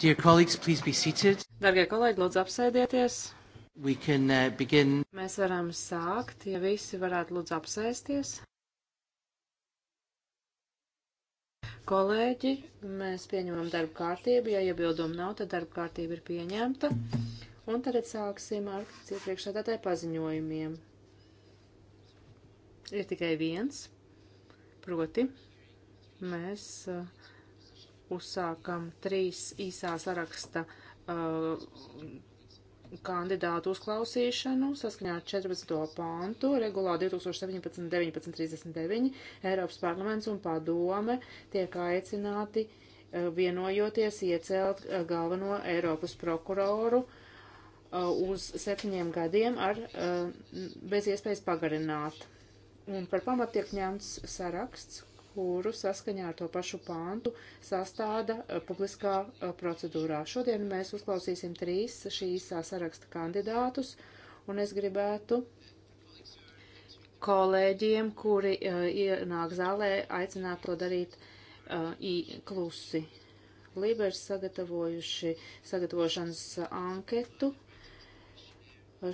Dear colleagues, please be seated. Dargie kolēģi, lūdzu apsēdieties. We can uh, begin. Mēs varam sākt, ja visi varētu lūdzu apsēsties. Kolēģi, mēs pieņemam darba kārtību. Ja iebildumu nav, tad darba kārtība ir pieņemta. Un tagad sāksim ar ciepriekšādātāju paziņojumiem. Ir tikai viens, proti mēs. Uh, uzsākam trīs īsā saraksta uh, kandidātu uzklausīšanu saskaņā ar 14. pāntu regulā 2017-1939 Eiropas parlaments un padome tiek aicināti uh, vienojoties iecelt uh, galveno Eiropas prokuroru uh, uz septiņiem gadiem ar uh, bez iespējas pagarināt. Un par pamatu tiek ņemts saraksts, kuru saskaņā ar to pašu pāntu sastāda eh, publiskā eh, procedūrā. Šodien mēs uzklausīsim trīs šī īsā eh, saraksta kandidātus, un es gribētu kolēģiem, kuri uh, ienāk zālē, aicināt to darīt uh, klusi. Libers sagatavojuši sagatavošanas anketu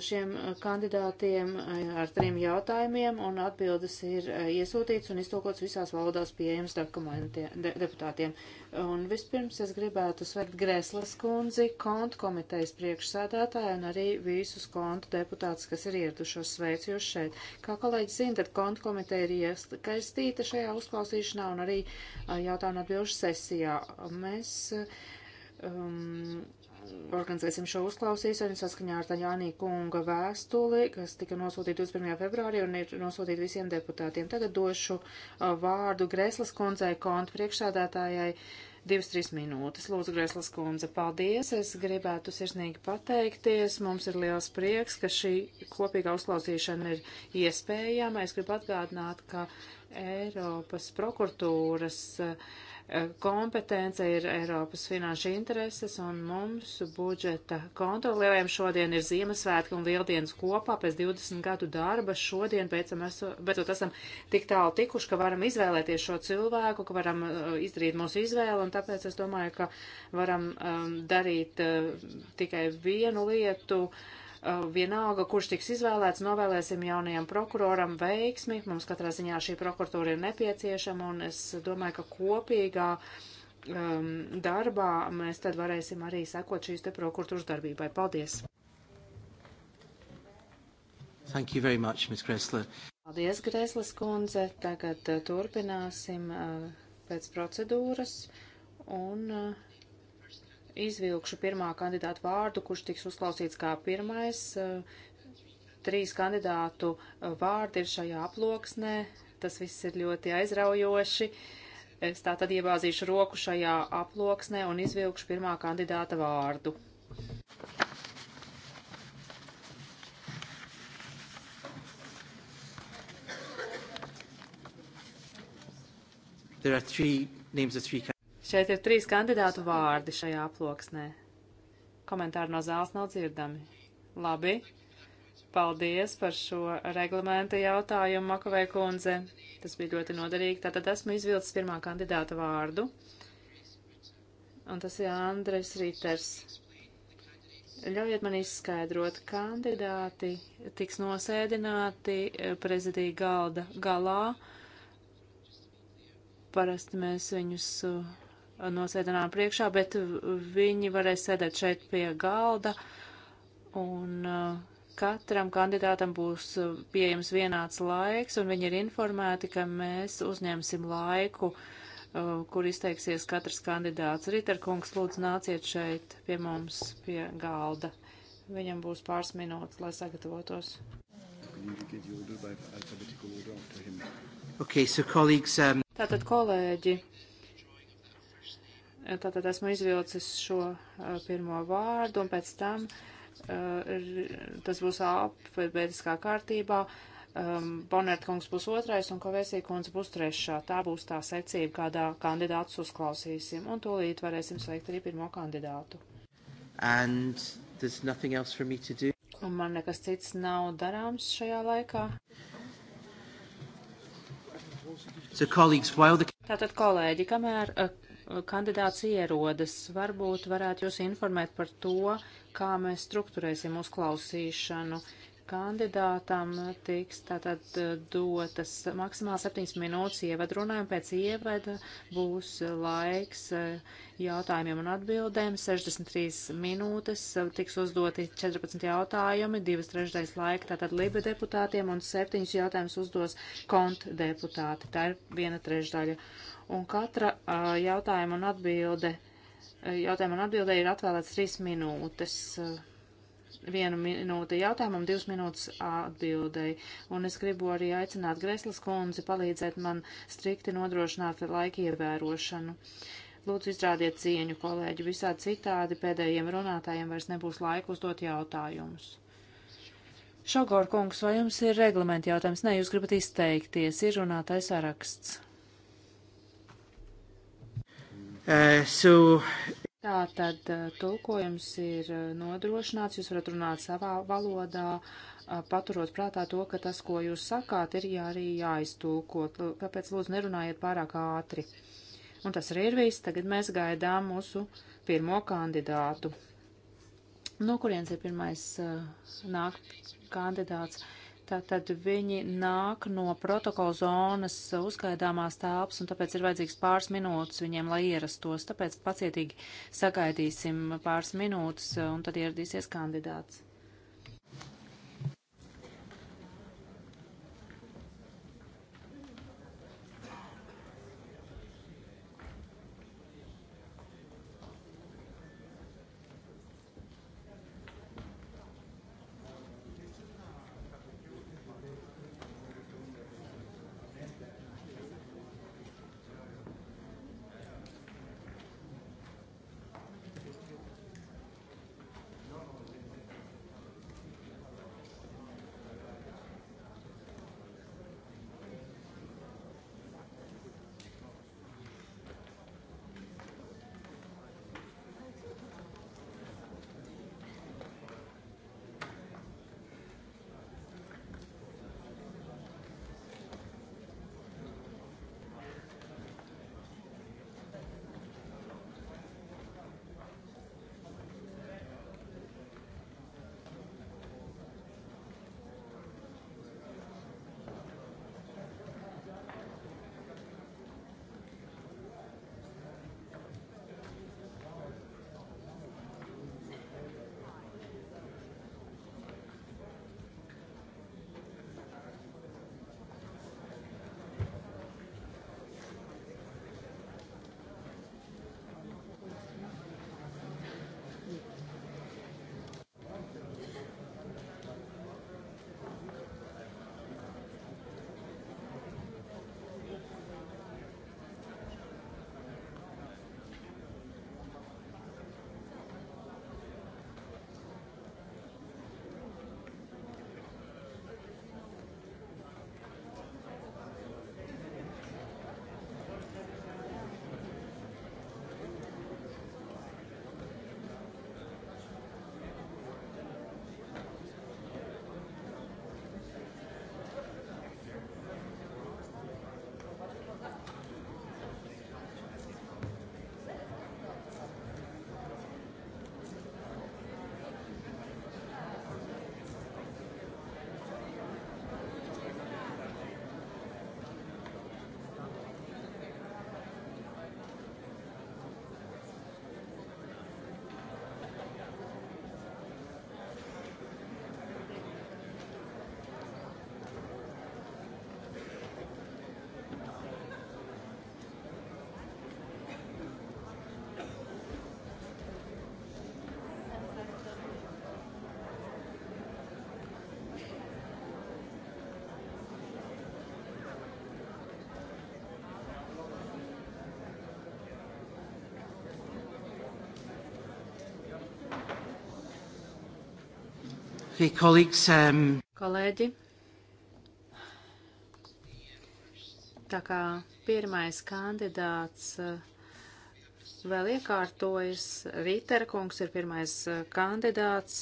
šiem eh, kandidātiem eh, ar trim jautājumiem, un atbildes ir eh, iesūtīts un iztulkots visās valodās pieejams de, deputātiem. Un vispirms es gribētu sveikt Greslas kundzi, kontu komitejas priekšsēdētāju un arī visus kontu deputātus, kas ir ieradušos sveicu jūs šeit. Kā kolēģi zina, tad kontu komiteja ir iesaistīta šajā uzklausīšanā un arī jautājumu atbilžu sesijā. Mēs um, organizēsim šo uzklausīšanu saskaņā ar Taņānī kunga vēstuli, kas tika nosūtīta 21. februārī un ir nosūtīta visiem deputātiem. Tagad došu uh, vārdu Greslas kundzei kontu priekšsādātājai. Divas, trīs minūtes. Lūdzu, Greslas kundze, paldies. Es gribētu sirsnīgi pateikties. Mums ir liels prieks, ka šī kopīga uzklausīšana ir iespējama. Es gribu atgādināt, ka Eiropas prokuratūras uh, kompetence ir Eiropas finanšu intereses, un mums budžeta kontrolieriem šodien ir Ziemassvētki un Lieldienas kopā pēc 20 gadu darba. Šodien beidzot esam tik tālu tikuši, ka varam izvēlēties šo cilvēku, ka varam uh, izdarīt mūsu izvēli, un tāpēc es domāju, ka varam um, darīt uh, tikai vienu lietu. Uh, Uh, vienalga, kurš tiks izvēlēts, novēlēsim jaunajam prokuroram veiksmi. Mums katrā ziņā šī prokuratūra ir nepieciešama, un es domāju, ka kopīgā um, darbā mēs tad varēsim arī sekot šīs te prokuratūras darbībai. Paldies! Thank you very much, Ms. Gressler. Paldies, Greslis kundze. Tagad uh, turpināsim uh, pēc procedūras un. Uh, izvilkšu pirmā kandidāta vārdu, kurš tiks uzklausīts kā pirmais. Eh, trīs kandidātu eh, vārdi ir šajā aploksnē. Tas viss ir ļoti aizraujoši. Es tā tad iebāzīšu roku šajā aploksnē un izvilkšu pirmā kandidāta vārdu. There are three names of three Šeit ir trīs kandidātu vārdi šajā aploksnē. Komentāri no zāles nav dzirdami. Labi. Paldies par šo reglamenta jautājumu, Makovē kundze. Tas bija ļoti noderīgi. Tātad esmu izvilcis pirmā kandidāta vārdu. Un tas ir Andres Rīters. Ļaujiet man izskaidrot, kandidāti tiks nosēdināti eh, prezidija galda galā. Parasti mēs viņus uh, nosēdinām priekšā, bet viņi varēs sēdēt šeit pie galda un uh, katram kandidātam būs uh, pieejams vienāds laiks un viņi ir informēti, ka mēs uzņemsim laiku, uh, kur izteiksies katrs kandidāts. Riterkungs, lūdzu, nāciet šeit pie mums pie galda. Viņam būs pāris minūtes, lai sagatavotos. Okay, so colleagues, um... Tātad, kolēģi, Tātad esmu izvilcis šo pirmo vārdu, un pēc tam tas būs alfabētiskā kārtībā. Bonert kungs būs otrais, un Kavēsī kungs būs trešā. Tā būs tā secība, kādā kandidātus uzklausīsim, un tūlīt varēsim sveikt arī pirmo kandidātu. And there's nothing else for me to do. Un man nekas cits nav darāms šajā laikā. So, colleagues, while the... Tātad, kolēģi, kamēr uh, kandidāts ierodas. Varbūt varētu jūs informēt par to, kā mēs strukturēsim uzklausīšanu. Kandidātam tiks tātad eh, dotas maksimāli 7 minūtes ievadrunājumu, pēc ievada būs laiks eh, jautājumiem un atbildēm, 63 minūtes, eh, tiks uzdoti 14 jautājumi, 2 trešdaļas laika tātad liba deputātiem un 7 jautājumus uzdos kont deputāti. Tā ir viena trešdaļa un katra uh, jautājuma un atbilde, jautājuma un atbilde ir atvēlēts trīs minūtes. Vienu minūti jautājumam, divas minūtes atbildēji. Un es gribu arī aicināt Greslas kundzi palīdzēt man strikti nodrošināt laika ievērošanu. Lūdzu, izrādiet cieņu, kolēģi. Visā citādi pēdējiem runātājiem vairs nebūs laika uzdot jautājumus. Šogor kungs, vai jums ir reglamenta jautājums? Nē, jūs gribat izteikties, ir runātais saraksts. Uh, so... Tā tad uh, tulkojums ir uh, nodrošināts, jūs varat runāt savā valodā, uh, paturot prātā to, ka tas, ko jūs sakāt, ir jā, arī jāiztulkot, tāpēc lūdzu nerunājiet pārāk ātri. Un tas arī ir viss, tagad mēs gaidām mūsu pirmo kandidātu. No kurienes ir pirmais nāk kandidāts? Uh, Tātad viņi nāk no protokola zonas uzgaidāmās tāps, un tāpēc ir vajadzīgs pāris minūtes viņiem, lai ierastos. Tāpēc pacietīgi sagaidīsim pāris minūtes, un tad ieradīsies kandidāts. Okay, colleagues, um... Kolēģi, tā kā pirmais kandidāts uh, vēl iekārtojas, Rīterkungs ir pirmais uh, kandidāts.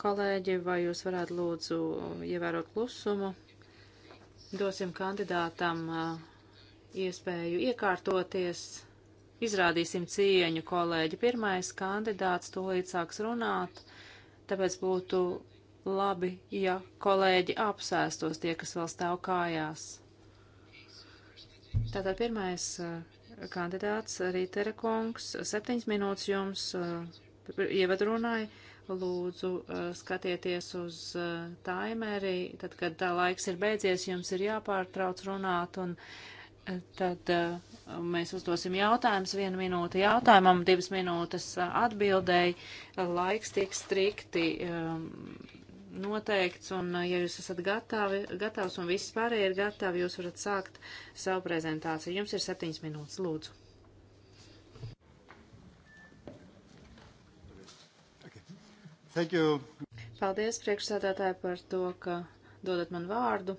Kolēģi, vai jūs varētu lūdzu uh, ievērot klusumu? Dosim kandidātam iespēju iekārtoties. Izrādīsim cieņu, kolēģi. Pirmais kandidāts tūlīt sāks runāt, tāpēc būtu labi, ja kolēģi apsēstos tie, kas vēl stāv kājās. Tātad pirmais uh, kandidāts Rītera kungs, septiņas minūtes jums uh, ievadrunāja. Lūdzu, uh, skatieties uz taimeri, tad, kad tā laiks ir beidzies, jums ir jāpārtrauc runāt un Tad mēs uzdosim jautājumus. Vienu minūti jautājumam, divas minūtes atbildēji. Laiks tiek strikti um, noteikts, un uh, ja jūs esat gatavi, gatavs un viss pārējie ir gatavi, jūs varat sākt savu prezentāciju. Jums ir septiņas minūtes, lūdzu. Paldies, priekšsādātāji, par to, ka dodat man vārdu.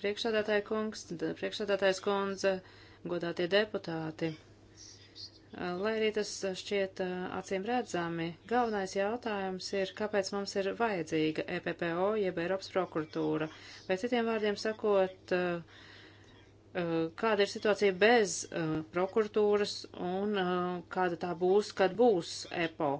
Priekšsādātāja kungs, priekšsādātājs kundze, godātie deputāti. Lai arī tas šķiet acīm redzami, galvenais jautājums ir, kāpēc mums ir vajadzīga EPPO jeb Eiropas prokuratūra. Vai citiem vārdiem sakot, kāda ir situācija bez prokuratūras un kāda tā būs, kad būs EPO.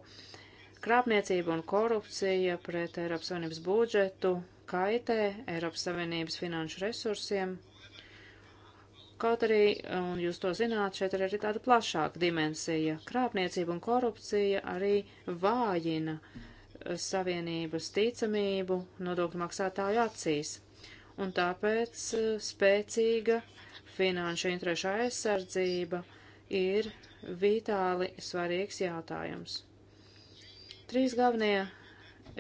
Krāpniecība un korupcija pret Eiropas Savienības budžetu kaitē Eiropas Savienības finanšu resursiem Kaut arī, un jūs to zināt, šeit ir arī tāda plašāka dimensija. Krāpniecība un korupcija arī vājina savienības ticamību nodokļu maksātāju acīs. Un tāpēc eh, spēcīga finanšu interešu aizsardzība ir vitāli svarīgs jautājums. Trīs galvenie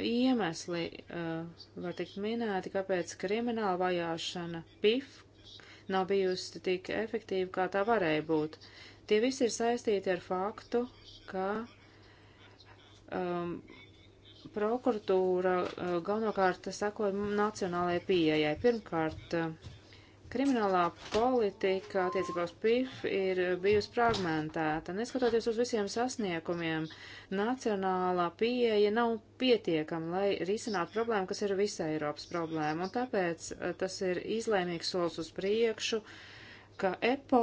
iemesli uh, var tikt minēti, kāpēc krimināla vajāšana PIF nav bijusi tik efektīva, kā tā varēja būt. Tie visi ir saistīti ar faktu, ka um, prokuratūra uh, galvenokārt sekoja nacionālajai pieejai. Pirmkārt, uh, Kriminālā politika attiecībā uz PIF ir bijusi fragmentēta. Neskatoties uz visiem sasniegumiem, nacionālā pieeja nav pietiekama, lai risinātu problēmu, kas ir visa Eiropas problēma. Un tāpēc eh, tas ir izlēmīgs solis uz priekšu, ka EPO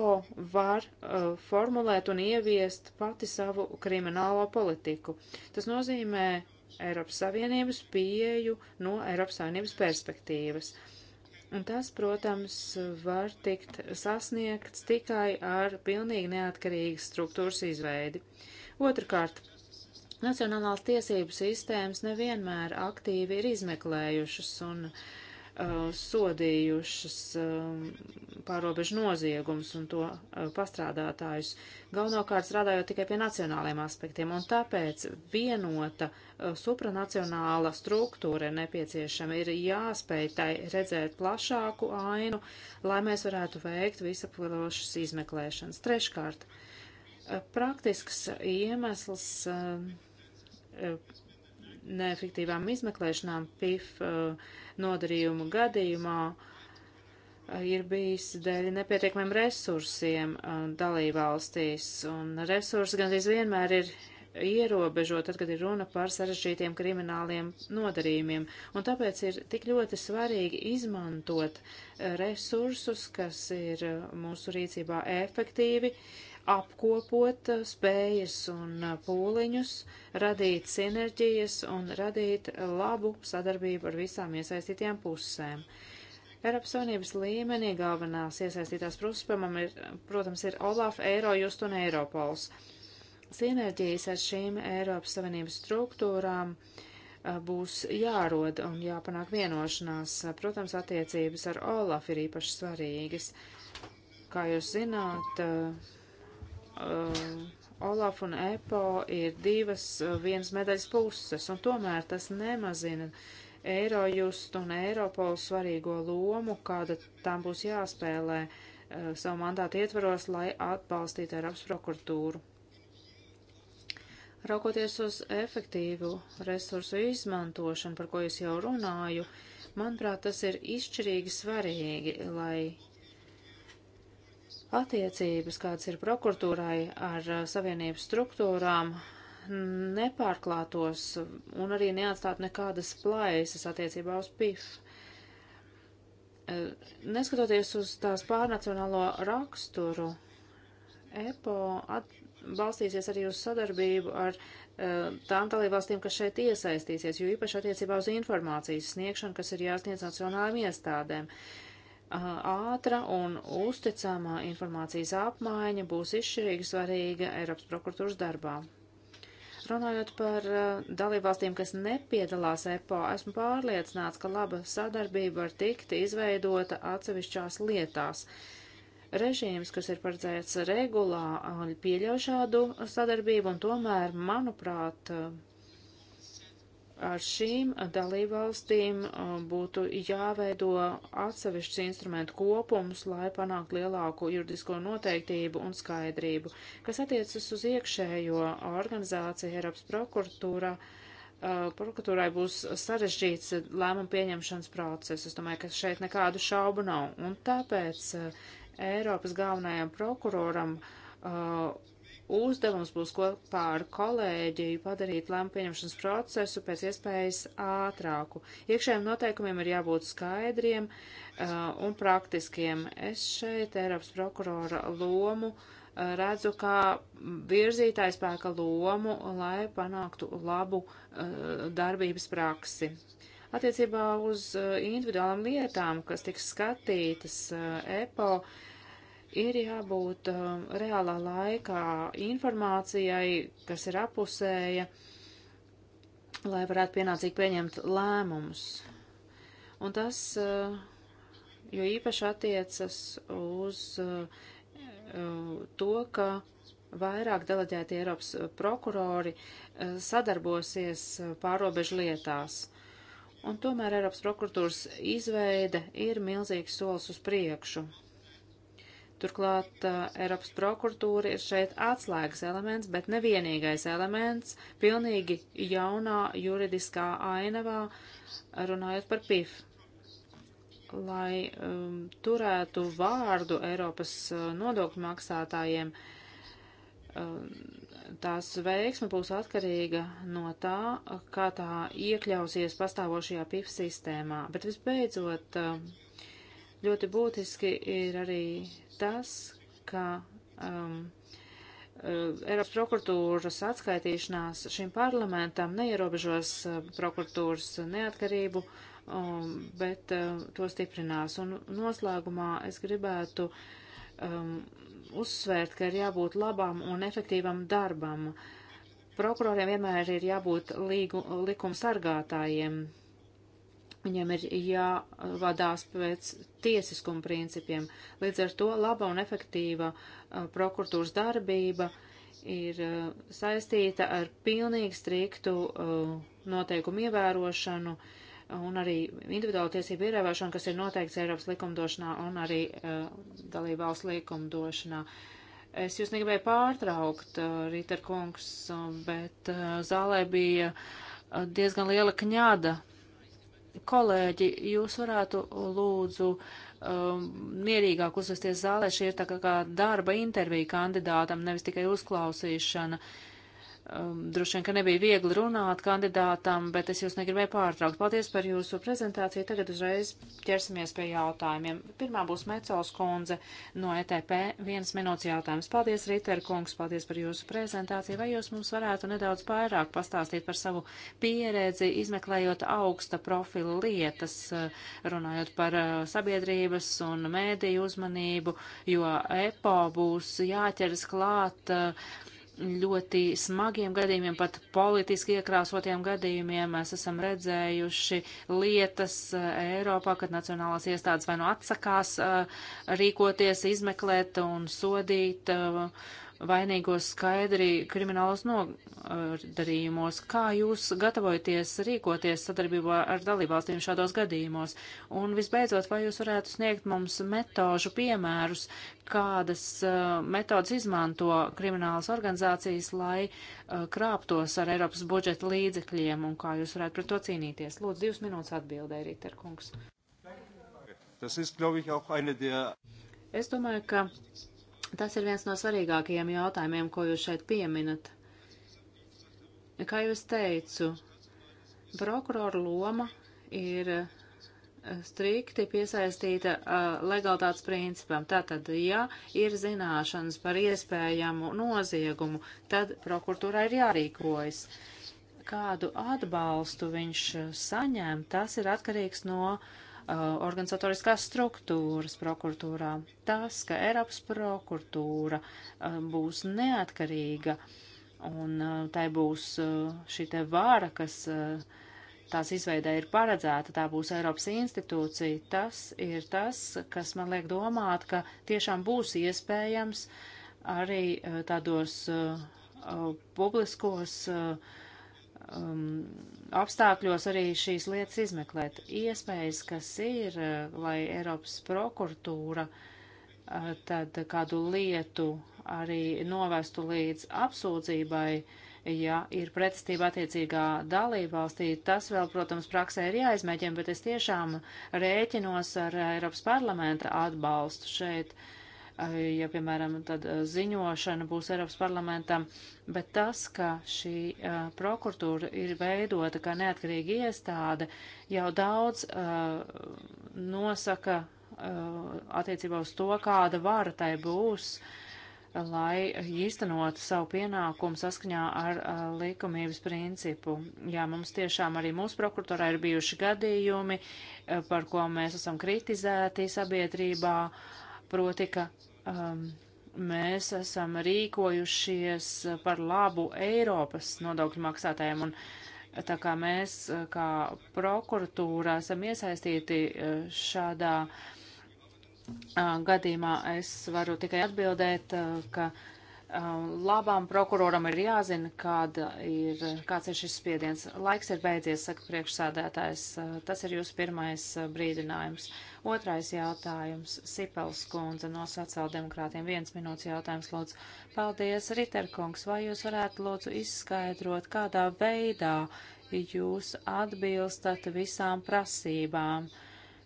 var uh, formulēt un ieviest pati savu kriminālo politiku. Tas nozīmē Eiropas Savienības pieeju no Eiropas Savienības perspektīvas. Uh, Un tas, protams, var tikt sasniegts tikai ar pilnīgi neatkarīgas struktūras izveidi. Otrakārt, nacionālās tiesību sistēmas nevienmēr aktīvi ir izmeklējušas un uh, uh, sodījušas uh, pārobežu noziegumus un to uh, pastrādātājus, galvenokārt strādājot tikai pie nacionāliem aspektiem, un tāpēc vienota uh, supranacionāla struktūra ir nepieciešama, ir jāspēj tai redzēt plašāku ainu, lai mēs varētu veikt visaptvarošas izmeklēšanas. Treškārt, uh, praktisks iemesls um, uh, neefektīvām izmeklēšanām PIF uh, nodarījumu gadījumā uh, ir bijis dēļ nepietiekamiem resursiem uh, dalībvalstīs, un resursi gandrīz vienmēr ir ierobežot, tad, kad ir runa par sarežģītiem krimināliem nodarījumiem. Un tāpēc ir tik ļoti svarīgi izmantot resursus, kas ir mūsu rīcībā efektīvi, apkopot eh, spējas un eh, pūliņus, radīt sinerģijas un radīt labu sadarbību ar visām iesaistītajām pusēm. Eiropas Savienības līmenī galvenās iesaistītās puses, protams, ir Olaf, Eirojust un Eiropols. Sinerģijas ar šīm Eiropas Savienības struktūrām eh, būs jārod un jāpanāk vienošanās. Protams, attiecības ar Olaf ir īpaši svarīgas. Kā jūs zināt, Eh, Olaf un EPO ir divas eh, vienas medaļas puses, un tomēr tas nemazina Eirojust un Eiropolu svarīgo lomu, kāda tām būs jāspēlē uh, savu mandātu ietvaros, lai atbalstītu Eiropas prokuratūru. Raukoties uz efektīvu resursu izmantošanu, par ko es jau runāju, manuprāt, tas ir izšķirīgi svarīgi, lai Attiecības, kāds ir prokuratūrai ar uh, savienības struktūrām, nepārklātos un arī neatstātu nekādas plaisas attiecībā uz pišu. Uh, neskatoties uz tās pārnacionālo raksturu, EPO balstīsies arī uz sadarbību ar uh, tām dalībvalstīm, kas šeit iesaistīsies, jo īpaši attiecībā uz informācijas sniegšanu, kas ir jāsniedz nacionālajām iestādēm. Uh, ātra un uzticamā informācijas apmaiņa būs izšķirīgi svarīga Eiropas prokuratūras darbā. Runājot par eh, dalībvalstīm, kas nepiedalās EPO, esmu pārliecināts, ka laba sadarbība var tikt izveidota atsevišķās lietās. Režīms, kas ir paredzēts regulā, eh, pieļauj šādu sadarbību, un tomēr, manuprāt, ar šīm dalībvalstīm uh, būtu jāveido atsevišķs instrumentu kopums, lai panāktu lielāku juridisko noteiktību un skaidrību. Kas attiecas uz iekšējo organizāciju Eiropas prokuratūrā, uh, prokuratūrai būs sarežģīts lēmumu pieņemšanas process. Es domāju, ka šeit nekādu šaubu nav. Un tāpēc uh, Eiropas galvenajam prokuroram uh, uzdevums būs kopā ar kolēģiju padarīt lēmu pieņemšanas procesu pēc iespējas ātrāku. Iekšējiem noteikumiem ir jābūt skaidriem uh, un praktiskiem. Es šeit Eiropas prokurora lomu uh, redzu kā virzītāju spēka lomu, lai panāktu labu uh, darbības praksi. Attiecībā uz uh, individuālām lietām, kas tiks skatītas uh, EPO, ir jābūt um, reālā laikā informācijai, kas ir apusēja, lai varētu pienācīgi pieņemt lēmumus. Un tas, uh, jo īpaši attiecas uz uh, to, ka vairāk deleģēti Eiropas prokurori uh, sadarbosies uh, pārobežu lietās. Un tomēr Eiropas prokuratūras izveide ir milzīgs solis uz priekšu Turklāt Eiropas prokuratūra ir šeit atslēgas elements, bet nevienīgais elements pilnīgi jaunā juridiskā ainavā, runājot par PIF. Lai um, turētu vārdu Eiropas uh, nodokļu maksātājiem, um, tās veiksme būs atkarīga no tā, kā tā iekļausies pastāvošajā PIF sistēmā. Bet visbeidzot, uh, Ļoti būtiski ir arī tas, ka um, uh, Eiropas prokuratūras atskaitīšanās šim parlamentam neierobežos uh, prokuratūras neatkarību, um, bet uh, to stiprinās. Un noslēgumā es gribētu um, uzsvērt, ka ir jābūt labam un efektīvam darbam. Prokuroriem vienmēr ir jābūt līgu, likuma sargātājiem, Viņiem ir jāvadās pēc tiesiskuma principiem. Līdz ar to laba un efektīva uh, prokuratūras darbība ir uh, saistīta ar pilnīgi striktu uh, noteikumu ievērošanu un arī individuālu tiesību ievērošanu, kas ir noteikts Eiropas likumdošanā un arī dalību valsts likumdošanā. Es jūs negribēju pārtraukt, Rīter kungs, bet zālē bija diezgan liela kņāda Kolēģi, jūs varētu lūdzu um, mierīgāk uzvesties zālē. Šī ir tā kā darba intervija kandidātam, nevis tikai uzklausīšana. Uh, Um, droši vien, ka nebija viegli runāt kandidātam, bet es jūs negribēju pārtraukt. Paldies par jūsu prezentāciju. Tagad uzreiz ķersimies pie jautājumiem. Pirmā būs Mecels kundze no ETP. Vienas minūtes jautājums. Paldies, Riter kungs, paldies par jūsu prezentāciju. Vai jūs mums varētu nedaudz vairāk pastāstīt par savu pieredzi, izmeklējot augsta profila lietas, uh, runājot par uh, sabiedrības un mēdīju uzmanību, jo EPO būs jāķeras klāt. Uh, ļoti smagiem gadījumiem, pat politiski iekrāsotiem gadījumiem. Mēs esam redzējuši lietas eh, Eiropā, kad nacionālās iestādes vai nu no atsakās eh, rīkoties, izmeklēt un sodīt eh, vainīgos skaidri kriminālos nodarījumos. Kā jūs gatavojaties rīkoties sadarbībā ar dalībvalstīm šādos gadījumos? Un visbeidzot, vai jūs varētu sniegt mums metožu piemērus, kādas uh, metodas izmanto kriminālas organizācijas, lai uh, krāptos ar Eiropas budžeta līdzekļiem un kā jūs varētu pret to cīnīties? Lūdzu, divas minūtes atbildē, Rīterkungs. Tas ir, glaube ich, auch eine der. Es domāju, ka Tas ir viens no svarīgākajiem jautājumiem, ko jūs šeit pieminat. Kā jau es teicu, prokuroru loma ir eh, strikti piesaistīta uh, legalitātes principam. Tātad, ja ir zināšanas par iespējamu noziegumu, tad prokuratūrai ir jārīkojas. Kādu atbalstu viņš saņem, tas ir atkarīgs no uh, Uh, organizatoriskās struktūras prokuratūrā. Tas, ka Eiropas prokuratūra uh, būs neatkarīga un uh, tai būs šī te vāra, kas tās izveidē ir paredzēta, tā būs Eiropas institūcija, tas ir tas, kas man liek domāt, ka tiešām būs iespējams arī tādos publiskos uh, um, apstākļos arī šīs lietas izmeklēt. Iespējas, kas ir, uh, lai Eiropas prokuratūra uh, tad kādu lietu arī novestu līdz apsūdzībai, ja ir pretestība attiecīgā dalībvalstī, tas vēl, protams, praksē ir jāizmēģina, bet es tiešām rēķinos ar Eiropas parlamenta atbalstu šeit. Uh, ja, piemēram, tad eh, ziņošana būs Eiropas parlamentam, bet tas, ka šī uh, prokuratūra ir veidota kā neatkarīga iestāde, jau daudz uh, nosaka uh, attiecībā uz to, kāda vara tai būs lai īstenotu savu pienākumu saskaņā ar uh, likumības principu. Jā, mums tiešām arī mūsu prokuratorā ir bijuši gadījumi, par ko mēs esam kritizēti sabiedrībā. Uh, proti, ka um, mēs esam rīkojušies par labu Eiropas nodokļu maksātājiem un tā kā mēs kā prokuratūra esam iesaistīti uh, šādā uh, gadījumā, es varu tikai atbildēt, uh, ka uh, Um, labām prokuroram ir jāzina, kāda ir, kāds ir šis spiediens. Laiks ir beidzies, saka priekšsādētājs. Uh, tas ir jūsu pirmais uh, brīdinājums. Otrais jautājums - Sipels kundze no sociāldemokrātiem. Viens minūtes jautājums, lūdzu. Paldies, Riterkungs. Vai jūs varētu, lūdzu, izskaidrot, kādā veidā jūs atbilstat visām prasībām?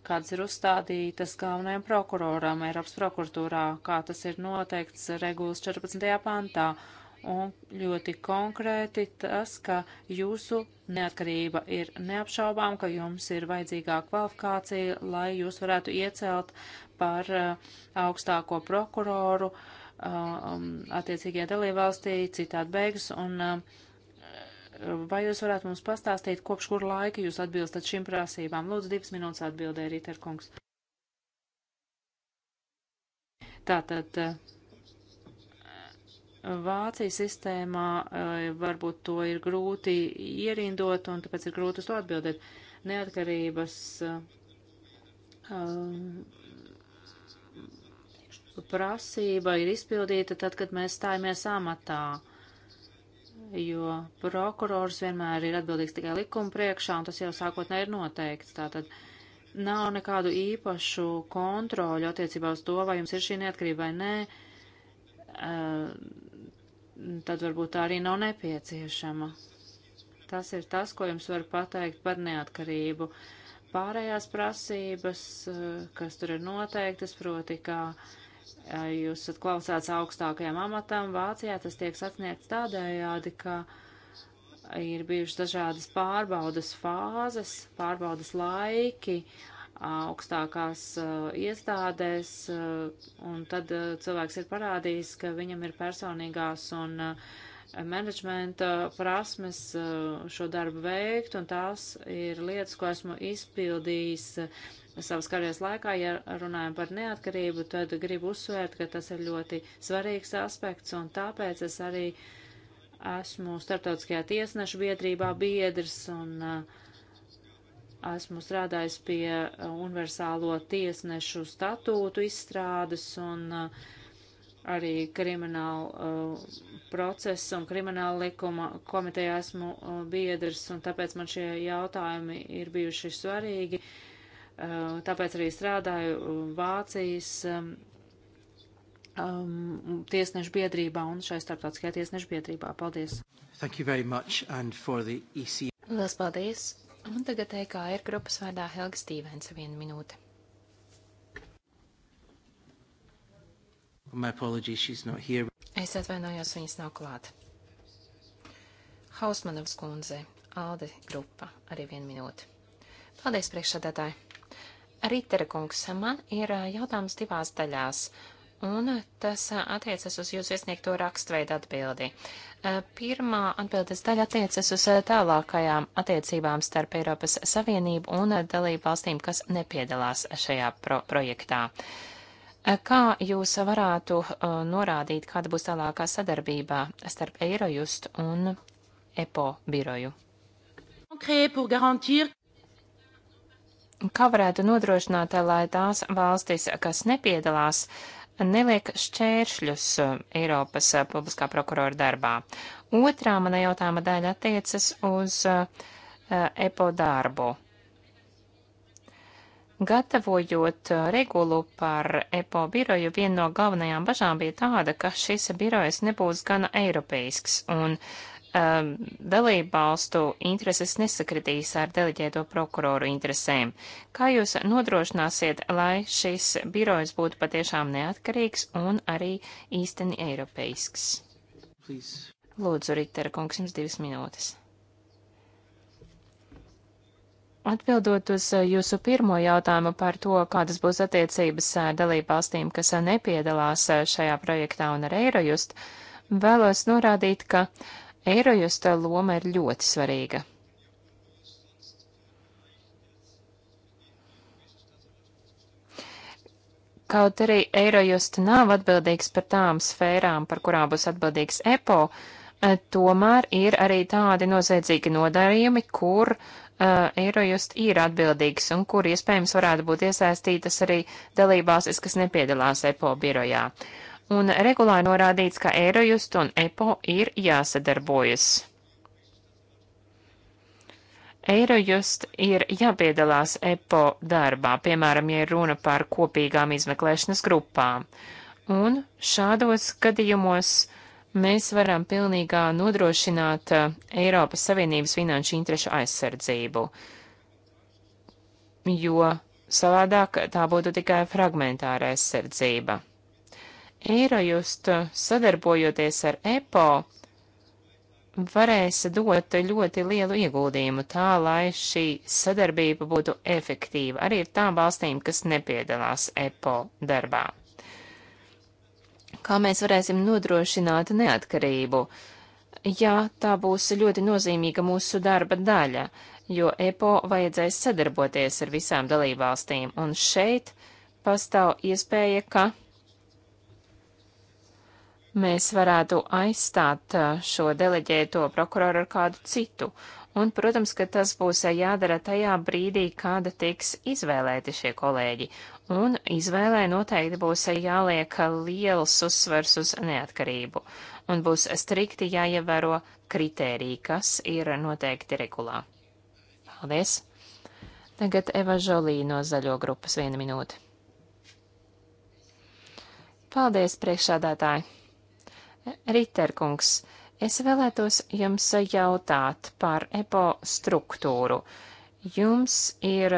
kādas ir uzstādītas galvenajam prokuroram Eiropas prokuratūrā, kā tas ir noteikts regulas 14. pantā. Un ļoti konkrēti tas, ka jūsu neatkarība ir neapšaubām, ka jums ir vajadzīgā kvalifikācija, lai jūs varētu iecelt par uh, augstāko prokuroru uh, um, attiecīgajā dalībvalstī citādi beigas un uh, vai jūs varētu mums pastāstīt, kopš kur laika jūs atbilstat šīm prasībām? Lūdzu, divas minūtes atbildē, Rīterkungs. Tātad, eh, Vācijas sistēmā eh, varbūt to ir grūti ierindot, un tāpēc ir grūti uz to atbildēt. Neatkarības eh, prasība ir izpildīta tad, kad mēs stājamies amatā jo prokurors vienmēr ir atbildīgs tikai likuma priekšā, un tas jau sākotnē ir noteikts. Tātad nav nekādu īpašu kontroļu attiecībā uz to, vai jums ir šī neatkarība vai nē, eh, tad varbūt tā arī nav nepieciešama. Tas ir tas, ko jums var pateikt par neatkarību. Pārējās prasības, eh, kas tur ir noteiktas, proti, kā uh, jūs esat klausāts augstākajam amatam. Vācijā tas tiek sasniegts tādējādi, ka ir bijušas dažādas pārbaudas fāzes, pārbaudas laiki augstākās uh, iestādēs, uh, un tad uh, cilvēks ir parādījis, ka viņam ir personīgās un menedžmenta prasmes šo darbu veikt, un tās ir lietas, ko esmu izpildījis savas karjeras laikā, ja runājam par neatkarību, tad gribu uzsvērt, ka tas ir ļoti svarīgs aspekts, un tāpēc es arī esmu starptautiskajā tiesnešu biedrībā biedrs, un uh, esmu strādājis pie uh, universālo tiesnešu statūtu izstrādes, un uh, arī kriminālu uh, procesu un kriminālu likuma komitejā esmu uh, biedrs, un tāpēc man šie jautājumi ir bijuši svarīgi. Uh, Eh, tāpēc arī strādāju eh, Vācijas um, tiesnešu biedrībā un šai starptautiskajā tiesnešu biedrībā. Paldies! Thank you very much and for the EC. Lielas paldies! Un tagad EKR grupas vārdā Helga Stīvens vienu minūte. My apologies, she's not here. Es atvainojos, viņas nav klāt. Hausmanovs kundze, Alde grupa, arī vienu minūti. Paldies, priekšsādātāji! Riterkungs, man ir jautājums divās daļās, un tas attiecas uz jūsu iesniegto rakstveidu atbildi. Pirmā atbildes daļa attiecas uz tālākajām attiecībām starp Eiropas Savienību un dalību valstīm, kas nepiedalās šajā pro projektā. Kā jūs varētu uh, norādīt, kāda būs tālākā sadarbība starp Eirojust un EPO biroju? kā varētu nodrošināt, lai tās valstis, kas nepiedalās, neliek šķēršļus uh, Eiropas uh, publiskā prokurora darbā. Otrā mana jautājuma daļa attiecas uz uh, EPO darbu. Gatavojot regulu par EPO biroju, viena no galvenajām bažām bija tāda, ka šis birojs nebūs gana eiropeisks, un uh, um, dalībvalstu intereses nesakritīs ar deleģēto prokuroru interesēm? Kā jūs nodrošināsiet, lai šis birojs būtu patiešām neatkarīgs un arī īsteni eiropeisks? Please. Lūdzu, Rittera kungs, jums divas minūtes. Atbildot uz uh, jūsu pirmo jautājumu par to, kādas būs attiecības ar uh, dalībvalstīm, kas uh, nepiedalās šajā projektā un ar Eirojust, vēlos norādīt, ka uh, Eirojusta loma ir ļoti svarīga. Kaut arī Eirojusta nav atbildīgs par tām sfērām, par kurām būs atbildīgs EPO, eh, tomēr ir arī tādi noziedzīgi nodarījumi, kur uh, Eirojust ir atbildīgs un kur iespējams varētu būt iesaistītas arī dalībvalstis, kas nepiedalās EPO birojā. Uh, un regulāri norādīts, ka Eirojust un EPO ir jāsadarbojas. Eirojust ir jāpiedalās EPO darbā, piemēram, ja runa par kopīgām izmeklēšanas grupām, un šādos gadījumos mēs varam pilnīgā nodrošināt uh, Eiropas Savienības finanšu interešu aizsardzību, jo savādāk tā būtu tikai fragmentāra aizsardzība. Eirojust eh, sadarbojoties ar EPO varēs dot ļoti lielu ieguldījumu tā, lai šī sadarbība būtu efektīva arī ar tām valstīm, kas nepiedalās EPO darbā. Kā mēs varēsim nodrošināt neatkarību? Jā, tā būs ļoti nozīmīga mūsu darba daļa, jo EPO vajadzēs sadarboties ar visām dalībvalstīm, un šeit pastāv iespēja, ka mēs varētu aizstāt šo deleģēto prokuroru ar kādu citu. Un, protams, ka tas būs jādara tajā brīdī, kāda tiks izvēlēti šie kolēģi. Un izvēlē noteikti būs jāliek liels uzsvers uz neatkarību. Un būs strikti jāievēro kritēriji, kas ir noteikti regulā. Paldies! Tagad Eva Žolī no Zaļo grupas viena minūte. Paldies, priekšādātāji! Riterkungs, es vēlētos jums jautāt par EPO struktūru. Jums ir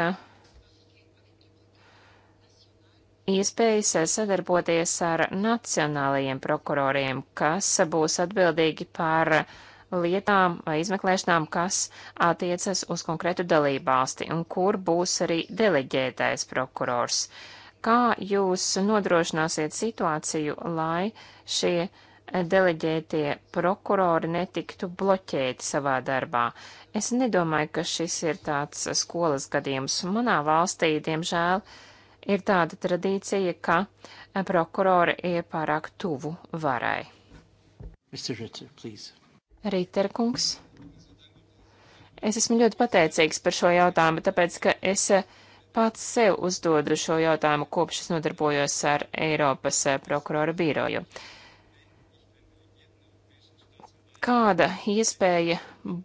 iespējas sadarboties ar nacionālajiem prokuroriem, kas būs atbildīgi par lietām vai izmeklēšanām, kas attiecas uz konkrētu dalībvalsti un kur būs arī deleģētais prokurors. Kā jūs nodrošināsiet situāciju, lai šie deleģētie prokurori netiktu bloķēti savā darbā. Es nedomāju, ka šis ir tāds skolas gadījums. Manā valstī, diemžēl, ir tāda tradīcija, ka prokurori ir pārāk tuvu varai. Rīterkungs. Es esmu ļoti pateicīgs par šo jautājumu, tāpēc, ka es pats sev uzdodu šo jautājumu, kopš es nodarbojos ar Eiropas prokuroru biroju. Uh, kāda iespēja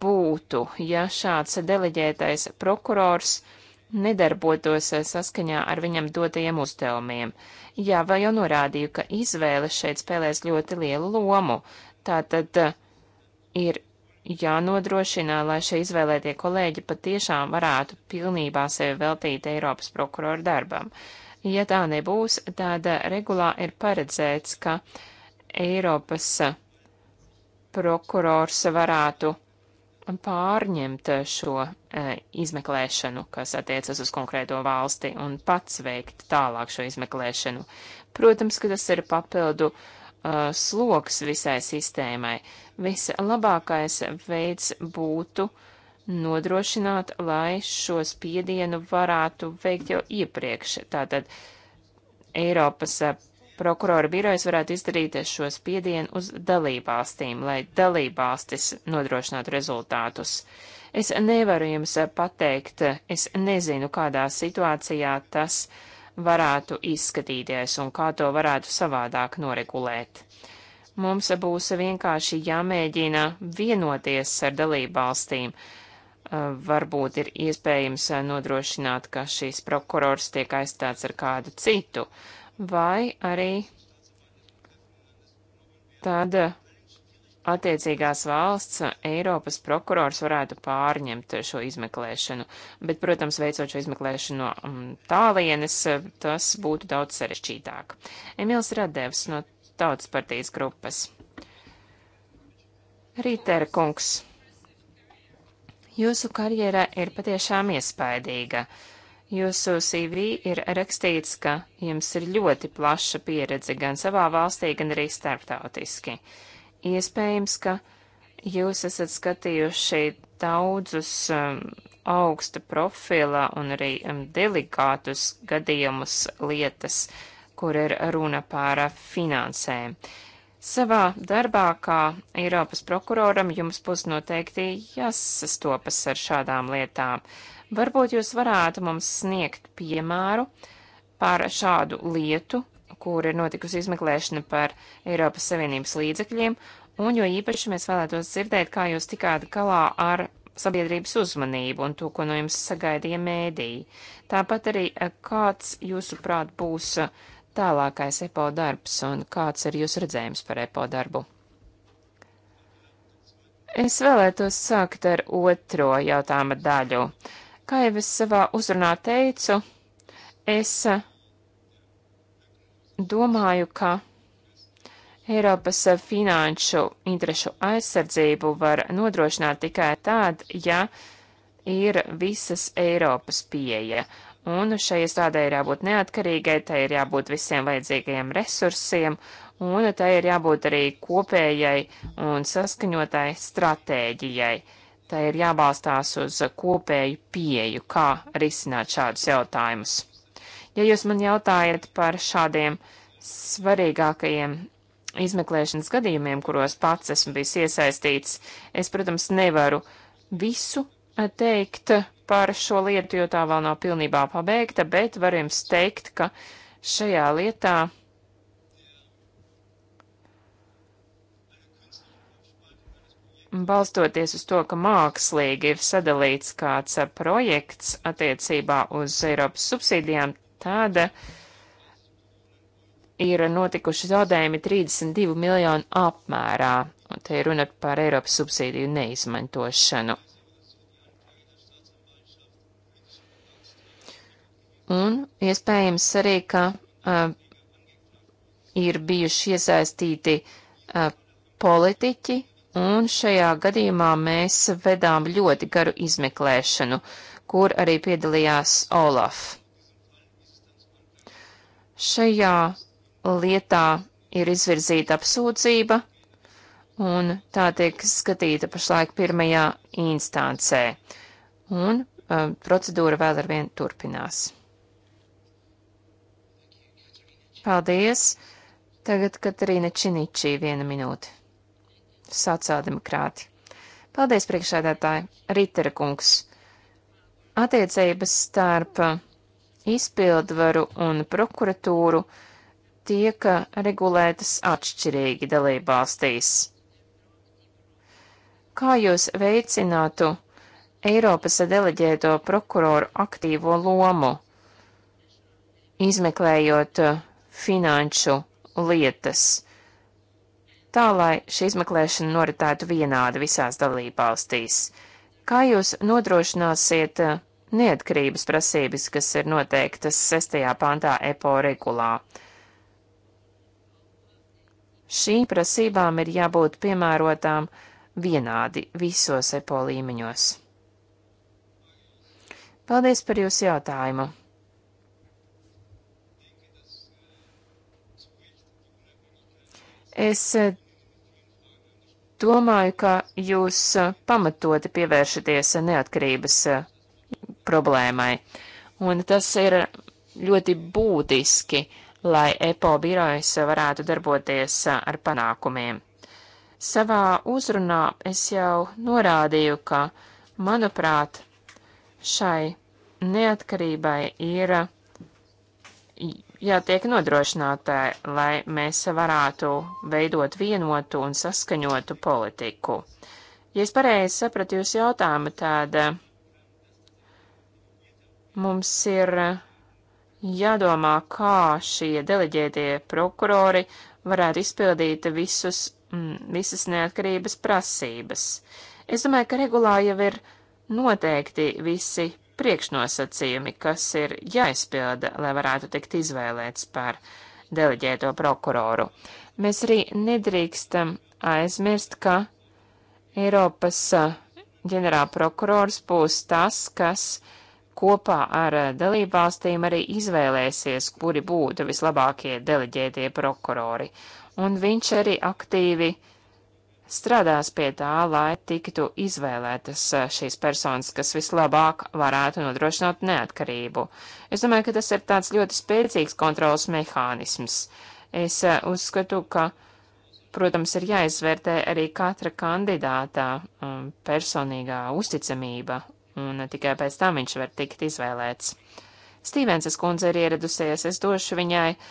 būtu, ja šāds deleģētais prokurors nedarbotos saskaņā ar viņam dotajiem uzdevumiem. Jā, vai jau norādīju, ka izvēle šeit spēlēs ļoti lielu lomu. Tātad eh, ir jānodrošina, lai šie izvēlētie kolēģi patiešām varētu pilnībā sevi veltīt Eiropas prokuroru darbam. Ja tā nebūs, tad regulā ir paredzēts, ka Eiropas uh, prokurors varētu pārņemt šo e, izmeklēšanu, kas attiecas uz konkrēto valsti, un pats veikt tālāk šo izmeklēšanu. Protams, ka tas ir papildu uh, sloks visai sistēmai. Vislabākais veids būtu nodrošināt, lai šo spiedienu varētu veikt jau iepriekš. Tātad Eiropas e, prokurora birojas varētu izdarīt šo spiedienu uz dalībvalstīm, lai dalībvalstis nodrošinātu rezultātus. Es nevaru jums pateikt, es nezinu, kādā situācijā tas varētu izskatīties un kā to varētu savādāk noregulēt. Mums būs vienkārši jāmēģina vienoties ar dalībvalstīm. Varbūt ir iespējams nodrošināt, ka šīs prokurors tiek aizstāts ar kādu citu. Uh, vai arī tad attiecīgās valsts Eiropas prokurors varētu pārņemt šo izmeklēšanu. Bet, protams, veicot šo izmeklēšanu no mm, tālienes, tas būtu daudz sarežģītāk. Emils Radevs no Tautas partijas grupas. Rītera kungs, jūsu karjera ir patiešām iespaidīga. Uh, Jūsu CV ir rakstīts, ka jums ir ļoti plaša pieredze gan savā valstī, gan arī starptautiski. Iespējams, ka jūs esat skatījuši daudzus um, augsta profila un arī um, delikātus gadījumus lietas, kur ir runa par finansēm. Savā darbā kā Eiropas prokuroram jums būs noteikti jāsastopas ar šādām lietām. Uh, Varbūt jūs varētu mums sniegt piemēru par šādu lietu, kur ir notikusi izmeklēšana par Eiropas Savienības līdzekļiem, un jo īpaši mēs vēlētos dzirdēt, kā jūs tikāt galā ar sabiedrības uzmanību un to, ko no jums sagaidīja mēdī. Tāpat arī, eh, kāds, jūsuprāt, būs eh, tālākais EPO darbs un kāds ir jūsu redzējums par EPO darbu? Es vēlētos sākt ar otro jautājuma daļu. Uh, Kā jau es savā uzrunā teicu, es uh, domāju, ka Eiropas uh, finanšu interešu aizsardzību var nodrošināt tikai tad, ja ir visas Eiropas pieeja. Un šai iestādē ir jābūt neatkarīgai, tai ir jābūt visiem vajadzīgajiem resursiem, un tai ir jābūt arī kopējai un saskaņotai stratēģijai. Tā ir jābalstās uz kopēju pieeju, kā risināt šādus jautājumus. Ja jūs man jautājat par šādiem svarīgākajiem izmeklēšanas gadījumiem, kuros pats esmu bijis iesaistīts, es, protams, nevaru visu eh, teikt par šo lietu, jo tā vēl nav pilnībā pabeigta, bet varu jums teikt, ka šajā lietā balstoties uz to, ka mākslīgi ir sadalīts kāds eh, projekts attiecībā uz Eiropas subsīdijām, tad ir notikuši zaudējumi 32 miljonu apmērā. Un te ir runa par Eiropas subsīdiju neizmantošanu. Un iespējams arī, ka uh, ir bijuši iesaistīti uh, politiķi, un šajā gadījumā mēs vedām ļoti garu izmeklēšanu, kur arī piedalījās Olaf. Šajā lietā ir izvirzīta apsūdzība, un tā tiek skatīta pašlaik pirmajā instancē, un um, procedūra vēl ar vienu turpinās. Paldies! Tagad Katrīna Činičī viena minūte sociāldemokrāti. Paldies, priekšsēdētāji, Ritera kungs. Attiecības starp izpildvaru un prokuratūru tiek regulētas atšķirīgi dalībvalstīs. Kā jūs veicinātu Eiropas deleģēto prokuroru aktīvo lomu, izmeklējot finanšu lietas? tā lai šī izmeklēšana noritētu vienādi visās dalībvalstīs? Kā jūs nodrošināsiet eh, neatkarības prasības, kas ir noteiktas 6. pantā EPO regulā? Šīm prasībām ir jābūt piemērotām vienādi visos EPO līmeņos. Paldies par jūsu jautājumu! Es eh, domāju, ka jūs eh, pamatoti pievēršaties eh, neatkarības problēmai, un tas ir ļoti būtiski, lai EPO birojas varētu darboties ar panākumiem. Savā uzrunā es jau norādīju, ka, manuprāt, šai neatkarībai ir jātiek nodrošinātē, lai mēs varētu veidot vienotu un saskaņotu politiku. Ja es pareizi sapratu jūsu jautājumu, tad eh, mums ir eh, jādomā, kā šie deleģētie prokurori varētu izpildīt visus, mm, visas neatkarības prasības. Es domāju, ka regulā jau ir noteikti visi priekšnosacījumi, kas ir jāizpilda, lai varētu tikt izvēlēts par deleģēto prokuroru. Mēs arī nedrīkstam aizmirst, ka Eiropas ģenerālprokurors būs tas, kas kopā ar dalībvalstīm arī izvēlēsies, kuri būtu vislabākie deleģētie prokurori, un viņš arī aktīvi uh, strādās pie tā, lai tiktu izvēlētas eh, šīs personas, kas vislabāk varētu nodrošināt neatkarību. Es domāju, ka tas ir tāds ļoti spēcīgs kontrols mehānisms. Es eh, uzskatu, ka, protams, ir jāizvērtē arī katra kandidātā um, personīgā uzticamība, un tikai pēc tam viņš var tikt izvēlēts. Stīvenses kundze ir ieradusies, es došu viņai uh,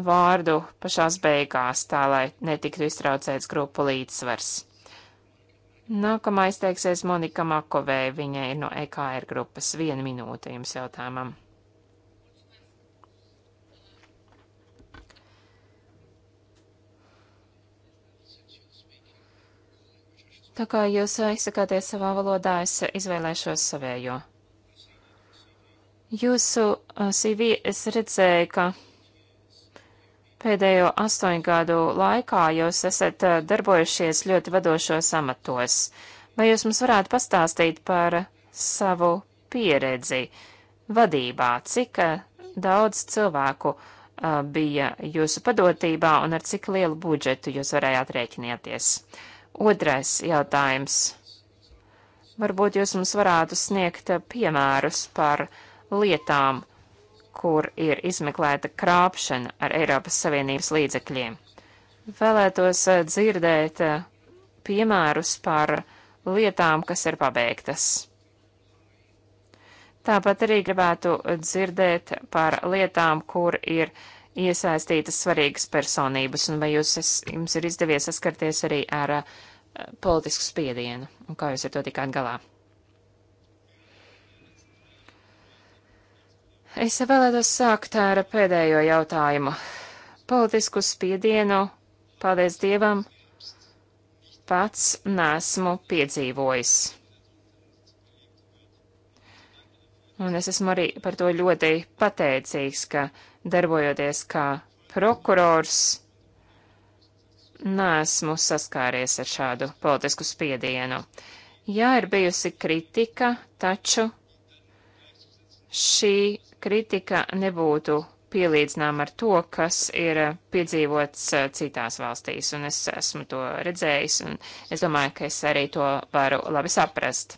vārdu pašās beigās, tā lai netiktu iztraucēts grupu līdzsvars. Nākamā izteiksies Monika Makovē, viņa ir no EKR grupas. Viena minūte jums jautājumam. Tā kā jūs izsakāties savā valodā, es izvēlēšos savējo. Jūsu uh, CV es redzēju, ka Pēdējo astoņu gadu laikā jūs esat eh, darbojušies ļoti vadošos amatos. Vai jūs mums varētu pastāstīt par savu pieredzi vadībā? Cik eh, daudz cilvēku eh, bija jūsu padotībā un ar cik lielu budžetu jūs varējāt rēķinieties? Otrais jautājums. Varbūt jūs mums varētu sniegt piemērus par lietām, kur ir izmeklēta krāpšana ar Eiropas Savienības līdzekļiem. Vēlētos eh, dzirdēt eh, piemērus par lietām, kas ir pabeigtas. Tāpat arī gribētu dzirdēt par lietām, kur ir iesaistītas svarīgas personības, un vai jūs, es, jums ir izdevies saskarties arī ar eh, politisku spiedienu, un kā jūs ar to tikāt galā. Es vēlētos sākt ar pēdējo jautājumu. Politisku spiedienu, paldies Dievam, pats nesmu piedzīvojis. Un es esmu arī par to ļoti pateicīgs, ka darbojoties kā prokurors, nesmu saskāries ar šādu politisku spiedienu. Jā, ir bijusi kritika, taču šī kritika nebūtu pielīdzinām ar to, kas ir piedzīvots eh, citās valstīs, un es esmu to redzējis, un es domāju, ka es arī to varu labi saprast.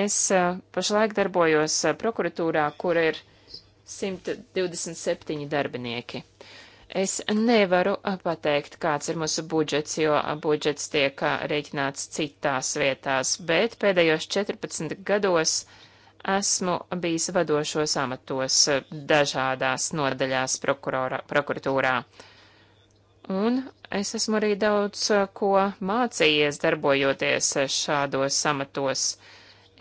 Es eh, pašlaik darbojos eh, prokuratūrā, kur ir 127 darbinieki. Es nevaru pateikt, kāds ir mūsu budžets, jo budžets tiek rēķināts citās vietās, bet pēdējos 14 gados uh, Esmu bijis vadošos amatos dažādās nodaļās prokuratūrā. Un es esmu arī daudz uh, ko mācījies darbojoties uh, šādos amatos.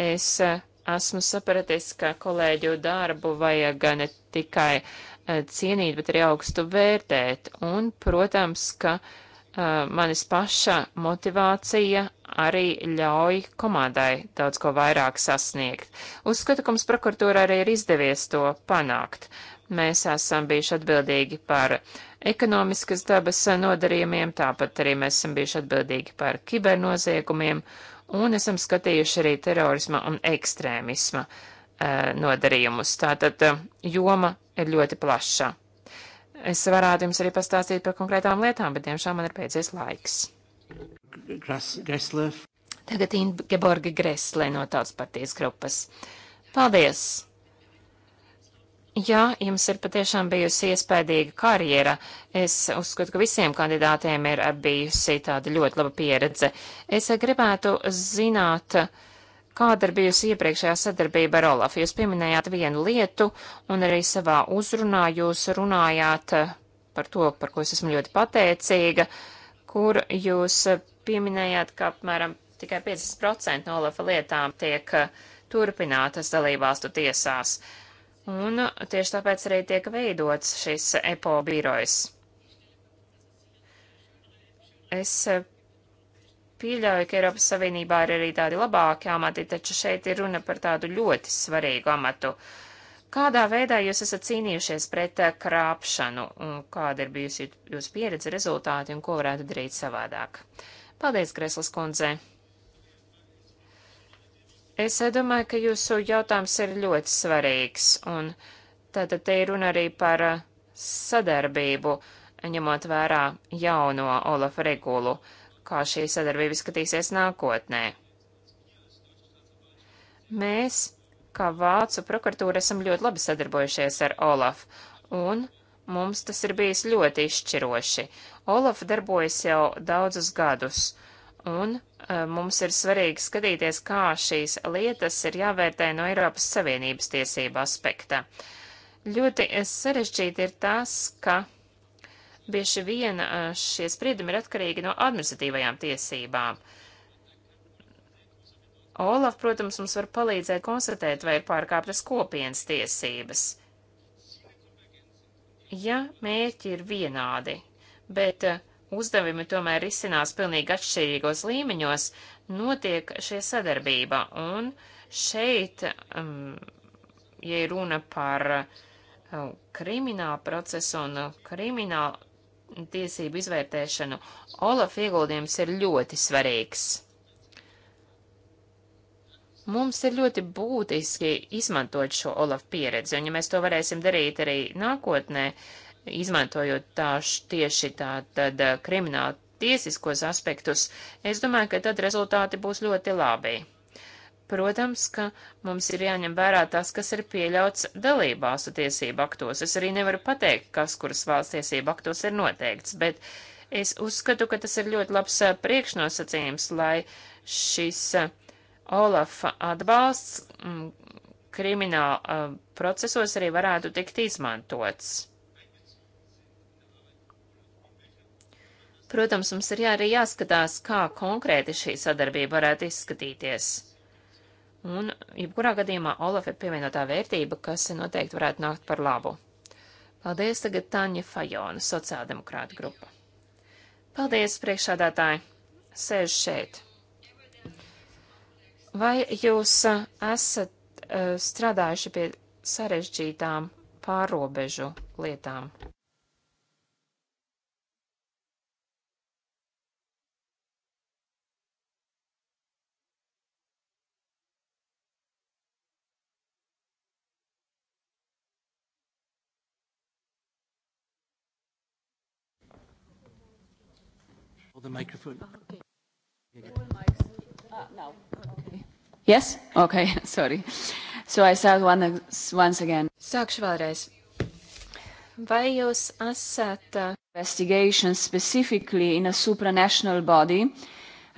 Es uh, esmu sapratis, ka kolēģu darbu vajag ne tikai cienīt, bet arī augstu vērtēt. Un, protams, ka uh, Eh, manis paša motivācija arī ļauj komandai daudz ko vairāk sasniegt. Uzskatu, ka mums prokuratūra arī ir izdevies to panākt. Mēs esam bijuši atbildīgi par ekonomiskas dabas nodarījumiem, tāpat arī mēs esam bijuši atbildīgi par kibernoziegumiem un esam skatījuši arī terorisma un ekstrēmisma eh, nodarījumus. Tātad eh, joma ir ļoti plaša. Es varētu jums arī pastāstīt par konkrētām lietām, bet diemžēl man ir beidzies laiks. Gresle. Tagad Ingeborga Gresle no tautas partijas grupas. Paldies! Jā, jums ir patiešām bijusi iespēdīga karjera. Es uzskatu, ka visiem kandidātiem ir bijusi tāda ļoti laba pieredze. Es gribētu zināt, uh, Kāda ir bijusi iepriekšējā sadarbība ar Olafu? Jūs pieminējāt vienu lietu, un arī savā uzrunā jūs runājāt eh, par to, par ko es esmu ļoti pateicīga, kur jūs eh, pieminējāt, ka apmēram tikai 50% no Olafa lietām tiek eh, turpinātas dalībvalstu tiesās. Un tieši tāpēc arī tiek veidots šis EPO birojs. Es pieļauju, ka Eiropas Savienībā ir arī tādi labāki amati, taču šeit ir runa par tādu ļoti svarīgu amatu. Kādā veidā jūs esat cīnījušies pret eh, krāpšanu un kāda ir bijusi jūsu pieredze rezultāti un ko varētu darīt savādāk? Paldies, Kreslas kundze! Es eh, domāju, ka jūsu jautājums ir ļoti svarīgs, un tātad te ir runa arī par eh, sadarbību, ņemot vērā jauno Olafa regulu. Uh, kā šī sadarbība izskatīsies nākotnē. Mēs, kā Vācu prokuratūra, esam ļoti labi sadarbojušies ar Olafu, un mums tas ir bijis ļoti izšķiroši. Olaf darbojas jau daudzus gadus, un e, mums ir svarīgi skatīties, kā šīs lietas ir jāvērtē no Eiropas Savienības tiesība aspekta. Ļoti sarežģīti ir tas, ka Bieži vien šie spriedumi ir atkarīgi no administratīvajām tiesībām. Olaf, protams, mums var palīdzēt konstatēt, vai ir pārkāptas kopienas tiesības. Ja mērķi ir vienādi, bet uzdevumi tomēr risinās pilnīgi atšķirīgos līmeņos, notiek šie sadarbība. Un šeit, um, ja runa par uh, kriminālu procesu un kriminālu tiesību izvērtēšanu, Olaf ieguldījums ir ļoti svarīgs. Mums ir ļoti būtiski izmantot šo Olaf pieredzi, un ja mēs to varēsim darīt arī nākotnē, izmantojot tāš tieši tā tad eh, kriminālu tiesiskos aspektus, es domāju, ka tad rezultāti būs ļoti labi. Protams, ka mums ir jāņem vērā tas, kas ir pieļauts dalībvalstu tiesību aktos. Es arī nevaru pateikt, kas kuras valsts tiesību aktos ir noteikts, bet es uzskatu, ka tas ir ļoti labs priekšnosacījums, lai šis Olafa atbalsts mm, krimināla procesos arī varētu tikt izmantots. Protams, mums ir jā, arī jāskatās, kā konkrēti šī sadarbība varētu izskatīties. Un, jebkurā gadījumā, Olaf ir pievienotā vērtība, kas noteikti varētu nākt par labu. Paldies tagad Taņa Fajona, sociāldemokrāta grupa. Paldies, priekšādātāji! Sēž šeit. Vai jūs esat uh, strādājuši pie sarežģītām pārobežu lietām? the microphone. Oh, okay. Ah, no. okay. Yes? Okay, sorry. So I start one, once again. Sākšu vēlreiz. Vai jūs esat uh, investigation specifically in a supranational body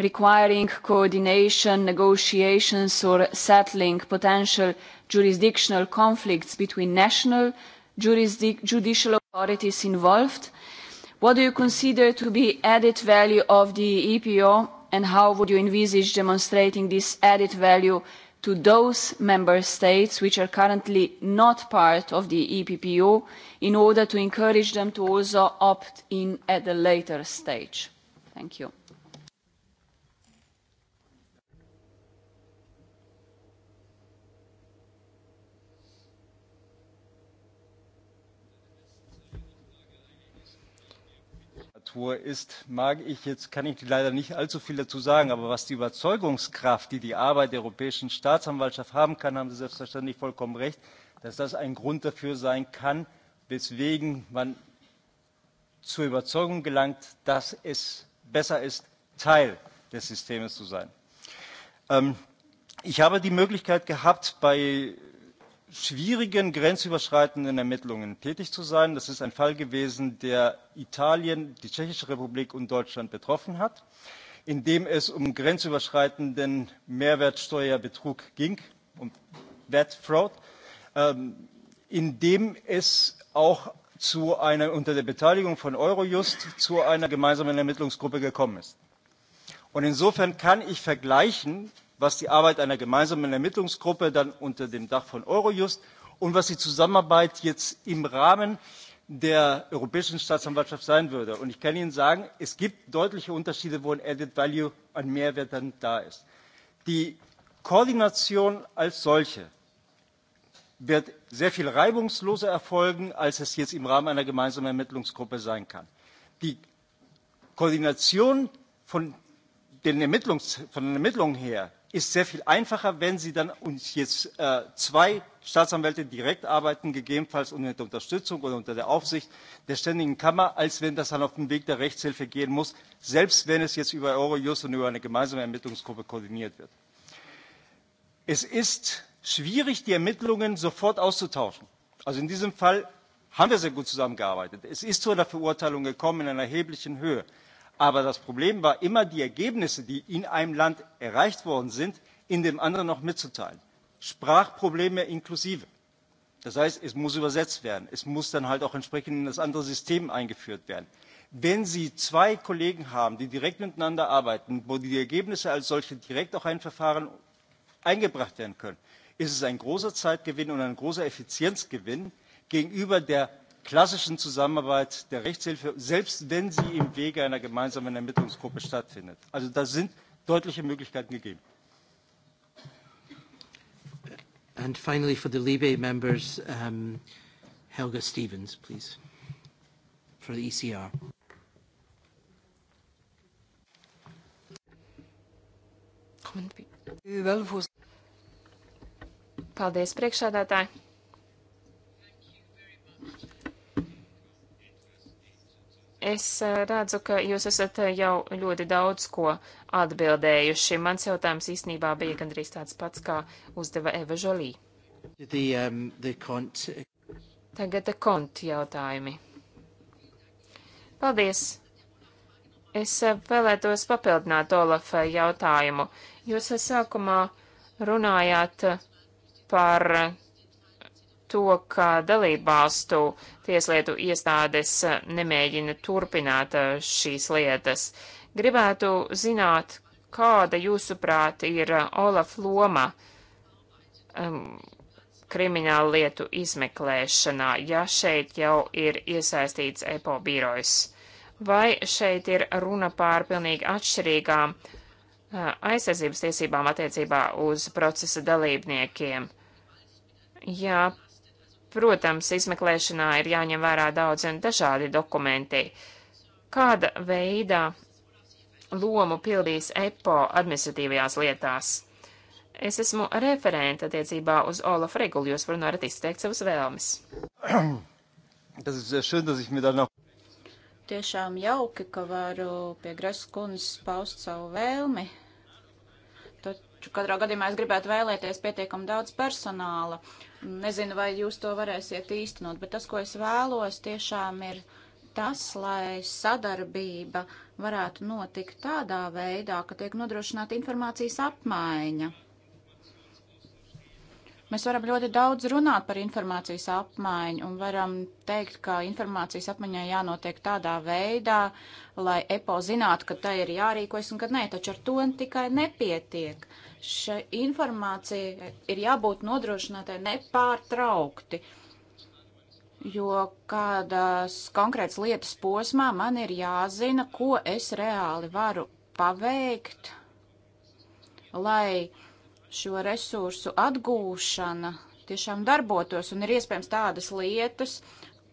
requiring coordination, negotiations or settling potential jurisdictional conflicts between national jurisdic- judicial authorities involved What do you consider to be added value of the EPO and how would you envisage demonstrating this added value to those member states which are currently not part of the EPPO in order to encourage them to also opt in at a later stage? Thank you. Natur ist, mag ich jetzt, kann ich leider nicht allzu viel dazu sagen, aber was die Überzeugungskraft, die die Arbeit der Europäischen Staatsanwaltschaft haben kann, haben Sie selbstverständlich vollkommen recht, dass das ein Grund dafür sein kann, weswegen man zur Überzeugung gelangt, dass es besser ist, Teil des Systems zu sein. Ähm, ich habe die Möglichkeit gehabt, bei schwierigen grenzüberschreitenden Ermittlungen tätig zu sein. Das ist ein Fall gewesen, der Italien, die Tschechische Republik und Deutschland betroffen hat, in dem es um grenzüberschreitenden Mehrwertsteuerbetrug ging, um VAT Fraud, ähm, in dem es auch zu einer, unter der Beteiligung von Eurojust zu einer gemeinsamen Ermittlungsgruppe gekommen ist. Und insofern kann ich vergleichen, was die arbeit einer gemeinsamen ermittlungsgruppe dann unter dem dach von eurojust und was die zusammenarbeit jetzt im rahmen der europäischen staatsanwaltschaft sein würde. Und ich kann Ihnen sagen, es gibt deutliche Unterschiede, wo ein Added Value an Mehrwert dann da ist. Die Koordination als solche wird sehr viel reibungsloser erfolgen, als es jetzt im Rahmen einer gemeinsamen Ermittlungsgruppe sein kann. Die Koordination von den, Ermittlungs, von den Ermittlungen her ist sehr viel einfacher, wenn Sie dann uns jetzt äh, zwei Staatsanwälte direkt arbeiten, gegebenenfalls unter Unterstützung oder unter der Aufsicht der Ständigen Kammer, als wenn das dann auf den Weg der Rechtshilfe gehen muss, selbst wenn es jetzt über Eurojust und über eine gemeinsame Ermittlungsgruppe koordiniert wird. Es ist schwierig, die Ermittlungen sofort auszutauschen. Also in diesem Fall haben wir sehr gut zusammengearbeitet. Es ist zu einer Verurteilung gekommen in einer erheblichen Höhe aber das problem war immer die ergebnisse die in einem land erreicht worden sind in dem anderen noch mitzuteilen sprachprobleme inklusive. das heißt es muss übersetzt werden es muss dann halt auch entsprechend in das andere system eingeführt werden. wenn sie zwei kollegen haben die direkt miteinander arbeiten wo die ergebnisse als solche direkt auch in ein verfahren eingebracht werden können ist es ein großer zeitgewinn und ein großer effizienzgewinn gegenüber klassischen Zusammenarbeit der Rechtshilfe, selbst wenn sie im Wege einer gemeinsamen Ermittlungsgruppe stattfindet. Also da sind deutliche Möglichkeiten gegeben. And finally, for the Libe members, um, Helga Stevens, please, for the ECR. Paldies, priekšādātāji. Es eh, redzu, ka jūs esat eh, jau ļoti daudz ko atbildējuši. Mans jautājums īstenībā bija gandrīz tāds pats, kā uzdeva Eva Žolī. The, um, the kont... Tagad konti jautājumi. Paldies! Es eh, vēlētos papildināt Olafa jautājumu. Jūs sākumā runājāt par to, ka dalībvalstu tieslietu iestādes eh, nemēģina turpināt eh, šīs lietas. Gribētu zināt, kāda jūsuprāt ir eh, Olaf loma um, kriminālu lietu izmeklēšanā, ja šeit jau ir iesaistīts EPO birojs? Vai šeit ir runa pār pilnīgi atšķirīgām uh, aizsardzības tiesībām attiecībā uz procesa dalībniekiem? Ja Protams, izmeklēšanā ir jāņem vērā daudz un dažādi dokumenti. Kāda veida lomu pildīs EPO administratīvajās lietās? Es esmu referente attiecībā uz Olaf regulu, jūs varat arī izteikt savas vēlmes. Tiešām jauki, ka varu pie Gresas kundzes paust savu vēlmi. Taču katrā gadījumā es gribētu vēlēties pietiekam daudz personāla. Uh, Nezinu, vai jūs to varēsiet īstenot, bet tas, ko es vēlos, tiešām ir tas, lai sadarbība varētu notikt tādā veidā, ka tiek nodrošināta informācijas apmaiņa. Mēs varam ļoti daudz runāt par informācijas apmaiņu un varam teikt, ka informācijas apmaiņai jānotiek tādā veidā, lai EPO zinātu, ka tai ir jārīkojas un ka nē, taču ar to tikai nepietiek šai informācija ir jābūt nodrošinātai nepārtraukti, jo kādas konkrētas lietas posmā man ir jāzina, ko es reāli varu paveikt, lai šo resursu atgūšana tiešām darbotos un ir iespējams tādas lietas,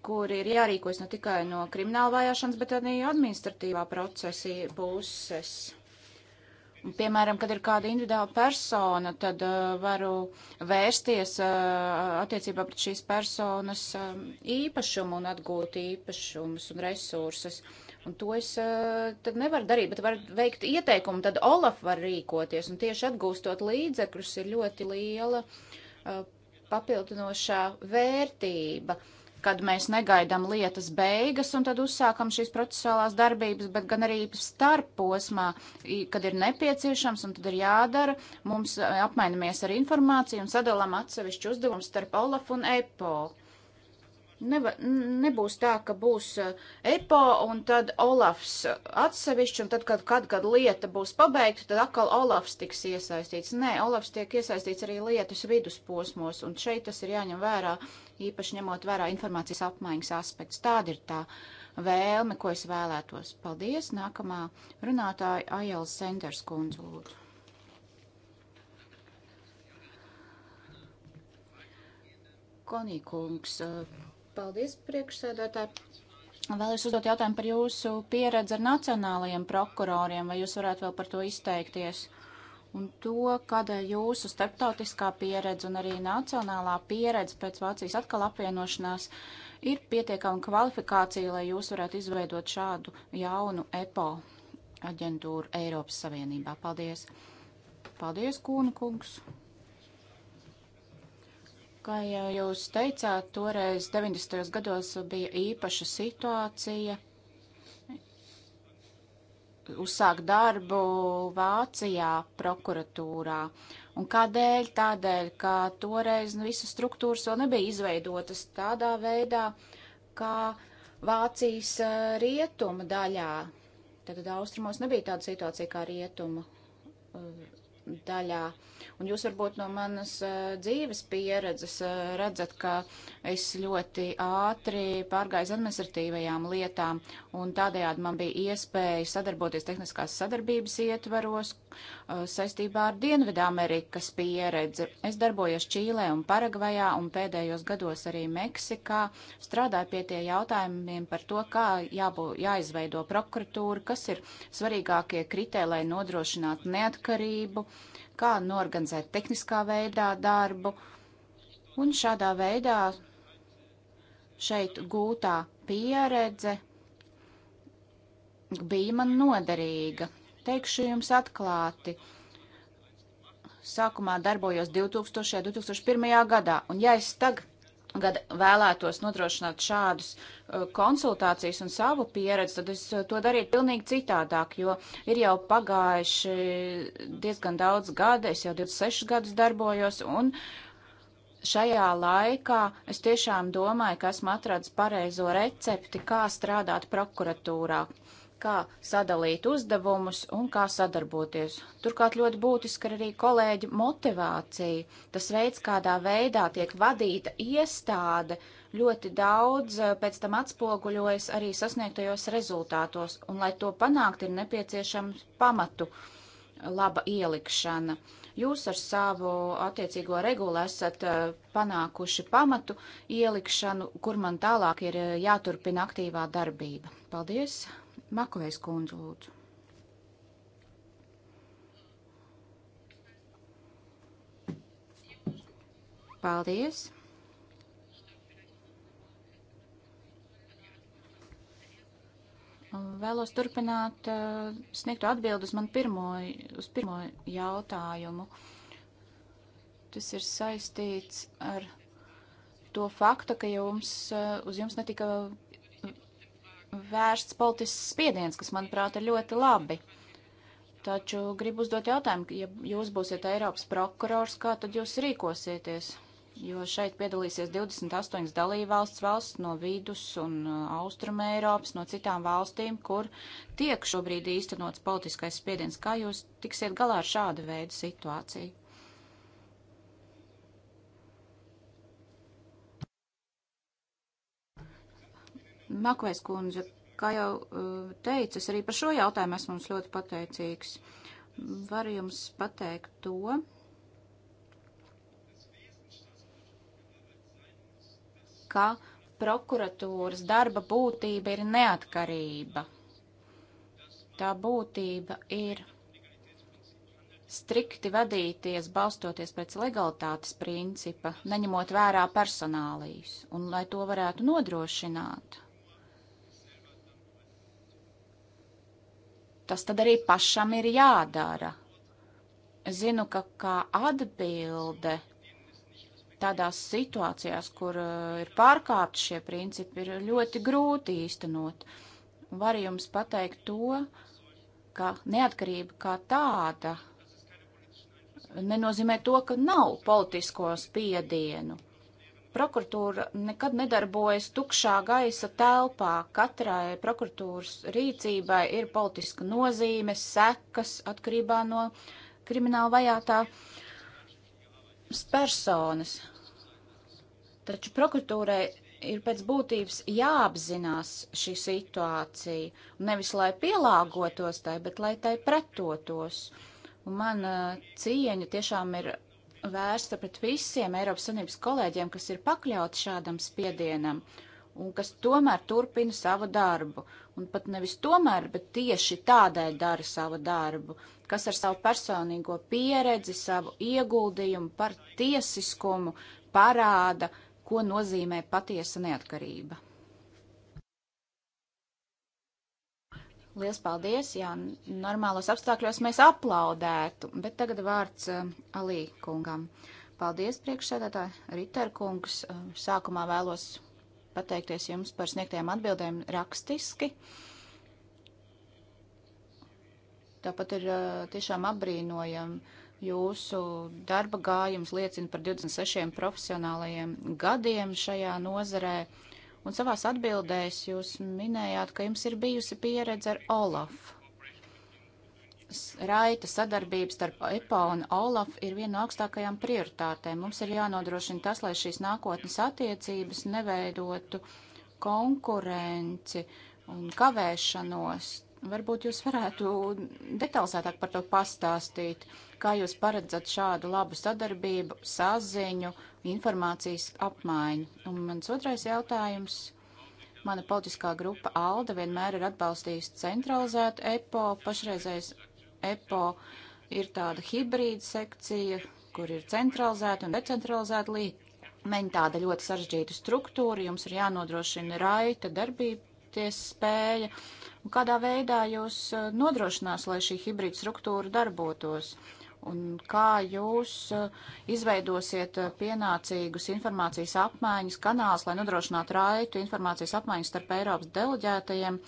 kur ir jārīkojas ne tikai no krimināla vajāšanas, bet arī administratīvā procesa puses. Piemēram, kad ir kāda individuāla persona, tad uh, varu vērsties uh, attiecībā pret šīs personas um, īpašumu un atgūt īpašumus un resursus. Un to es uh, tad nevaru darīt, bet varu veikt ieteikumu, tad Olaf var rīkoties. Un tieši atgūstot līdzekļus ir ļoti liela uh, papildinošā vērtība. Uh, kad mēs negaidām lietas beigas un tad uzsākam šīs procesuālās darbības, bet gan arī starp posmā, kad ir nepieciešams un tad ir jādara. Mums apmainamies ar informāciju un sadalām atsevišķu uzdevumu starp Olaf un EPO. Neba, nebūs tā, ka būs uh, EPO un tad Olafs uh, atsevišķi, un tad, kad, kad, kad lieta būs pabeigta, tad atkal Olafs tiks iesaistīts. Nē, Olafs tiek iesaistīts arī lietas vidusposmos, un šeit tas ir jāņem vērā, īpaši ņemot vērā informācijas apmaiņas aspekts. Tāda ir tā vēlme, ko es vēlētos. Paldies! Nākamā runātāja Ajala Senders kundze lūdzu. Konīkungs. Uh, Paldies, priekšsēdētāji. Vēl es uzdot jautājumu par jūsu pieredzi ar nacionālajiem prokuroriem, vai jūs varētu vēl par to izteikties? Un to, kāda jūsu starptautiskā pieredze un arī nacionālā pieredze pēc Vācijas atkal apvienošanās ir pietiekama kvalifikācija, lai jūs varētu izveidot šādu jaunu EPO aģentūru Eiropas Savienībā. Paldies! Paldies, Kūna kungs! Kā jau jūs teicāt, toreiz 90. gados bija īpaša situācija. Uzsāk darbu Vācijā prokuratūrā. Un kādēļ? Tādēļ, ka toreiz nu, visas struktūras vēl nebija izveidotas tādā veidā, kā Vācijas eh, rietuma daļā. Tad austrumos nebija tāda situācija kā rietuma eh, daļā. Un jūs varbūt no manas eh, dzīves pieredzes eh, redzat, ka es ļoti ātri pārgāju administratīvajām lietām, un tādējādi man bija iespēja sadarboties tehniskās sadarbības ietvaros, Uh, saistībā ar Dienvidāmerikas pieredzi. Es darbojos Čīlē un Paragvajā un pēdējos gados arī Meksikā. Strādāju pie tie jautājumiem par to, kā jābū, jāizveido prokuratūra, kas ir svarīgākie kritēji, lai nodrošinātu neatkarību, kā norganizēt tehniskā veidā darbu. Un šādā veidā šeit gūtā pieredze bija man noderīga. Teikšu jums atklāti. Sākumā darbojos 2000. un 2001. gadā, un ja es tagad gad vēlētos nodrošināt šādus uh, konsultācijas un savu pieredzi, tad es uh, to darītu pilnīgi citādāk, jo ir jau pagājuši diezgan daudz gada, es jau 26 gadus darbojos, un šajā laikā es tiešām domāju, ka esmu atradis pareizo recepti, kā strādāt prokuratūrā. Uh, kā sadalīt uzdevumus un kā sadarboties. Turklāt ļoti būtiska ir arī kolēģi motivācija, tas veids, kādā veidā tiek vadīta iestāde, ļoti daudz eh, pēc tam atspoguļojas arī sasniegtajos rezultātos, un lai to panākt, ir nepieciešams pamatu laba ielikšana. Jūs ar savu attiecīgo regulu esat eh, panākuši pamatu ielikšanu, kur man tālāk ir eh, jāturpina aktīvā darbība. Paldies! Makovejs kundze, lūdzu. Paldies! Vēlos turpināt eh, sniegt atbildus man pirmo, uz pirmo jautājumu. Tas ir saistīts ar to faktu, ka jums, eh, uz jums netika vērsts politisks spiediens, kas, manuprāt, ir ļoti labi. Taču gribu uzdot jautājumu, ja jūs būsiet Eiropas prokurors, kā tad jūs rīkosieties? Jo šeit piedalīsies 28 dalībvalsts valsts no vidus un uh, austruma Eiropas, no citām valstīm, kur tiek šobrīd īstenots politiskais spiediens. Kā jūs tiksiet galā ar šādu veidu situāciju? Makovais kundze, kā jau uh, teicu, es arī par šo jautājumu esmu mums ļoti pateicīgs. Varu jums pateikt to, ka prokuratūras darba būtība ir neatkarība. Tā būtība ir strikti vadīties, balstoties pēc legalitātes principa, neņemot vērā personālīs, un lai to varētu nodrošināt. tas tad arī pašam ir jādara. Es zinu, ka kā atbilde tādās situācijās, kur eh, ir pārkāpti šie principi, ir ļoti grūti īstenot. Varu jums pateikt to, ka neatkarība kā tāda nenozīmē to, ka nav politisko spiedienu prokuratūra nekad nedarbojas tukšā gaisa telpā. Katrai prokuratūras rīcībai ir politiska nozīme, sekas atkarībā no krimināla vajātā personas. Taču prokuratūrai ir pēc būtības jāapzinās šī situācija, nevis lai pielāgotos tai, bet lai tai pretotos. Un man cieņa tiešām ir vērsta pret visiem Eiropas Savienības kolēģiem, kas ir pakļauti šādam spiedienam un kas tomēr turpina savu darbu. Un pat nevis tomēr, bet tieši tādēļ dara savu darbu, kas ar savu personīgo pieredzi, savu ieguldījumu par tiesiskumu parāda, ko nozīmē patiesa neatkarība. Liels paldies, jā, normālos apstākļos mēs aplaudētu, bet tagad vārds uh, Alī kungam. Paldies, priekšsēdētāji, Ritter kungs. Uh, sākumā vēlos pateikties jums par sniegtajām atbildēm rakstiski. Tāpat ir uh, tiešām apbrīnojami jūsu darba gājums liecina par 26 profesionālajiem gadiem šajā nozarē. Uh, Un savās atbildēs jūs minējāt, ka jums ir bijusi pieredze ar Olafu raita sadarbība starp EPA un OLAF ir viena no augstākajām prioritātēm. Mums ir jānodrošina tas, lai šīs nākotnes attiecības neveidotu konkurenci un kavēšanos. Varbūt jūs varētu detalizētāk par to pastāstīt, kā jūs paredzat šādu labu sadarbību, saziņu informācijas apmaiņu. Un mans otrais jautājums. Mana politiskā grupa ALDE vienmēr ir atbalstījusi centralizētu EPO. Pašreizējais EPO ir tāda hibrīda sekcija, kur ir centralizēta un decentralizēta līmeņa, tāda ļoti sarežģīta struktūra. Jums ir jānodrošina raita darbības spēja. Un kādā veidā jūs eh, nodrošinās, lai šī hibrīda struktūra darbotos? Uh, un kā jūs eh, izveidosiet eh, pienācīgus informācijas apmaiņas kanāls, lai nodrošinātu raitu informācijas apmaiņas starp Eiropas deleģētajiem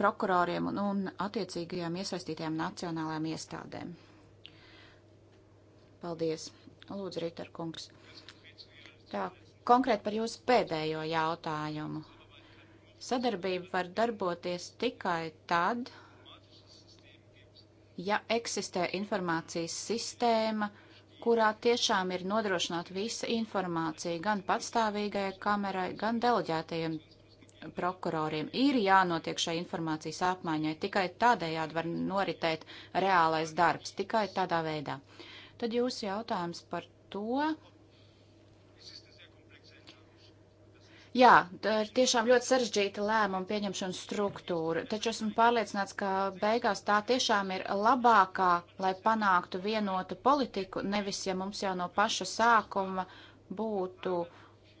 prokuroriem un, un attiecīgajām iesaistītajām nacionālajām iestādēm. Paldies. Lūdzu, Rītarkungs. Tā, konkrēt par jūsu pēdējo jautājumu. Sadarbība var darboties tikai tad, ja eksistē informācijas sistēma, kurā tiešām ir nodrošināta visa informācija gan patstāvīgajai kamerai, gan deleģētajiem prokuroriem. Ir jānotiek šai informācijas apmaiņai, tikai tādējādi var noritēt reālais darbs, tikai tādā veidā. Tad jūsu jautājums par to, Jā, tā ir tiešām ļoti sarežģīta lēmuma pieņemšanas struktūra, taču esmu pārliecināts, ka beigās tā tiešām ir labākā, lai panāktu vienotu politiku, nevis ja mums jau no paša sākuma būtu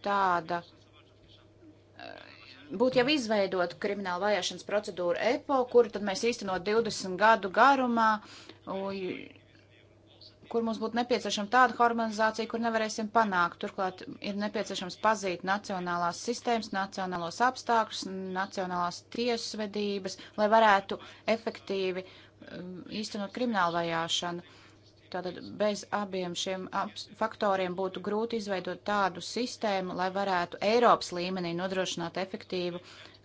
tāda. Eh, būtu jau izveidot kriminālu vajāšanas procedūru EPO, kuru tad mēs īstenot 20 gadu garumā, kur mums būtu nepieciešama tāda harmonizācija, kur nevarēsim panākt. Turklāt ir nepieciešams pazīt nacionālās sistēmas, nacionālos apstākļus, nacionālās tiesvedības, lai varētu efektīvi um, īstenot kriminālu vajāšanu. Tātad bez abiem šiem faktoriem būtu grūti izveidot tādu sistēmu, lai varētu Eiropas līmenī nodrošināt efektīvu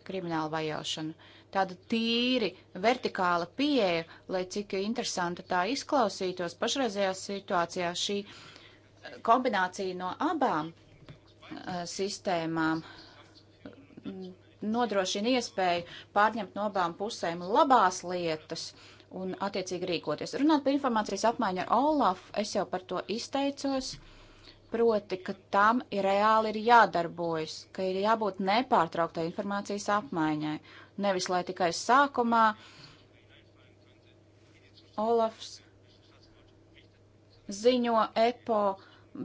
kriminālu vajāšanu. Uh, tāda tīri vertikāla pieeja, lai cik interesanta tā izklausītos pašreizējās situācijās, šī eh, kombinācija no abām uh, sistēmām mm, nodrošina iespēju pārņemt no abām pusēm labās lietas un attiecīgi rīkoties. Runāt par informācijas apmaiņu ar Olafu, es jau par to izteicos, proti, ka tam ir reāli ir jādarbojas, ka ir jābūt nepārtrauktai informācijas apmaiņai nevis lai tikai sākumā Olafs ziņo EPO,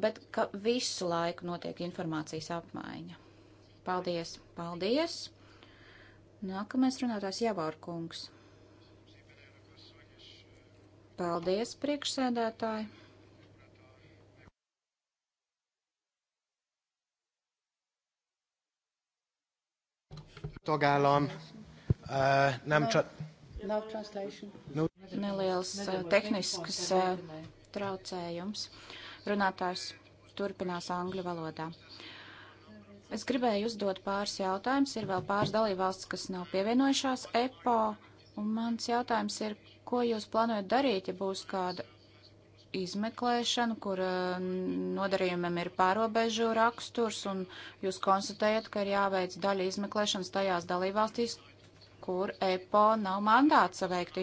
bet ka visu laiku notiek informācijas apmaiņa. Paldies, paldies! Nākamais runātājs Javārkungs. Paldies, priekšsēdētāji! tagállam Uh, nav, tra nav translation. Nu. Neliels uh, tehnisks uh, traucējums. Runātājs turpinās angļu valodā. Es gribēju uzdot pāris jautājumus. Ir vēl pāris dalībvalsts, kas nav pievienojušās EPO. Un mans jautājums ir, ko jūs plānojat darīt, ja būs kāda izmeklēšanu, kur uh, nodarījumam ir pārobežu raksturs, un jūs konstatējat, ka ir jāveic daļa izmeklēšanas tajās dalībvalstīs, kur EPO nav mandāts veikt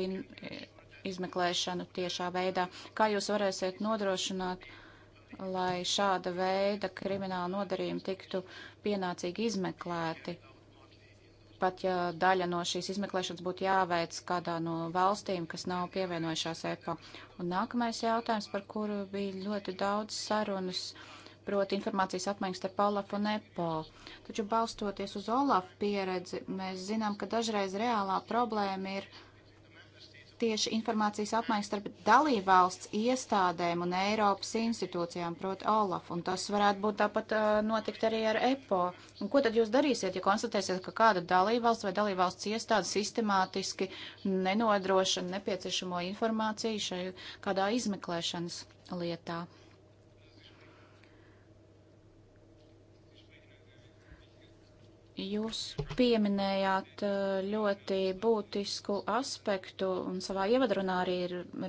izmeklēšanu tiešā veidā. Kā jūs varēsiet nodrošināt, lai šāda veida krimināla nodarījumi tiktu pienācīgi izmeklēti? Pat ja daļa no šīs izmeklēšanas būtu jāveic kādā no valstīm, kas nav pievienojušās EPO. Un nākamais jautājums, par kuru bija ļoti daudz sarunas. Uh, proti informācijas apmaiņas starp Olafu un EPO. Taču balstoties uz Olafu pieredzi, mēs zinām, ka dažreiz reālā problēma ir tieši informācijas apmaiņas starp dalībvalsts iestādēm un Eiropas institūcijām, proti Olafu, un tas varētu būt tāpat uh, notikt arī ar EPO. Un ko tad jūs darīsiet, ja konstatēsiet, ka kāda dalībvalsts vai dalībvalsts iestāde sistemātiski nenodrošina nepieciešamo informāciju šai kādā izmeklēšanas lietā? Jūs pieminējāt eh, ļoti būtisku aspektu un savā ievadrunā arī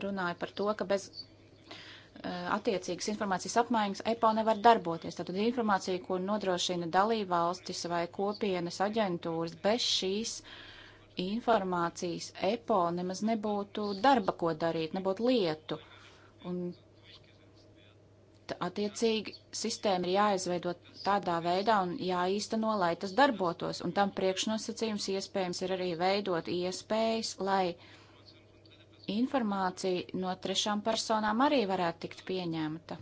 runāja par to, ka bez eh, attiecīgas informācijas apmaiņas EPO nevar darboties. Tātad informācija, ko nodrošina dalībvalstis vai kopienas aģentūras, bez šīs informācijas EPO nemaz nebūtu darba, ko darīt, nebūtu lietu. Un bet attiecīgi sistēma ir jāizveido tādā veidā un jāīsteno, lai tas darbotos, un tam priekšnosacījums iespējams ir arī veidot iespējas, lai informācija no trešām personām arī varētu tikt pieņemta.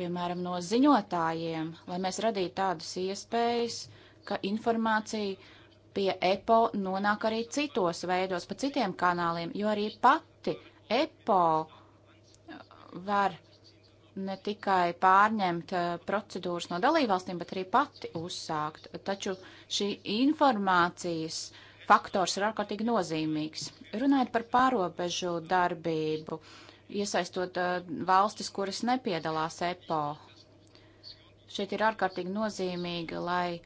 Piemēram, no ziņotājiem, lai mēs radītu tādas iespējas, ka informācija pie EPO nonāk arī citos veidos, pa citiem kanāliem, jo arī pati EPO var ne tikai pārņemt eh, procedūras no dalībvalstīm, bet arī pati uzsākt. Taču šī informācijas faktors ir ārkārtīgi nozīmīgs. Runājot par pārobežu darbību, iesaistot eh, valstis, kuras nepiedalās EPO, šeit ir ārkārtīgi nozīmīgi, lai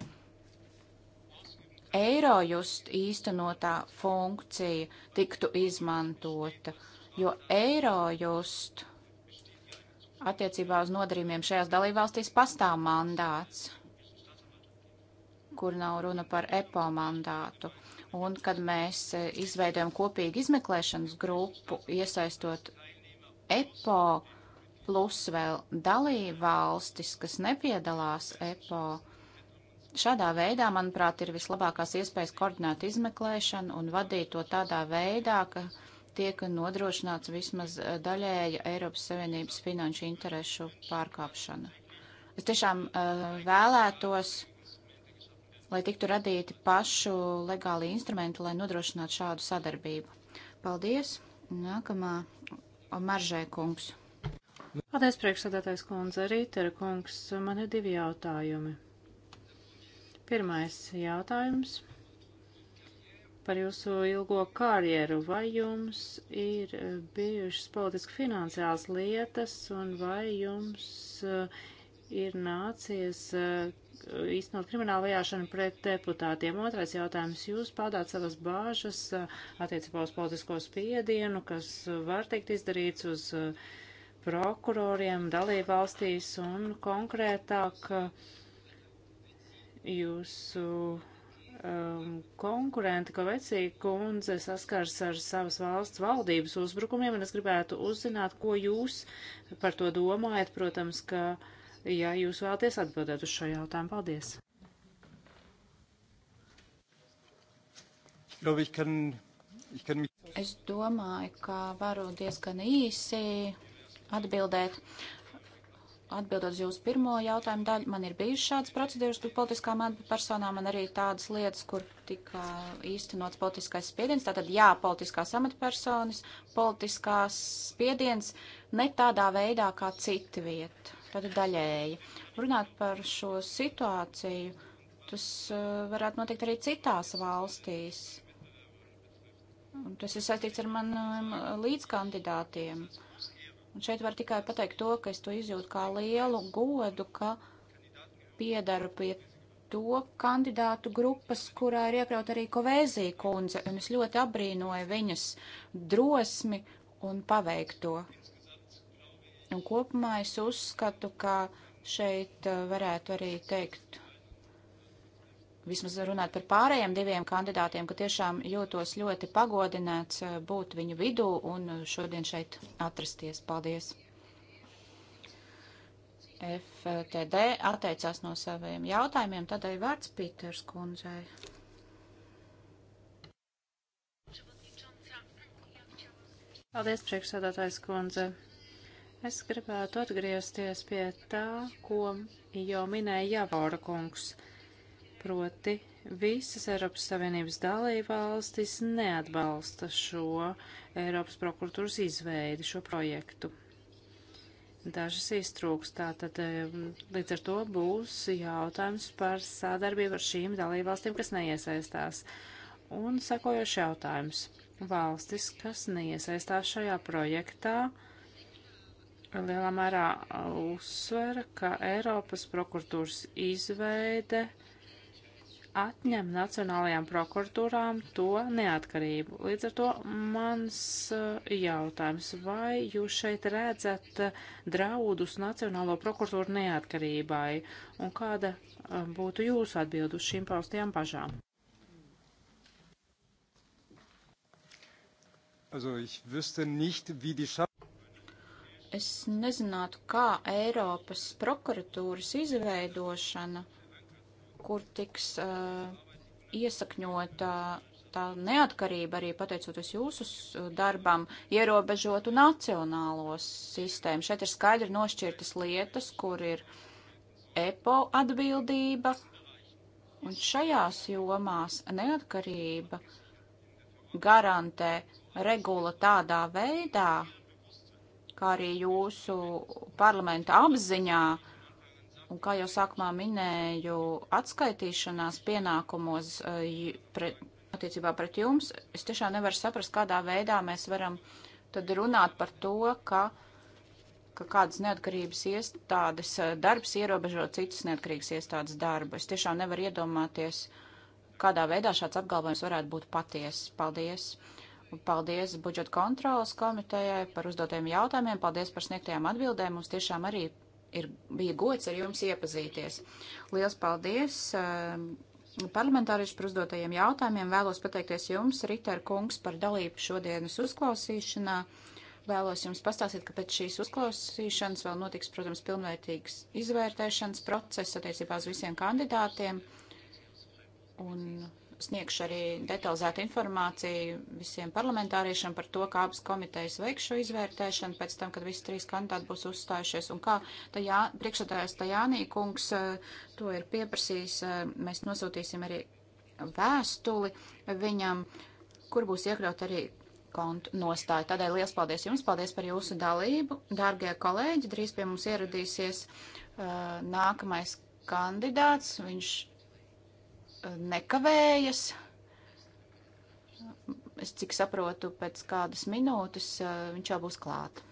Eirojust īstenotā funkcija tiktu izmantota, jo Eirojust just attiecībā uz nodarījumiem šajās dalībvalstīs pastāv mandāts, kur nav runa par EPO mandātu. Un kad mēs e, izveidojam kopīgu izmeklēšanas grupu, iesaistot EPO plus vēl dalībvalstis, kas nepiedalās EPO, šādā veidā, manuprāt, ir vislabākās iespējas koordinēt izmeklēšanu un vadīt to tādā veidā, ka tiek nodrošināts vismaz eh, daļēja Eiropas Savienības finanšu interesu pārkāpšana. Es tiešām eh, vēlētos, lai tiktu radīti pašu legāli instrumenti, lai nodrošinātu šādu sadarbību. Paldies! Nākamā Maržē kungs. Paldies, priekšsādātais kundze, Rītera kungs. Man ir divi jautājumi. Pirmais jautājums par jūsu ilgo karjeru. Vai jums ir eh, bijušas politiski finansiāls lietas un vai jums eh, ir nācies īstenot eh, kriminālu vajāšanu pret deputātiem? Otrais jautājums. Jūs paudāt savas bāžas attiecībā uz politisko spiedienu, kas var tikt izdarīts uz prokuroriem dalībvalstīs un konkrētāk jūsu um, konkurenti Kovecī kundze saskars ar savas valsts valdības uzbrukumiem, un es gribētu uzzināt, ko jūs par to domājat, protams, ka, ja jūs vēlaties atbildēt uz šo jautājumu, paldies. Es domāju, ka varu diezgan īsi atbildēt atbildot uz jūsu pirmo jautājumu daļu, man ir bijušas šādas procedūras par politiskām amatpersonām, man arī tādas lietas, kur tika īstenots politiskais spiediens. Tātad, jā, politiskās amatpersonas, politiskās spiediens ne tādā veidā kā cita vieta. Tātad daļēji. Runāt par šo situāciju, tas eh, varētu notikt arī citās valstīs. Un tas ir saistīts ar maniem eh, līdzkandidātiem. Uh, Un šeit var tikai pateikt to, ka es to izjūtu kā lielu godu, ka piedaru pie to kandidātu grupas, kurā ir iekļaut arī Kovēzija kundze, un es ļoti abrīnoju viņas drosmi un paveikto. Un kopumā es uzskatu, ka šeit eh, varētu arī teikt vismaz runāt par pārējiem diviem kandidātiem, ka tiešām jūtos ļoti pagodināts eh, būt viņu vidū un eh, šodien šeit atrasties. Paldies! FTD atteicās no saviem jautājumiem, tādēļ vārds Pīters kundzei. Paldies, priekšsēdātājs kundze. Es gribētu atgriezties pie tā, ko jau minēja Javora kungs. Uh, Proti visas Eiropas Savienības dalībvalstis neatbalsta šo Eiropas prokuratūras izveidi, šo projektu. Dažas iztrūks, tātad līdz ar to būs jautājums par sādarbību ar šīm dalībvalstīm, kas neiesaistās. Un sakojoši jautājums. Valstis, kas neiesaistās šajā projektā, lielā mērā uzsver, ka Eiropas prokuratūras izveide uh, atņem Nacionālajām prokuratūrām to neatkarību. Līdz ar to mans eh, jautājums, vai jūs šeit redzat eh, draudus Nacionālo prokuratūru neatkarībai un kāda eh, būtu jūsu atbild uz šīm paustajām pažām? Also ich wüsste nicht, wie die Schaff Es nezinātu, kā Eiropas prokuratūras izveidošana kur tiks uh, iesakņota tā neatkarība arī pateicoties jūsu darbam ierobežotu nacionālo sistēmu. Šeit ir skaidri nošķirtas lietas, kur ir EPO atbildība, un šajās jomās neatkarība garantē regula tādā veidā, kā arī jūsu parlamenta apziņā, uh, Un kā jau sākumā minēju, atskaitīšanās pienākumos eh, pre, attiecībā pret jums, es tiešām nevaru saprast, kādā veidā mēs varam tad runāt par to, ka, ka kādas neatkarības iestādes eh, darbs ierobežo citas neatkarīgas iestādes darbu. Es tiešām nevaru iedomāties, kādā veidā šāds apgalvojums varētu būt patiess. Paldies! Paldies budžeta kontrolas komitejai par uzdotiem jautājumiem, paldies par sniegtajām atbildēm. Mums tiešām arī ir, bija gods ar jums iepazīties. Liels paldies! Um, parlamentārieši par uzdotajiem jautājumiem vēlos pateikties jums, Riter kungs, par dalību šodienas uzklausīšanā. Vēlos jums pastāstīt, ka pēc šīs uzklausīšanas vēl notiks, protams, pilnvērtīgs izvērtēšanas process attiecībā uz visiem kandidātiem. Un sniegšu arī detalizētu informāciju visiem parlamentāriešiem par to, kā abas komitejas veiks šo izvērtēšanu pēc tam, kad visi trīs kandidāti būs uzstājušies un kā tajā, priekšsēdājās Tajānī kungs eh, to ir pieprasījis. Eh, mēs nosūtīsim arī vēstuli viņam, kur būs iekļaut arī kontu nostāju. Tādēļ liels paldies jums, paldies par jūsu dalību. Dārgie kolēģi, drīz pie mums ieradīsies uh, nākamais kandidāts. Viņš nekavējas. Es cik saprotu, pēc kādas minūtes eh, viņš jau būs klāts.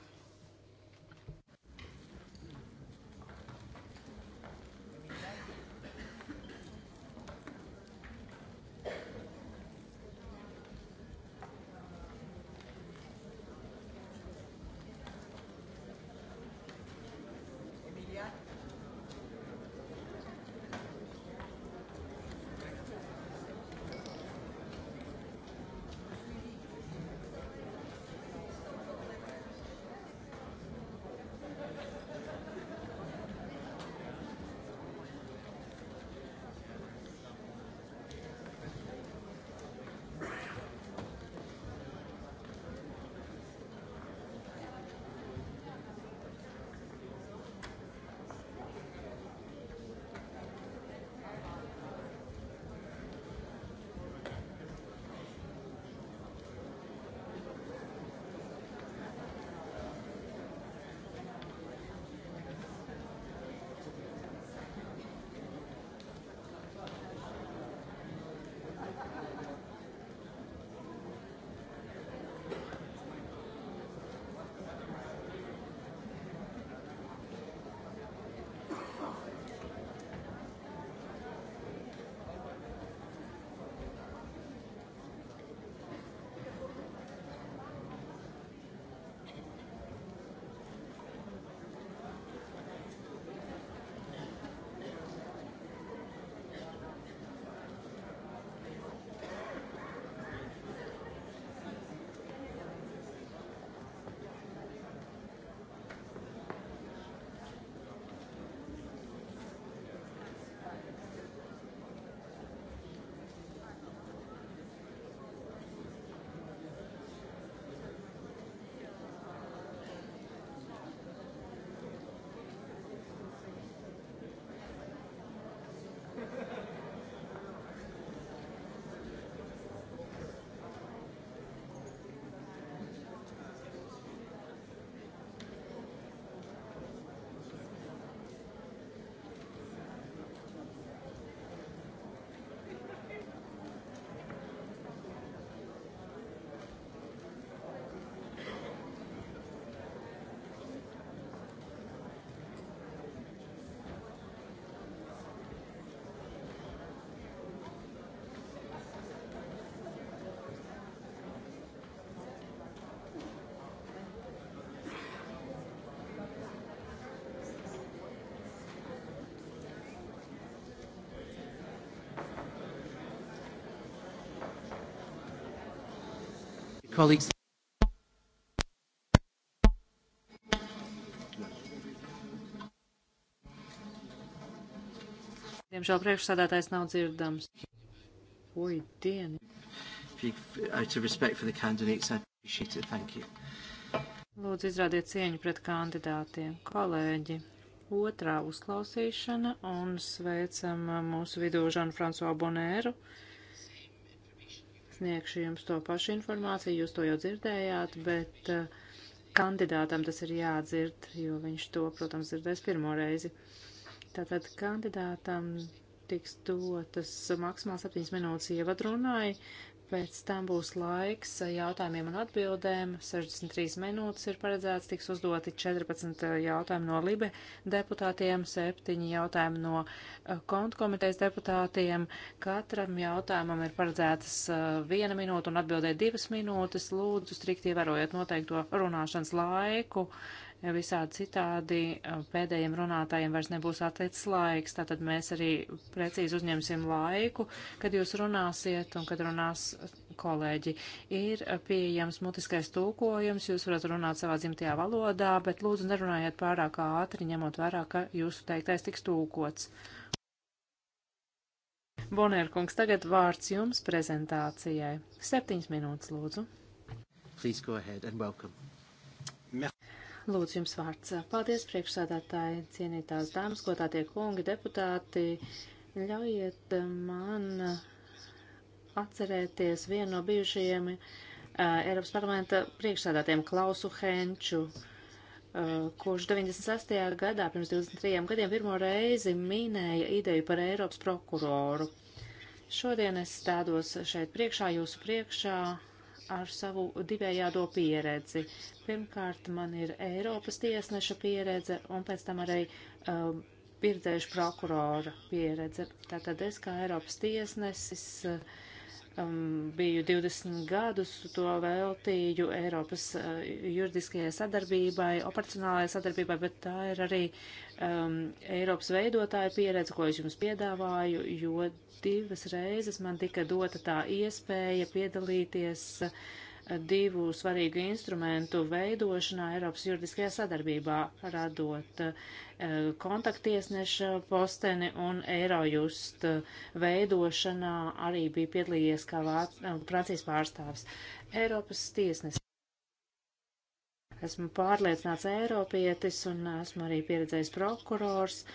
Colleagues. Diemžēl priekšsādātājs nav dzirdams. Oi, diena. Uh, out of respect for the candidates, I appreciate it. Thank you. Lūdzu, izrādiet cieņu pret kandidātiem. Kolēģi, otrā uzklausīšana un sveicam uh, mūsu vidū Žanu Fransuā Bonēru sniegšu jums to pašu informāciju, jūs to jau dzirdējāt, bet eh, kandidātam tas ir jādzird, jo viņš to, protams, dzirdēs pirmo reizi. Tātad kandidātam tiks dotas maksimāli 7 minūtes ievadrunai, Pēc tam būs laiks jautājumiem un atbildēm. 63 minūtes ir paredzēts, tiks uzdoti 14 eh, jautājumi no Libe deputātiem, 7 jautājumi no eh, kontu komitejas deputātiem. Katram jautājumam ir paredzētas eh, viena minūte un atbildē divas minūtes. Lūdzu, strikt ievērojiet noteikto runāšanas laiku. Visādi citādi pēdējiem runātājiem vairs nebūs atlicis laiks, tātad mēs arī precīzi uzņemsim laiku, kad jūs runāsiet un kad runās kolēģi. Ir pieejams mutiskais tūkojums, jūs varat runāt savā dzimtajā valodā, bet lūdzu nerunājiet pārāk ātri, ņemot vērā, ka jūsu teiktais tiks tūkots. Bonērkungs, tagad vārds jums prezentācijai. Septiņas minūtes, lūdzu. Please go ahead and welcome. Lūdzu, jums vārds. Paldies, priekšsādātāji, cienītās dāmas, godātie kungi, deputāti. Ļaujiet man atcerēties vienu no bijušajiem uh, Eiropas parlamenta priekšsādātiem Klausu Henču, uh, kurš 96. gadā, pirms 23 gadiem, pirmo reizi minēja ideju par Eiropas prokuroru. Šodien es stādos šeit priekšā, jūsu priekšā, ar savu divējādo pieredzi. Pirmkārt, man ir Eiropas tiesneša pieredze un pēc tam arī um, pieredzējuši prokurora pieredze. Tātad es kā Eiropas tiesnesis uh, um, biju 20 gadus, to veltīju Eiropas uh, juridiskajai sadarbībai, operacionālajai sadarbībai, bet tā ir arī um, Eiropas veidotāja pieredze, ko es jums piedāvāju, jo divas reizes man tika dota tā iespēja piedalīties uh, divu svarīgu instrumentu veidošanā Eiropas juridiskajā sadarbībā, radot eh, kontaktiesneša posteni un Eirojust veidošanā arī bija piedalījies kā Vāc eh, Francijas pārstāvs. Eiropas tiesnes. Esmu pārliecināts Eiropietis un esmu arī pieredzējis prokurors. Uh,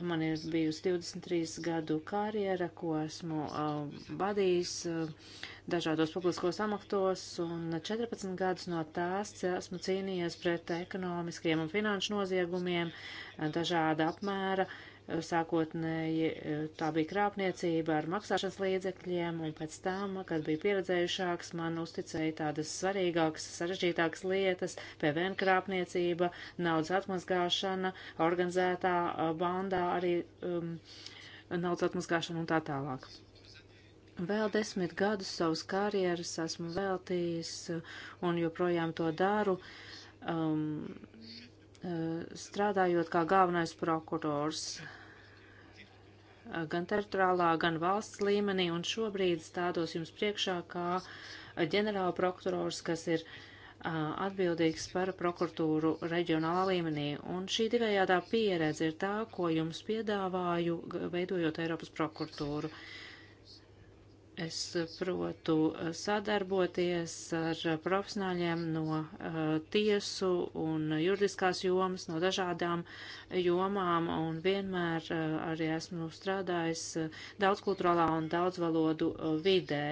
Man ir bijusi 23 gadu karjera, ko esmu uh, vadījis uh, dažādos publiskos amatos, un 14 gadus no tās esmu cīnījies pret ekonomiskiem un finanšu noziegumiem uh, dažāda apmēra, Sākotnēji e, tā bija krāpniecība ar maksāšanas līdzekļiem, un pēc tam, kad bija pieredzējušāks, man uzticēja tādas svarīgākas, sarežģītākas lietas - PVN krāpniecība, naudas atmazgāšana, organizētā e, bandā arī um, naudas atmazgāšana un tā tālāk. Vēl desmit gadus savas karjeras esmu veltījis e, un joprojām to daru, um, strādājot kā galvenais prokurors. Eh, gan teritoriālā, gan valsts līmenī, un šobrīd stādos jums priekšā kā ģenerāla prokurors, kas ir eh, atbildīgs par prokuratūru reģionālā līmenī. Un šī divējādā pieredze ir tā, ko jums piedāvāju, veidojot Eiropas prokuratūru. Uh, Es protu eh, sadarboties ar profesionāļiem no uh, tiesu un juridiskās jomas, no dažādām jomām, un vienmēr uh, arī esmu strādājis uh, daudzkulturālā un daudzvalodu vidē.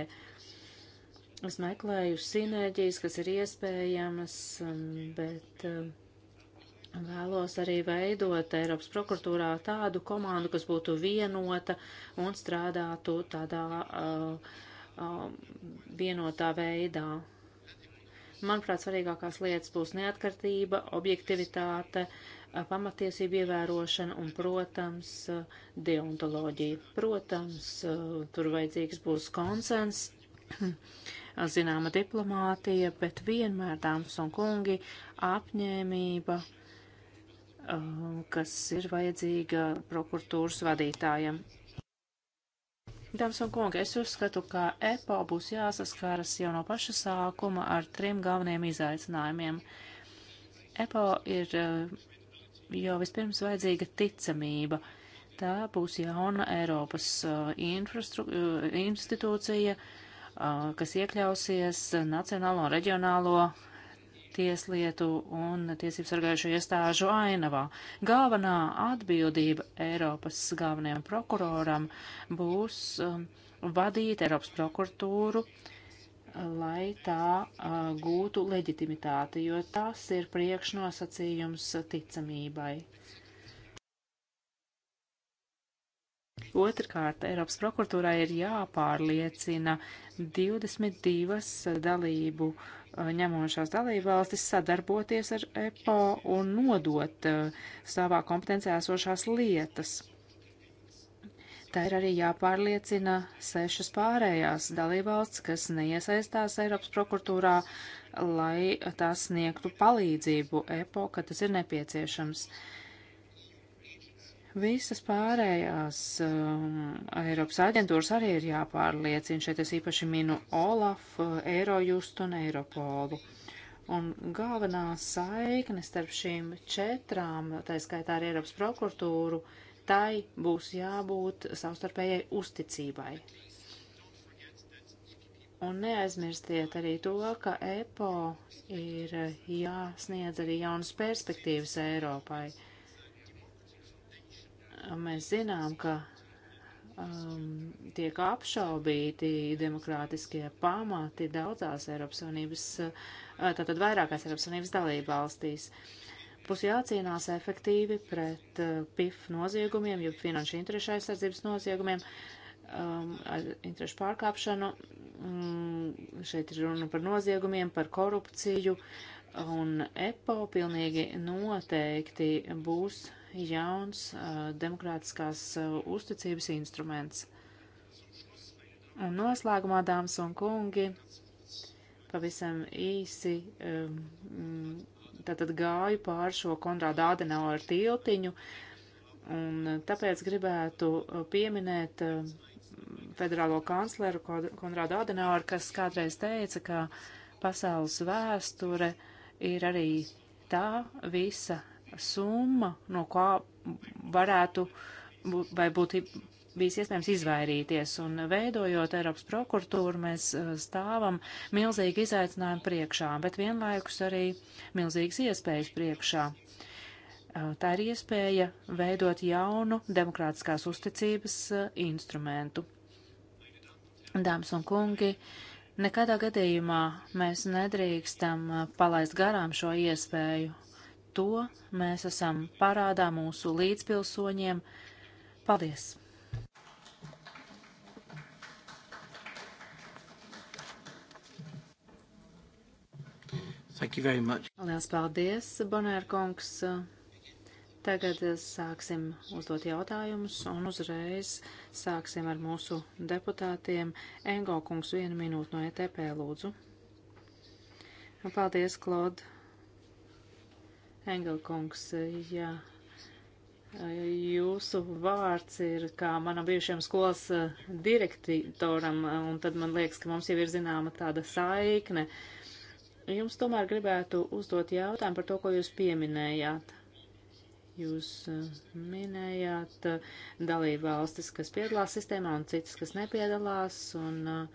Es meklēju sinerģijas, kas ir iespējamas, um, bet. Uh, Vēlos arī veidot Eiropas prokuratūrā tādu komandu, kas būtu vienota un strādātu tādā uh, uh, vienotā veidā. Manuprāt, svarīgākās lietas būs neatkartība, objektivitāte, uh, pamatiesība ievērošana un, protams, uh, deontoloģija. Protams, uh, tur vajadzīgs būs konsens. zināma diplomātija, bet vienmēr, dāmas un kungi, apņēmība Um, kas ir vajadzīga prokuratūras vadītājam. Dāmas un kungi, es uzskatu, ka EPO būs jāsaskaras jau no paša sākuma ar trim galveniem izaicinājumiem. EPO ir uh, jau vispirms vajadzīga ticamība. Tā būs jauna Eiropas uh, uh, institūcija, kas iekļausies nacionālo un reģionālo tieslietu un tiesību sargājušo iestāžu ainavā. Galvenā atbildība Eiropas galvenajam prokuroram būs um, vadīt Eiropas prokuratūru, lai tā uh, gūtu leģitimitāti, jo tas ir priekšnosacījums ticamībai. Otrkārt, Eiropas prokuratūrai ir jāpārliecina 22 dalību ņemošās dalībvalstis sadarboties ar EPO un nodot uh, savā kompetencijā esošās lietas. Tā ir arī jāpārliecina sešas pārējās dalībvalsts, kas neiesaistās Eiropas prokuratūrā, lai tās sniegtu palīdzību EPO, kad tas ir nepieciešams. Uh, Visas pārējās um, Eiropas aģentūras arī ir jāpārliecina. Šeit es īpaši minu Olaf, Eirojust un Eiropolu. Un galvenā saikne starp šīm četrām, tā skaitā ar Eiropas prokuratūru, tai būs jābūt savstarpējai uzticībai. Un neaizmirstiet arī to, ka EPO ir jāsniedz arī jaunas perspektīvas Eiropai. Uh, mēs zinām, ka um, tiek apšaubīti demokrātiskie pamati daudzās Eiropas Savienības, uh, tātad vairākās Eiropas Savienības dalība valstīs. Būs jācīnās efektīvi pret uh, PIF noziegumiem, jeb finanšu interešu aizsardzības noziegumiem, um, interešu pārkāpšanu. Mm, šeit ir runa par noziegumiem, par korupciju, un EPO pilnīgi noteikti būs jauns uh, demokrātiskās uh, uzticības instruments. Un noslēgumā, dāmas un kungi, pavisam īsi um, mm, tātad gāju pār šo Konrāda Adenauer tiltiņu, un tāpēc gribētu uh, pieminēt uh, federālo kancleru Konrādu Adenaueru, kas kādreiz teica, ka pasaules vēsture ir arī tā visa summa, no kā varētu vai būtu bijis iespējams izvairīties. Un veidojot Eiropas prokuratūru, mēs eh, stāvam milzīgi izaicinājumu priekšā, bet vienlaikus arī milzīgas iespējas priekšā. Eh, tā ir iespēja veidot jaunu demokrātiskās uzticības eh, instrumentu. Dāmas un kungi, nekādā gadījumā mēs nedrīkstam palaist garām šo iespēju to mēs esam parādā mūsu līdzpilsoņiem. Paldies! Thank you very much. Lielas paldies, Bonērkungs. Tagad sāksim uzdot jautājumus un uzreiz sāksim ar mūsu deputātiem. Engo kungs, vienu minūtu no ETP, lūdzu. Paldies, Klod. Engelkungs, jā, eh, jūsu vārds ir kā manam bijušajam skolas eh, direktoram, eh, un tad man liekas, ka mums jau ir zināma tāda saikne. Jums tomēr gribētu uzdot jautājumu par to, ko jūs pieminējāt. Jūs minējāt dalību valstis, kas piedalās sistēmā un citas, kas nepiedalās, un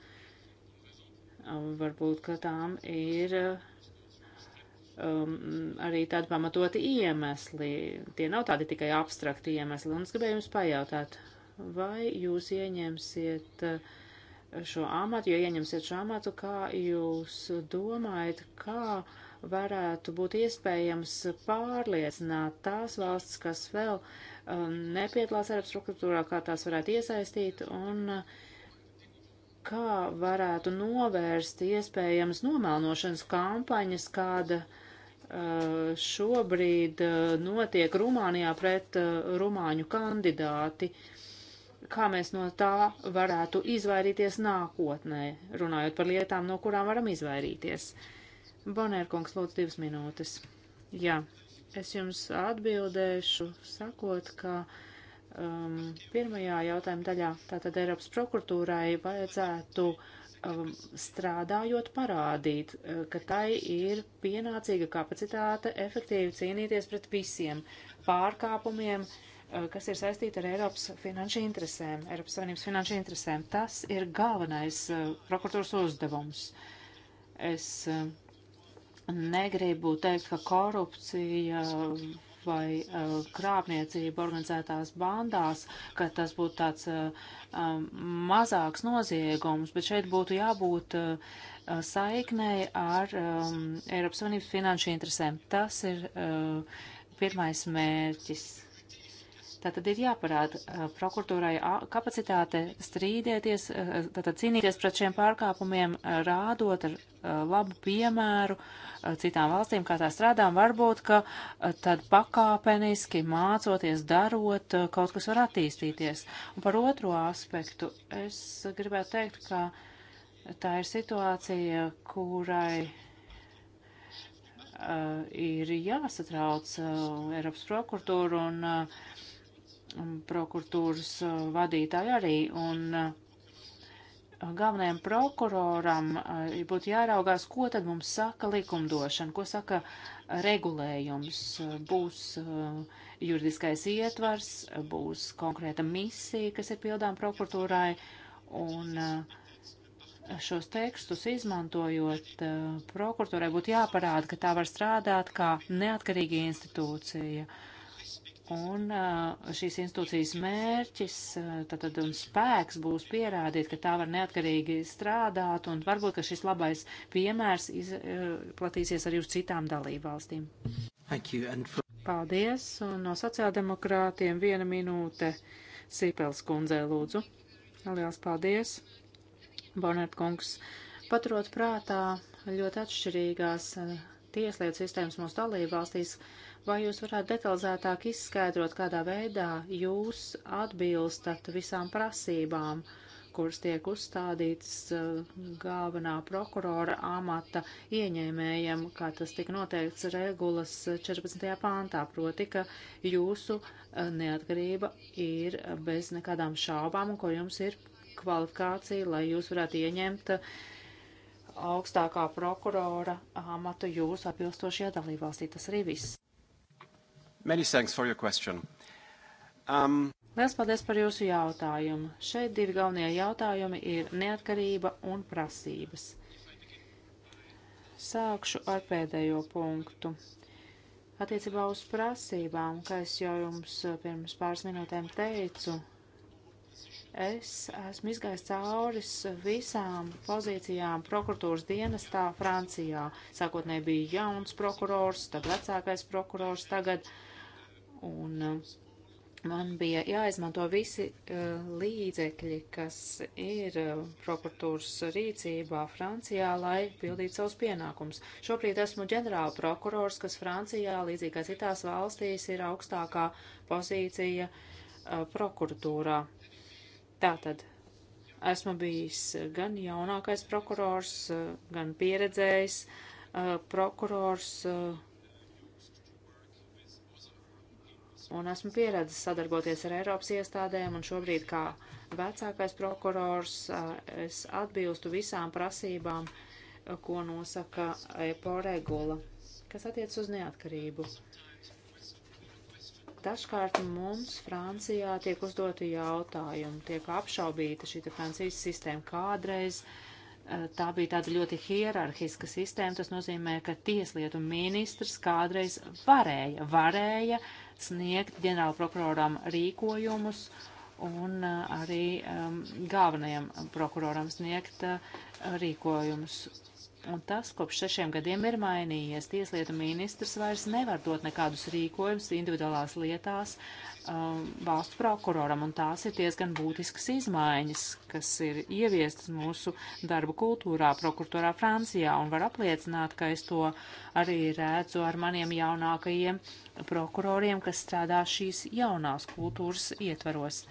varbūt, ka tām ir uh, um, arī tādi pamatoti iemesli. Tie nav tādi tikai abstrakti iemesli. Un es gribēju jums pajautāt, vai jūs ieņemsiet uh, šo amatu, jo ieņemsiet šo amatu, kā jūs domājat, kā varētu būt iespējams pārliecināt tās valsts, kas vēl um, nepiedalās Arab struktūrā, kā tās varētu iesaistīt un uh, kā varētu novērst iespējamas nomelnošanas kampaņas, kāda uh, šobrīd uh, notiek Rumānijā pret uh, rumāņu kandidāti. Kā mēs no tā varētu izvairīties nākotnē, runājot par lietām, no kurām varam izvairīties? Bonērkungs, lūdzu, divas minūtes. Jā, es jums atbildēšu, sakot, ka uh, um, pirmajā jautājuma daļā. Tātad Eiropas prokuratūrai vajadzētu um, strādājot parādīt, uh, ka tai ir pienācīga kapacitāte efektīvi cīnīties pret visiem pārkāpumiem, uh, kas ir saistīti ar Eiropas finanšu interesēm, Eiropas Savienības finanšu interesēm. Tas ir galvenais uh, prokuratūras uzdevums. Es uh, negribu teikt, ka korupcija um, vai uh, krāpniecība organizētās bandās, ka tas būtu tāds uh, um, mazāks noziegums, bet šeit būtu jābūt uh, saiknei ar um, Eiropas Savienības finanšu interesēm. Tas ir uh, pirmais mērķis. Tātad ir jāparāda prokuratūrai kapacitāte strīdēties, tātad cīnīties pret šiem pārkāpumiem, rādot ar labu piemēru citām valstīm, kā tā strādā, un varbūt, ka tad pakāpeniski mācoties, darot, kaut kas var attīstīties. Un par otro aspektu es gribētu teikt, ka tā ir situācija, kurai uh, ir jāsatrauc uh, Eiropas prokuratūra un uh, prokuratūras uh, vadītāju arī. Un, uh, galvenajam prokuroram uh, būtu jāraugās, ko tad mums saka likumdošana, ko saka regulējums. Būs juridiskais ietvars, būs konkrēta misija, kas ir pildām prokuratūrai, un šos tekstus izmantojot, prokuratūrai būtu jāparāda, ka tā var strādāt kā neatkarīga institūcija. Uh, Un šīs institūcijas mērķis tātad, un spēks būs pierādīt, ka tā var neatkarīgi strādāt, un varbūt, ka šis labais piemērs izplatīsies arī uz citām dalībvalstīm. For... Paldies, un no sociāldemokrātiem viena minūte Sīpels kundzē lūdzu. Liels paldies, Bonert kungs. Paturot prātā ļoti atšķirīgās tieslietu sistēmas mūsu dalībvalstīs, valstīs Vai jūs varētu detalizētāk izskaidrot, kādā veidā jūs atbilstat visām prasībām, kuras tiek uzstādītas uh, galvenā prokurora amata ieņēmējiem, kā tas tika noteikts regulas 14. pāntā, proti, ka jūsu uh, neatkarība ir bez nekādām šaubām un ko jums ir kvalifikācija, lai jūs varētu ieņemt uh, augstākā prokurora amatu jūsu atbilstošajā dalībvalstī. Tas arī viss. Many thanks for your question. Um... Liels paldies par jūsu jautājumu. Šeit divi galvenie jautājumi ir neatkarība un prasības. Sākšu ar pēdējo punktu. Attiecībā uz prasībām, kā es jau jums pirms pāris minūtēm teicu, es esmu izgājis cauris visām pozīcijām prokuratūras dienestā Francijā. Sākotnēji bija jauns prokurors, tad vecākais prokurors, tagad. Uh, un uh, man bija jāizmanto visi uh, līdzekļi, kas ir uh, prokuratūras rīcībā Francijā, lai pildītu savus pienākumus. Šobrīd esmu ģenerāla prokurors, kas Francijā, līdzīgi kā citās valstīs, ir augstākā pozīcija uh, prokuratūrā. Tātad esmu bijis gan jaunākais prokurors, uh, gan pieredzējis uh, prokurors un esmu pieredzes sadarboties ar Eiropas iestādēm, un šobrīd kā vecākais prokurors eh, es atbilstu visām prasībām, eh, ko nosaka EPO regula, kas attiec uz neatkarību. Dažkārt mums Francijā tiek uzdoti jautājumi, tiek apšaubīta šī Francijas sistēma kādreiz. Eh, tā bija tāda ļoti hierarhiska sistēma, tas nozīmē, ka tieslietu ministrs kādreiz varēja, varēja uh, sniegt ģenerālprokuroram rīkojumus un eh, arī um, galvenajam prokuroram sniegt uh, rīkojumus. Un tas kopš sešiem gadiem ir mainījies. Tieslietu ministrs vairs nevar dot nekādus rīkojumus individuālās lietās um, valsts prokuroram, un tās ir diezgan būtiskas izmaiņas, kas ir ieviestas mūsu darba kultūrā, prokuratūrā Francijā, un var apliecināt, ka es to arī redzu ar maniem jaunākajiem prokuroriem, kas strādā šīs jaunās kultūras ietvaros.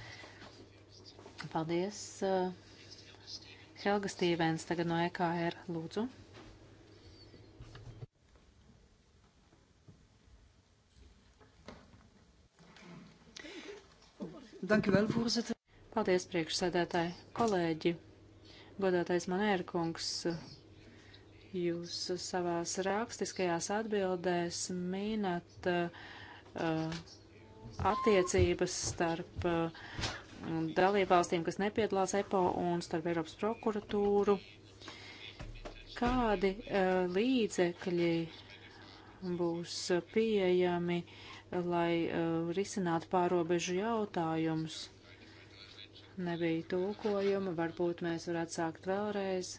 Paldies! Uh, Helga Stīvens tagad no EKR, lūdzu. Dankuvēl, voorzitter. Paldies, priekšsēdētāji, kolēģi, godātais manērkungs. Jūs savās rakstiskajās atbildēs minat uh, attiecības starp uh, dalībvalstīm, kas nepiedalās EPO un starp Eiropas prokuratūru. Kādi uh, līdzekļi būs pieejami uh, lai uh, risinātu pārobežu jautājumus. Nebija tūkojuma, varbūt mēs varētu sākt vēlreiz.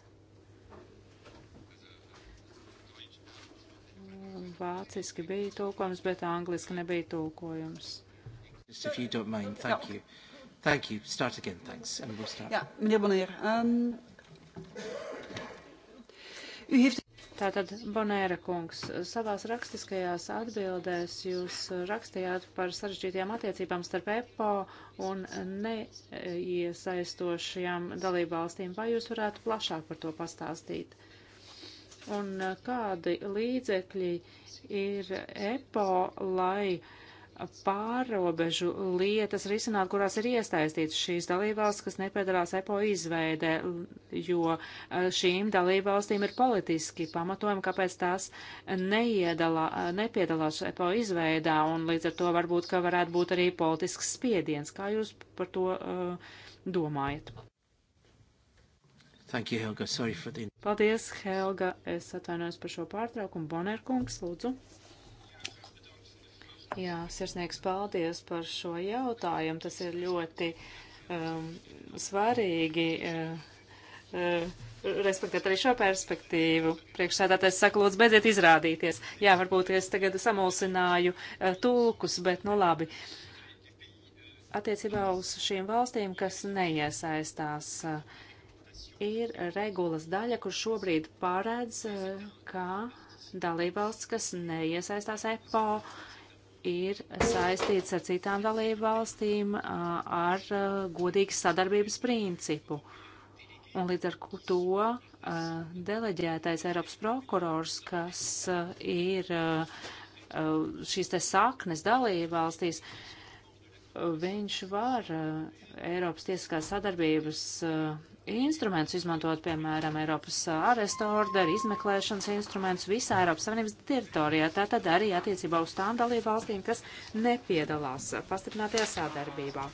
Vāciski bija tūkojums, bet angliski nebija tūkojums. Just if you don't mind, thank no. you. Thank you. Start again, thanks. And we'll start. Ja, meneer Bonneer. Um, ehm, u heeft... Tātad, Bonēra kungs, savās rakstiskajās atbildēs jūs rakstījāt par sarežģītajām attiecībām starp EPO un neiesaistošajām dalībvalstīm. Vai jūs varētu plašāk par to pastāstīt? Un kādi līdzekļi ir EPO, lai uh, pārobežu lietas risināt, kurās ir iesaistīts šīs dalībvalsts, kas nepiedarās EPO izveidē, jo eh, šīm dalībvalstīm ir politiski pamatojumi, kāpēc tās neiedalā, nepiedalās EPO izveidā, un līdz ar to varbūt, ka varētu būt arī politisks spiediens. Kā jūs par to uh, domājat? Thank you, Helga. Sorry for the... Paldies, Helga. Es atvainojos par šo pārtraukumu. Bonerkungs, lūdzu. Jā, sirsnieks, paldies par šo jautājumu. Tas ir ļoti um, svarīgi. Uh, uh, respektēt arī šo perspektīvu. Priekšsēdētājs saka, lūdzu, beidziet izrādīties. Jā, varbūt es tagad samulsināju uh, tulkus, bet nu labi. Attiecībā uz šīm valstīm, kas neiesaistās, uh, ir regulas daļa, kur šobrīd paredz, uh, kā dalībvalsts, kas neiesaistās EPO, uh, ir saistīts ar citām dalību valstīm ar godīgas sadarbības principu. Un līdz ar to deleģētais Eiropas prokurors, kas ir šīs te saknes dalību valstīs, viņš var Eiropas tiesiskās sadarbības uh, instrumentus izmantot, piemēram, Eiropas āresta orderi, izmeklēšanas instrumentus visā Eiropas Savienības teritorijā, tātad arī attiecībā uz tām dalību valstīm, kas nepiedalās pastiprinātajā sadarbībā.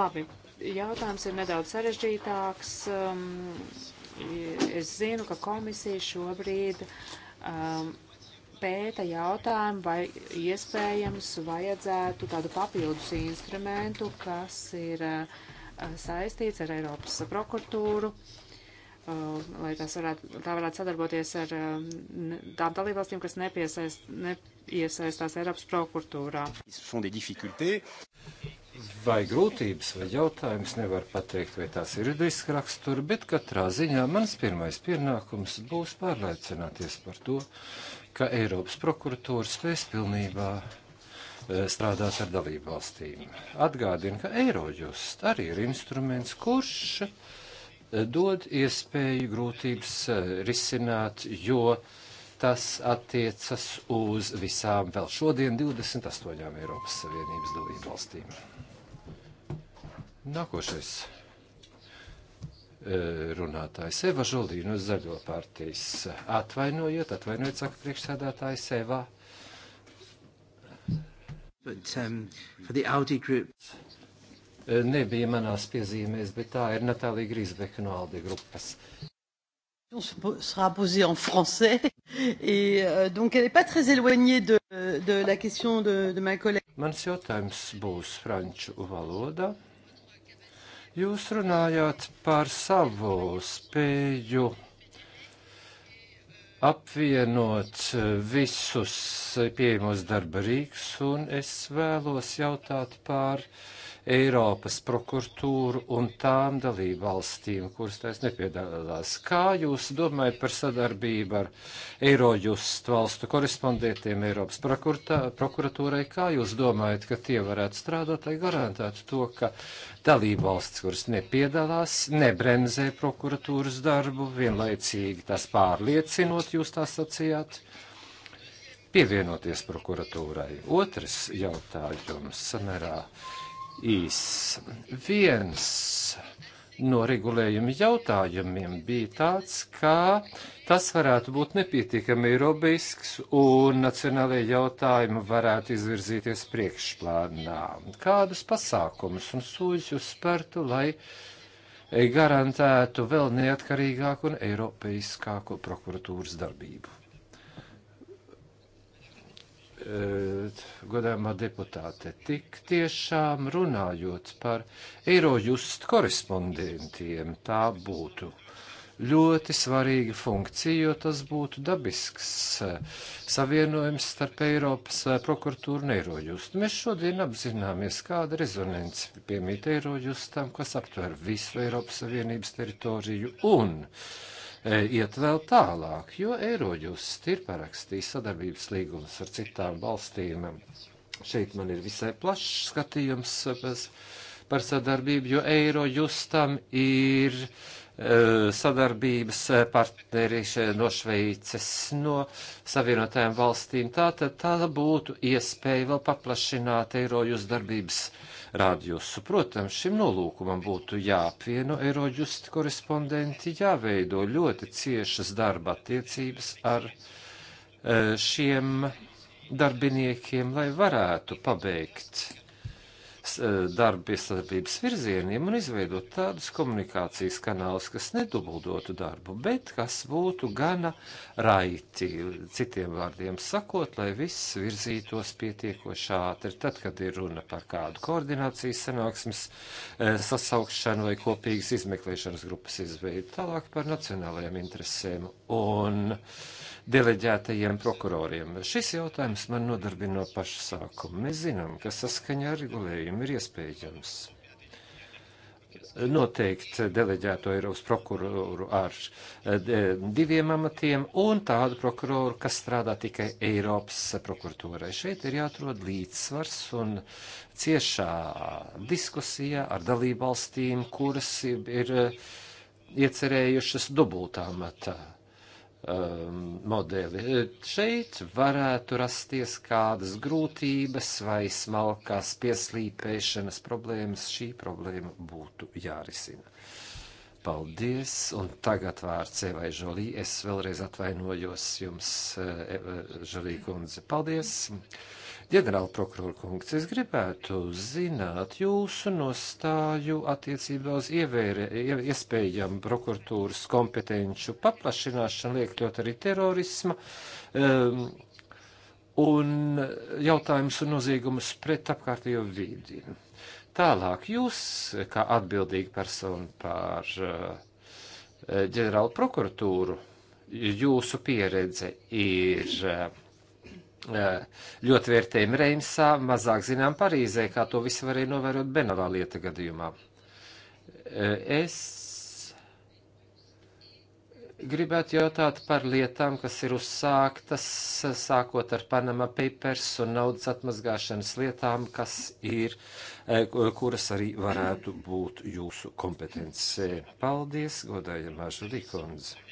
Labi, jautājums ir nedaudz sarežģītāks. Um, es zinu, ka komisija šobrīd um, pēta jautājumu, vai iespējams vajadzētu tādu papildus instrumentu, kas ir uh, saistīts ar Eiropas prokuratūru, uh, lai tās varētu, tā varētu sadarboties ar um, tām dalībvalstīm, kas nepiesaist, nepiesaistās Eiropas prokuratūrā. Vai grūtības vai jautājums nevar pateikt, vai tās ir juridiski rakstura, bet katrā ziņā mans pirmais pienākums būs pārliecināties par to, ka Eiropas prokuratūra spēs pilnībā Eh, strādāt ar dalību valstīm. Atgādina, ka Eirojust arī ir instruments, kurš eh, dod iespēju grūtības eh, risināt, jo tas attiecas uz visām vēl šodien 28 Eiropas Savienības dalību valstīm. Nākošais runātājs Eva Žolīna uz Zaļo partijas. Atvainojiet, atvainojiet, saka priekšsēdētājs Eva. But, um, e, Nebija manās piezīmēs, bet tā ir Natālija Grīsbeka no Aldi grupas. sera posée en français et euh, donc elle n'est pas très éloignée de, de la question de, de ma collègue. Mans jautājums būs franču valoda. Jūs runājāt par savu spēju apvienot eh, visus eh, pieejamos darba rīks, un es vēlos jautāt pār uh, Eiropas prokuratūru un tām dalību valstīm, kuras tais nepiedalās. Kā jūs domājat par sadarbību ar Eirojust valstu korespondentiem Eiropas prokuratūrai? Kā jūs domājat, ka tie varētu strādāt, lai garantētu to, ka dalību valsts, kuras nepiedalās, nebremzē prokuratūras darbu, vienlaicīgi tas pārliecinot, jūs tā sacījāt? pievienoties prokuratūrai. Otrs jautājums samērā īs. Viens no regulējuma jautājumiem bija tāds, ka tas varētu būt nepietiekami robisks un nacionālajie jautājumi varētu izvirzīties priekšplānā. Kādus pasākumus un soļus jūs spērtu, lai garantētu vēl neatkarīgāku un eiropeiskāku prokuratūras darbību? Eh, godāmā deputāte, tik tiešām runājot par Eirojust korespondentiem, tā būtu ļoti svarīga funkcija, jo tas būtu dabisks eh, savienojums starp Eiropas eh, prokuratūru un Eirojust. Mēs šodien apzināmies, kāda rezonance piemīt Eirojustam, kas aptver visu Eiropas Savienības teritoriju un uh, E, iet vēl tālāk, jo Eirojust ir parakstījis sadarbības līgumus ar citām valstīm. Šeit man ir visai plašs skatījums par sadarbību, jo Eirojustam ir e, sadarbības e, partneri no Šveices, no Savienotajām valstīm. Tā tad tā būtu iespēja vēl paplašināt Eirojust darbības uh, rādjusu. Protams, šim nolūkumam būtu jāapvieno Eirojust korespondenti, jāveido ļoti ciešas darba attiecības ar eh, šiem darbiniekiem, lai varētu pabeigt Eh, darba piesaistības virzieniem un izveidot tādus komunikācijas kanālus, kas nedubuldotu darbu, bet kas būtu gana raiti, citiem vārdiem sakot, lai viss virzītos pietiekoši ātri. Tad, kad ir runa par kādu koordinācijas sanāksmes eh, sasaukšanu vai kopīgas izmeklēšanas grupas izveidu, tālāk par nacionālajām interesēm. Un, uh, deleģētajiem prokuroriem. Šis jautājums man nodarbina no paša sākuma. Mēs zinām, ka saskaņā ar regulējumu ir iespējams noteikt deleģēto Eiropas prokuroru ar eh, diviem amatiem un tādu prokuroru, kas strādā tikai Eiropas prokuratūrai. Šeit ir jāatrod līdzsvars un ciešā diskusija ar dalībvalstīm, kuras ir eh, iecerējušas dubultā matā um, modeli. Šeit varētu rasties kādas grūtības vai smalkās pieslīpēšanas problēmas. Šī problēma būtu jārisina. Paldies, un tagad vārds Evai Žolī. Es vēlreiz atvainojos jums, eh, Žolī kundze. Paldies! Ģenerāla prokurora kungs, es gribētu zināt jūsu nostāju attiecībā uz ievēre, iespējamu prokuratūras kompetenču paplašināšanu, liekļot arī terorisma. Um, un jautājums un noziegumus pret apkārtējo vidi. Tālāk jūs, kā atbildīga persona pār uh, ģenerālu prokuratūru, jūsu pieredze ir uh, Eh, ļoti vērtējami Reimsā, mazāk zinām Parīzē, kā to visu varēja novērot Benavā lieta gadījumā. Eh, es gribētu jautāt par lietām, kas ir uzsāktas, sākot ar Panama Papers un naudas atmazgāšanas lietām, kas ir, eh, kuras arī varētu būt jūsu kompetencē. Paldies, godājamā Žurikundze,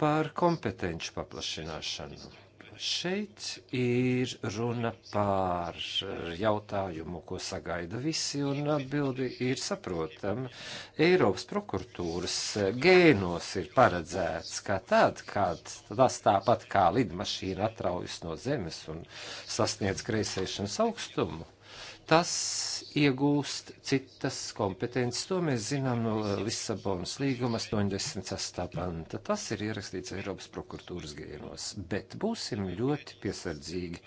par kompetenci paplašināšanu Šeit ir runa pār eh, jautājumu, ko sagaida visi, un atbildi ir saprotama. Eiropas prokuratūras eh, gēnos ir paredzēts, ka tad, kad tas tāpat kā lidmašīna atraujas no zemes un sasniedz kreisēšanas augstumu, tas iegūst citas kompetences. To mēs zinām no eh, Lisabonas līguma 86. panta. Tas ir ierakstīts Eiropas prokuratūras gēnos, bet būsim ļoti piesardzīgi.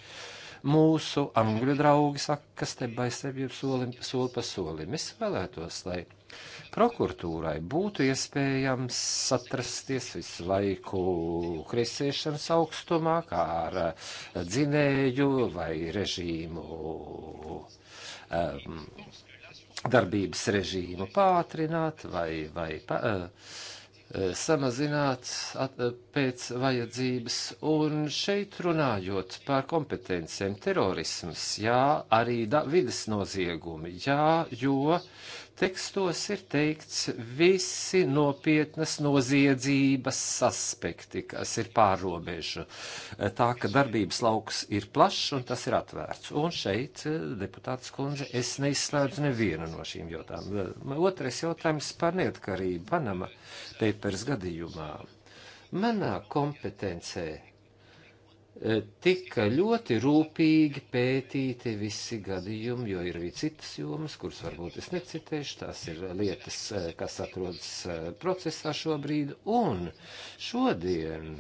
Mūsu angļu draugi saka, kas te baisēbju solim, soli pa solim. Es vēlētos, lai prokuratūrai būtu iespējams satrasties visu laiku krisiešanas augstumā, kā ar eh, dzinēju vai režīmu um, darbības režīmu pātrināt vai, vai pa, uh, uh samazināt at, uh, pēc vajadzības. Un šeit runājot par kompetencijiem, terorisms, jā, arī da, vidas noziegumi, jā, jo tekstos ir teikts visi nopietnas noziedzības aspekti, kas ir pārrobežu. Tā, ka darbības lauks ir plašs un tas ir atvērts. Un šeit, eh, deputāts kundze, es neizslēdzu nevienu no šīm jautājumiem. Otrais jautājums par neatkarību Panama papers gadījumā. Manā kompetencē tika ļoti rūpīgi pētīti visi gadījumi, jo ir arī citas jomas, kuras varbūt es necitēšu, tās ir lietas, eh, kas atrodas eh, procesā šobrīd, un šodien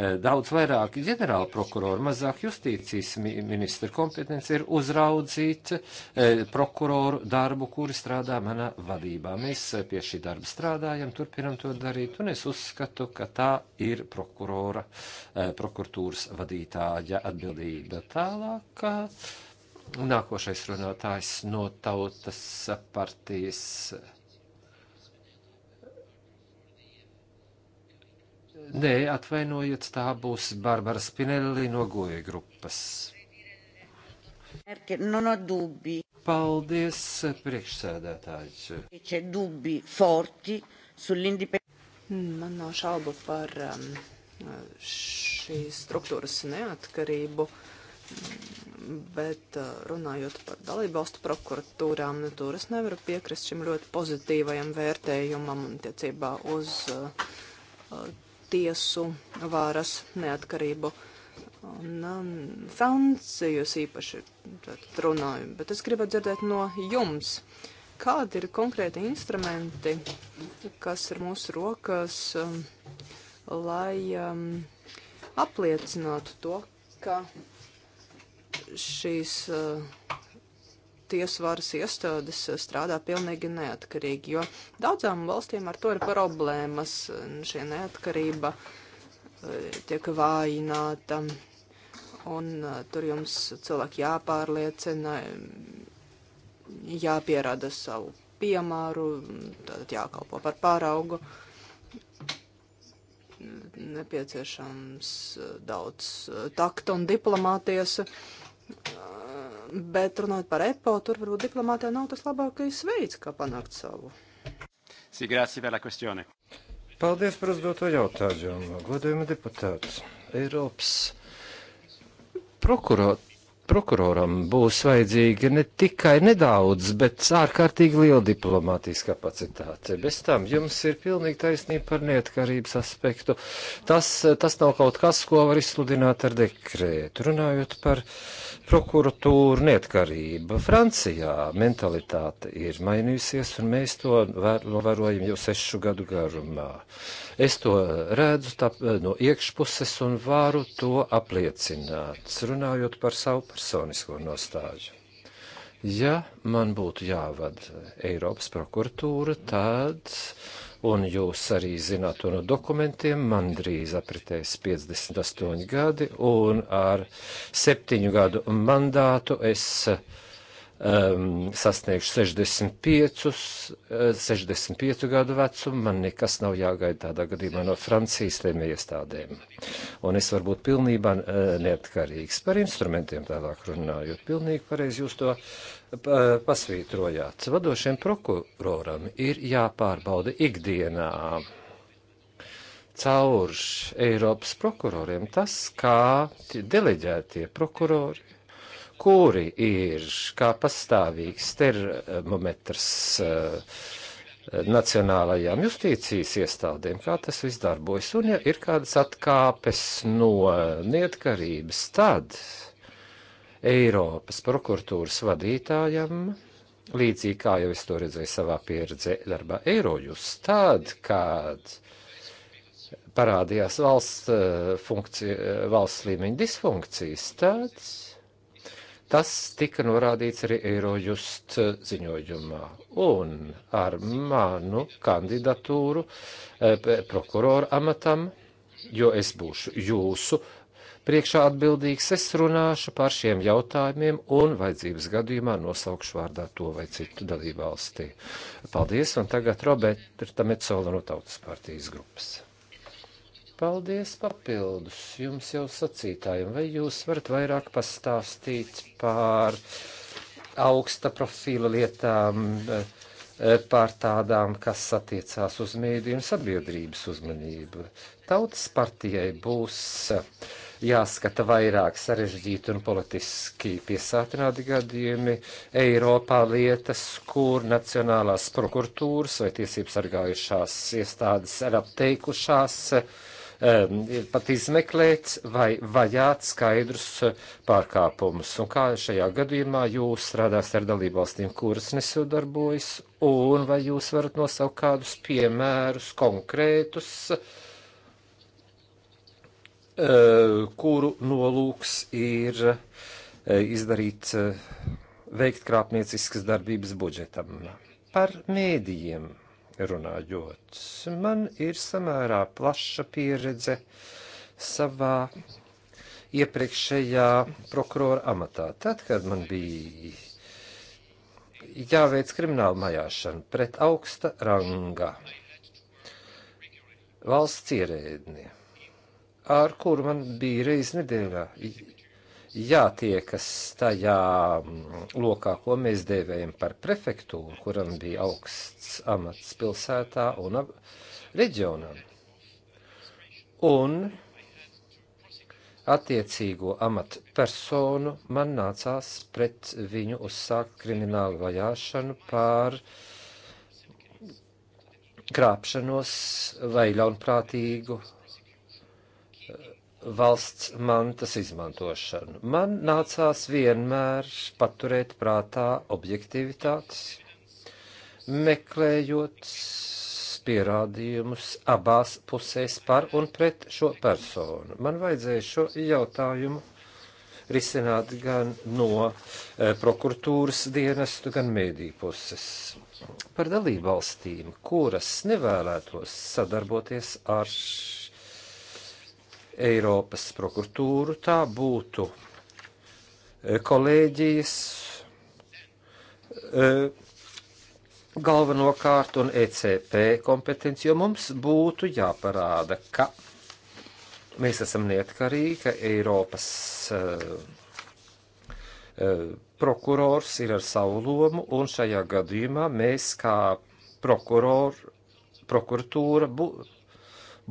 Eh, daudz vairāk ģenerāla prokurora, mazāk justīcijas ministra kompetence ir uzraudzīt eh, prokuroru darbu, kuri strādā manā vadībā. Mēs eh, pie šī darba strādājam, turpinam to darīt, un es uzskatu, ka tā ir prokurora, prokuratūras vadītāja atbildība tālāk. Nākošais runātājs no tautas partijas Nē, atvainojiet, tā būs Barbara Spinelli no goja grupas. Paldies, priekšsēdētāji. Man nav šaubu par um, šīs struktūras neatkarību, bet uh, runājot par dalībvalstu prokuratūrām, nu, tur es nevaru piekrist šim ļoti pozitīvajam vērtējumam attiecībā uz uh, uh tiesu vāras neatkarību. Un um, Francijus īpaši runāju, bet es gribu dzirdēt no jums, kādi ir konkrēti instrumenti, kas ir mūsu rokas, um, lai um, apliecinātu to, ka šīs uh, tiesvaras iestādes strādā pilnīgi neatkarīgi, jo daudzām valstīm ar to ir problēmas. Šī neatkarība eh, tiek vājināta, un eh, tur jums cilvēki jāpārliecina, jāpierada savu piemēru, tad jākalpo par pāraugu nepieciešams eh, daudz takta un diplomātijas. Bet runājot par EPO, tur varbūt diplomātijā nav tas labākais veids, kā panākt savu. Sī, grāci, vēl kvestione. Paldies par uzdoto jautājumu. Godējumi deputāts, Eiropas prokurāt, prokuroram būs vajadzīga ne tikai nedaudz, bet ārkārtīgi liela diplomātijas kapacitāte. Bez tam jums ir pilnīgi taisnība par neatkarības aspektu. Tas, tas nav kaut kas, ko var izsludināt ar dekrētu. Runājot par prokuratūru neatkarība. Francijā mentalitāte ir mainījusies, un mēs to novērojam jau sešu gadu garumā. Es to redzu tā, no iekšpuses un varu to apliecināt, runājot par savu personisko nostāju. Ja man būtu jāvada Eiropas prokuratūra, tad. Uh, Un jūs arī zināt to no dokumentiem, man drīz apritēs 58 gadi, un ar septiņu gadu mandātu es um, sasniegšu 65, 65 eh, gadu vecumu, man nekas nav jāgaida tādā gadījumā no Francijas lēmē iestādēm. Un es varu būt pilnībā eh, neatkarīgs par instrumentiem tālāk runājot. Pilnīgi pareizi jūs to pasvītrojāt. Vadošiem prokuroram ir jāpārbauda ikdienā caur Eiropas prokuroriem tas, kā deleģētie prokurori, kuri ir kā pastāvīgs termometrs eh, nacionālajām justīcijas iestādēm, kā tas viss darbojas, un ja ir kādas atkāpes no neatkarības, tad Eiropas prokuratūras vadītājam, līdzīgi kā jau es to redzēju savā pieredzē darbā Eirojus, tad, kad parādījās valsts, eh, funkcija, eh, valsts līmeņa disfunkcijas, tad tas tika norādīts arī Eirojust eh, ziņojumā. Un ar manu kandidatūru prokurora amatam, jo es būšu jūsu priekšā atbildīgs, es runāšu par šiem jautājumiem un vajadzības gadījumā nosaukšu vārdā to vai citu dalībvalstī. Paldies, un tagad Roberta Metzola no Tautas partijas grupas. Paldies papildus jums jau sacītājiem. Vai jūs varat vairāk pastāstīt par augsta profila lietām, eh, par tādām, kas attiecās uz mēdījiem sabiedrības uzmanību? Tautas partijai būs eh, jāskata vairāk sarežģīti un politiski piesātināti gadījumi Eiropā lietas, kur nacionālās prokuratūras vai tiesības sargājušās iestādes ir apteikušās um, pat izmeklēt vai vajāt skaidrus pārkāpumus. Un kā šajā gadījumā jūs strādājat ar dalībvalstīm, kuras nesodarbojas, un vai jūs varat nosaukt kādus piemērus konkrētus, uh, Eh, kuru nolūks ir eh, izdarīt, eh, veikt krāpnieciskas darbības budžetam. Par mēdījiem runājot, man ir samērā plaša pieredze savā iepriekšējā prokurora amatā. Tad, kad man bija jāveic krimināla majāšana pret augsta ranga valsts ierēdniem ar kuru man bija reiz nedēļā jātiekas tajā mm, lokā, ko mēs dēvējam par prefektūru, kuram bija augsts amats pilsētā un ap, reģionam. Un attiecīgo amatu personu man nācās pret viņu uzsākt kriminālu vajāšanu pār krāpšanos vai ļaunprātīgu valsts mantas izmantošanu. Man nācās vienmēr paturēt prātā objektivitātes, meklējot pierādījumus abās pusēs par un pret šo personu. Man vajadzēja šo jautājumu risināt gan no e, prokuratūras dienestu, gan mēdī puses. Par dalību valstīm, kuras nevēlētos sadarboties ar Eiropas prokuratūru, tā būtu e, kolēģijas e, galvenokārt un ECP kompetenci, jo mums būtu jāparāda, ka mēs esam neatkarīgi, ka Eiropas e, prokurors ir ar savu lomu, un šajā gadījumā mēs kā prokuror, prokuratūra būtu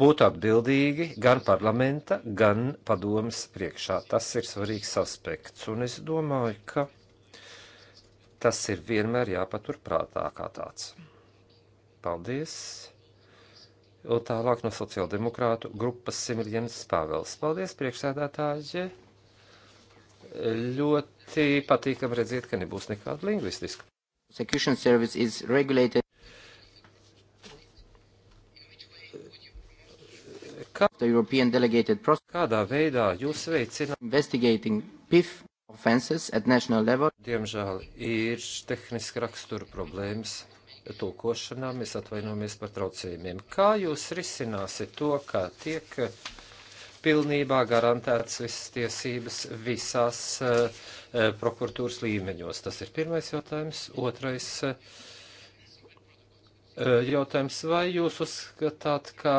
būtu atbildīgi gan parlamenta, gan padomas priekšā. Tas ir svarīgs aspekts, un es domāju, ka tas ir vienmēr jāpatur prātā kā tāds. Paldies! Un tālāk no sociāldemokrātu grupas Similjenas Pāvels. Paldies, priekšsēdētāji! Ļoti patīkam redzēt, ka nebūs nekāda lingvistiska. Kā, kādā veidā jūs veicināt? offenses at national level. Diemžēl ir tehniska rakstura problēmas tulkošanā. Mēs atvainojamies par traucējumiem. Kā jūs risināsiet to, kā tiek pilnībā garantētas visas tiesības visās uh, prokuratūras līmeņos? Tas ir pirmais jautājums. Otrais uh, jautājums, vai jūs uzskatāt, kā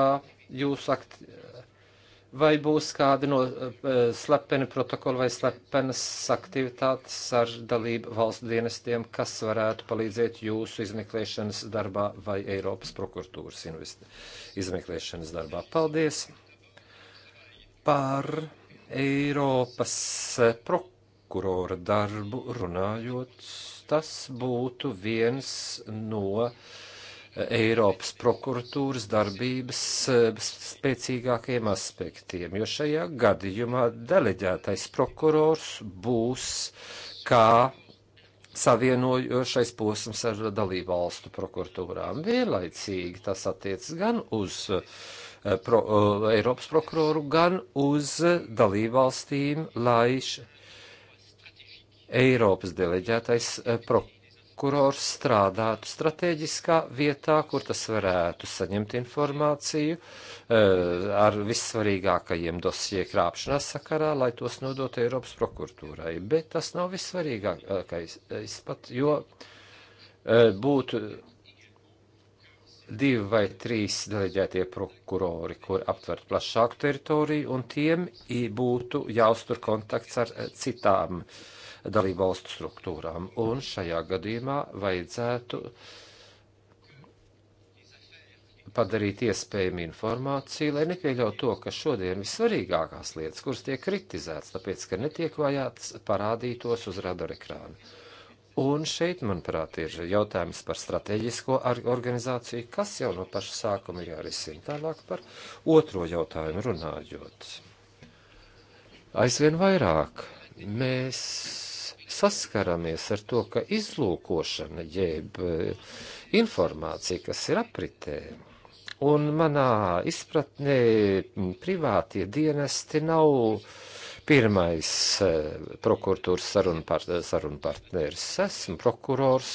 jūsu akti, vai būs kādi no eh, slepeni protokoli vai slepenas aktivitātes ar dalību valstu dienestiem, kas varētu palīdzēt jūsu izmeklēšanas darbā vai Eiropas prokuratūras izmeklēšanas darbā. Paldies par Eiropas eh, prokurora darbu runājot. Tas būtu viens no uh, Eiropas prokuratūras darbības e, spēcīgākajiem aspektiem, jo šajā gadījumā deleģētais prokurors būs kā savienojošais posms ar dalību valstu prokuratūrām. Vienlaicīgi tas attiecas gan uz e, pro, e, Eiropas prokuroru, gan uz dalību valstīm, lai Eiropas deleģētais prokurors prokurors strādātu strateģiskā vietā, kur tas varētu saņemt informāciju eh, ar vissvarīgākajiem dosie krāpšanās sakarā, lai tos nodotu Eiropas prokuratūrai. Bet tas nav vissvarīgākais eh, pat, jo eh, būtu divi vai trīs deleģētie prokurori, kur aptvert plašāku teritoriju, un tiem būtu jāuztur kontakts ar citām uh, dalību valstu struktūrām. Un šajā gadījumā vajadzētu padarīt iespējamu informāciju, lai nepieļautu to, ka šodien vissvarīgākās lietas, kuras tiek kritizētas, tāpēc, ka netiek vajāts, parādītos uz radarekrāna. Un šeit, manuprāt, ir jautājums par strateģisko organizāciju, kas jau no paša sākuma ir jārisina. Tālāk par otro jautājumu runājot. Aizvien vairāk mēs saskaramies ar to, ka izlūkošana jeb eh, informācija, kas ir apritē, un manā izpratnē privātie dienesti nav pirmais eh, prokuratūras sarunpartneris. Esmu prokurors,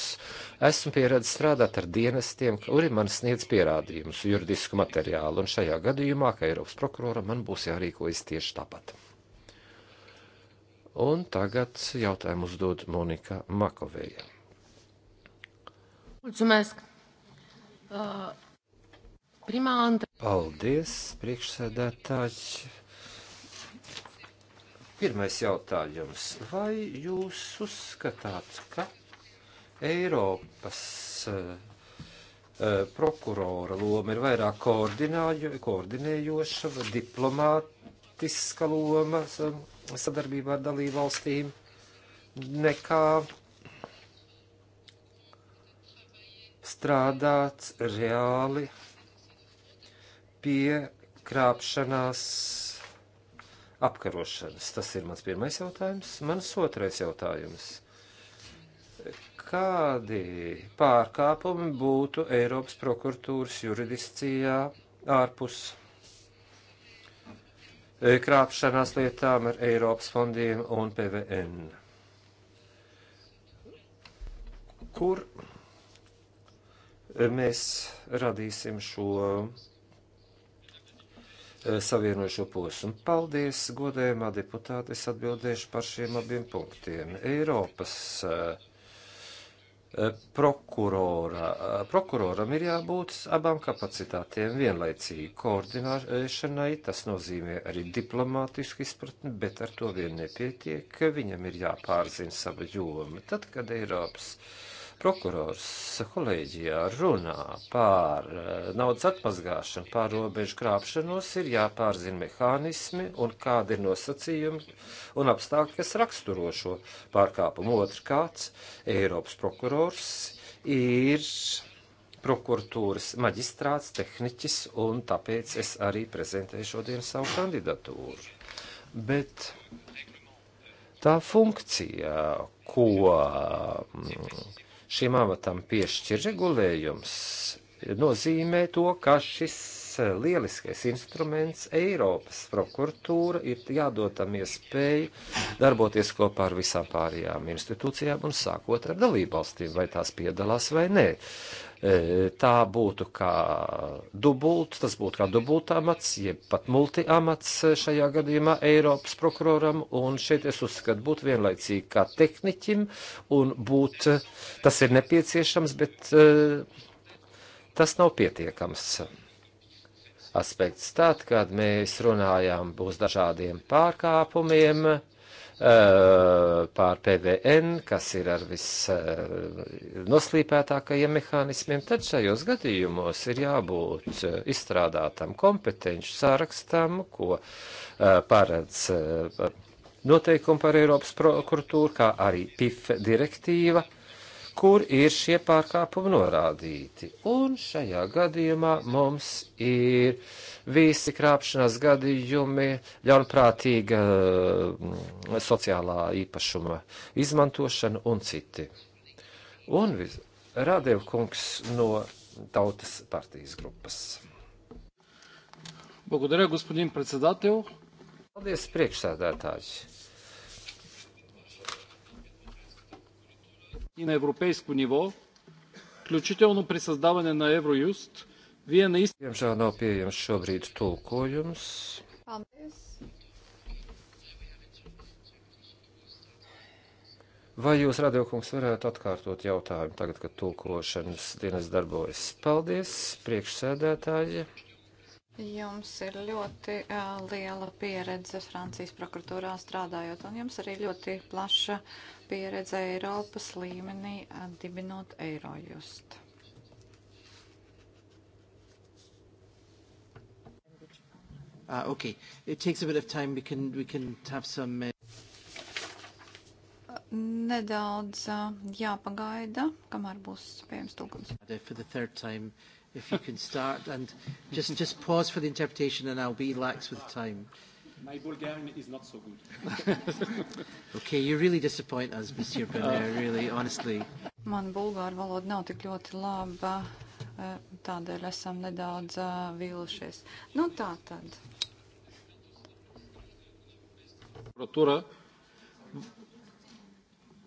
esmu pieredzējis strādāt ar dienestiem, kuri man sniedz pierādījumus, juridisku materiālu, un šajā gadījumā, kā Eiropas prokuroram, man būs jārīkojas tieši tāpat. Un tagad jautājumu uzdod Monika Makovēja. Mulțumesc! Uh, primā antra. Paldies, priekšsēdētāji! Pirmais jautājums. Vai jūs uzskatāt, ka Eiropas uh, uh, prokurora loma ir vairāk koordinējoša, diplomātiska loma, um, sadarbībā ar dalību valstīm nekā strādāt reāli pie krāpšanās apkarošanas? Tas ir mans pirmais jautājums. Mans otrais jautājums. Kādi pārkāpumi būtu Eiropas prokuratūras juridiscijā ārpus? E, krāpšanās lietām ar Eiropas fondiem un PVN. Kur mēs radīsim šo e, savienojušo posmu. Paldies, godējumā deputāte, es atbildēšu par šiem abiem punktiem. Eiropas uh, Eh, prokurora. Eh, prokuroram ir jābūt abām kapacitātēm vienlaicīgi koordinēšanai, tas nozīmē arī diplomātisku izpratni, bet ar to vien nepietiek, viņam ir jāpārzina sava joma. Tad, kad Eiropas uh, prokurors kolēģijā runā pār eh, naudas atmazgāšanu, pār robežu krāpšanos, ir jāpārzina mehānismi un kādi ir nosacījumi un apstākļi, kas raksturo šo pārkāpumu. Otrkārt, Eiropas prokurors ir prokuratūras maģistrāts, tehniķis, un tāpēc es arī prezentēju šodien savu kandidatūru. Bet tā funkcija, ko mm, šim amatam piešķir regulējums, nozīmē to, ka šis eh, lieliskais instruments Eiropas prokuratūra ir jādod tam iespēju darboties kopā ar visām pārējām institūcijām un sākot ar dalībvalstīm, vai tās piedalās vai nē. E, tā būtu kā dubult, tas būtu kā dubultamats, jeb pat multiamats šajā gadījumā Eiropas prokuroram, un šeit es uzskatu būt vienlaicīgi kā tehniķim, un būt, tas ir nepieciešams, bet e, tas nav pietiekams aspekts. Tad, kad mēs runājām uz dažādiem pārkāpumiem, Eh, pār PVN, kas ir ar visnoslīpētākajiem eh, mehānismiem, tad šajos gadījumos ir jābūt eh, izstrādātam kompetenci sārakstam, ko paredz noteikumi par Eiropas prokuratūru, kā arī PIF direktīva kur ir šie pārkāpumi norādīti. Un šajā gadījumā mums ir visi krāpšanās gadījumi, ļaunprātīga mm, sociālā īpašuma izmantošana un citi. Un Radev kungs no Tautas partijas grupas. Благодаря, господин председател. Paldies, priekšsēdētāji. и на европейско ниво, включително при създаване на Евроюст, вие наистина... Diemžēl nav pieejams šobrīd tulkojums. Paldies. Vai jūs, radiokungs, varētu atkārtot jautājumu tagad, kad tulkošanas dienas darbojas? Paldies, priekšsēdētāji. Jums ir ļoti uh, liela pieredze Francijas prokuratūrā strādājot, un jums arī ļoti plaša pieredze Eiropas līmenī uh, dibinot Eirojust. Uh, okay, it takes a bit of time. We can we can have some. Uh... Nedaudz uh, jāpagaida, kamēr būs pieejams tulkums. For the third time, uh, if you can start. And just, just pause for the interpretation and I'll be lax with time. My Bulgarian is not so good. okay, you really disappoint us, Monsieur Bonner, oh. really, honestly. Man bulgāru valoda nav tik ļoti laba, eh, tādēļ esam nedaudz eh, vīlušies. Nu tā tad. Protura.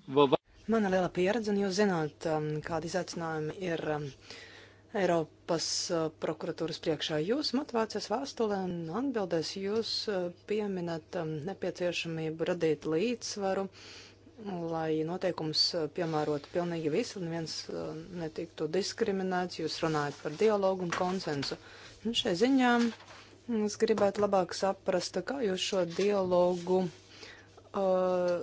Man ir liela pieredze, un jūs zināt, um, kādi izaicinājumi ir um, Eiropas eh, prokuratūras priekšā. Jūs motivācijas vēstulē un atbildēs jūs eh, pieminat eh, nepieciešamību radīt līdzsvaru, lai noteikums piemērotu pilnīgi visi un viens netiktu diskriminēts. Jūs runājat par dialogu un konsensu. Un nu, šai ziņā mm, es gribētu labāk saprast, kā jūs šo dialogu. Uh,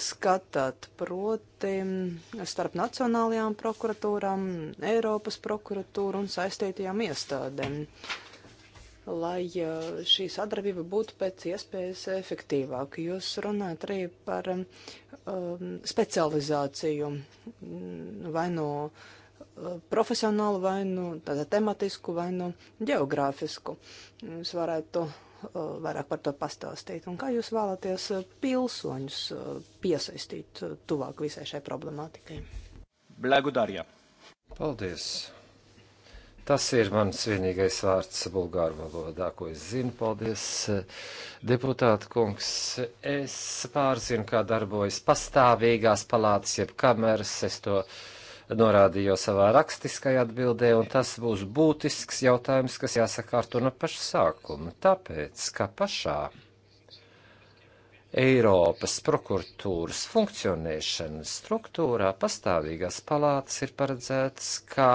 skatāt, proti starp nacionālajām prokuratūrām, Eiropas prokuratūru un saistītajām iestādēm, lai šī sadarbība būtu pēc iespējas efektīvāka. Jūs runājat arī par um, specializāciju mm, vai no nu, uh, profesionālu, vai nu no, tematisku, vai nu no geogrāfisku. Jūs varētu Uh, vairāk par to pastāstīt un kā jūs vēlaties uh, pilsoņus uh, piesaistīt tuvāk visai šai problemātikai? Blēgudārjā. Paldies! Tas ir mans vienīgais vārds bulgāru valodā, ko es zinu. Paldies, deputāta kungs. Es pārzinu, kā darbojas pastāvīgās palātas, jeb kameras. Es to uh, norādīju jau savā rakstiskajā atbildē, un tas būs būtisks jautājums, kas jāsakārto no paša sākuma. Tāpēc, ka pašā Eiropas prokuratūras funkcionēšanas struktūrā pastāvīgās palātas ir paredzēts kā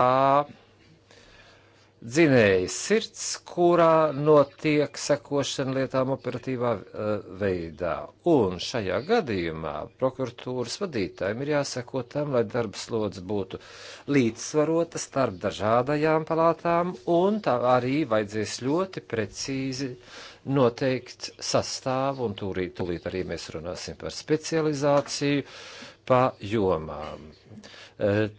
dzinēja sirds, kurā notiek sekošana lietām operatīvā eh, veidā. Un šajā gadījumā prokuratūras vadītājiem ir jāseko tam, lai darbas slodzes būtu līdzsvarota starp dažādajām palātām, un tā arī vajadzēs ļoti precīzi noteikt sastāvu, un tūlīt, tūlīt arī mēs runāsim par specializāciju pa jomām. Uh,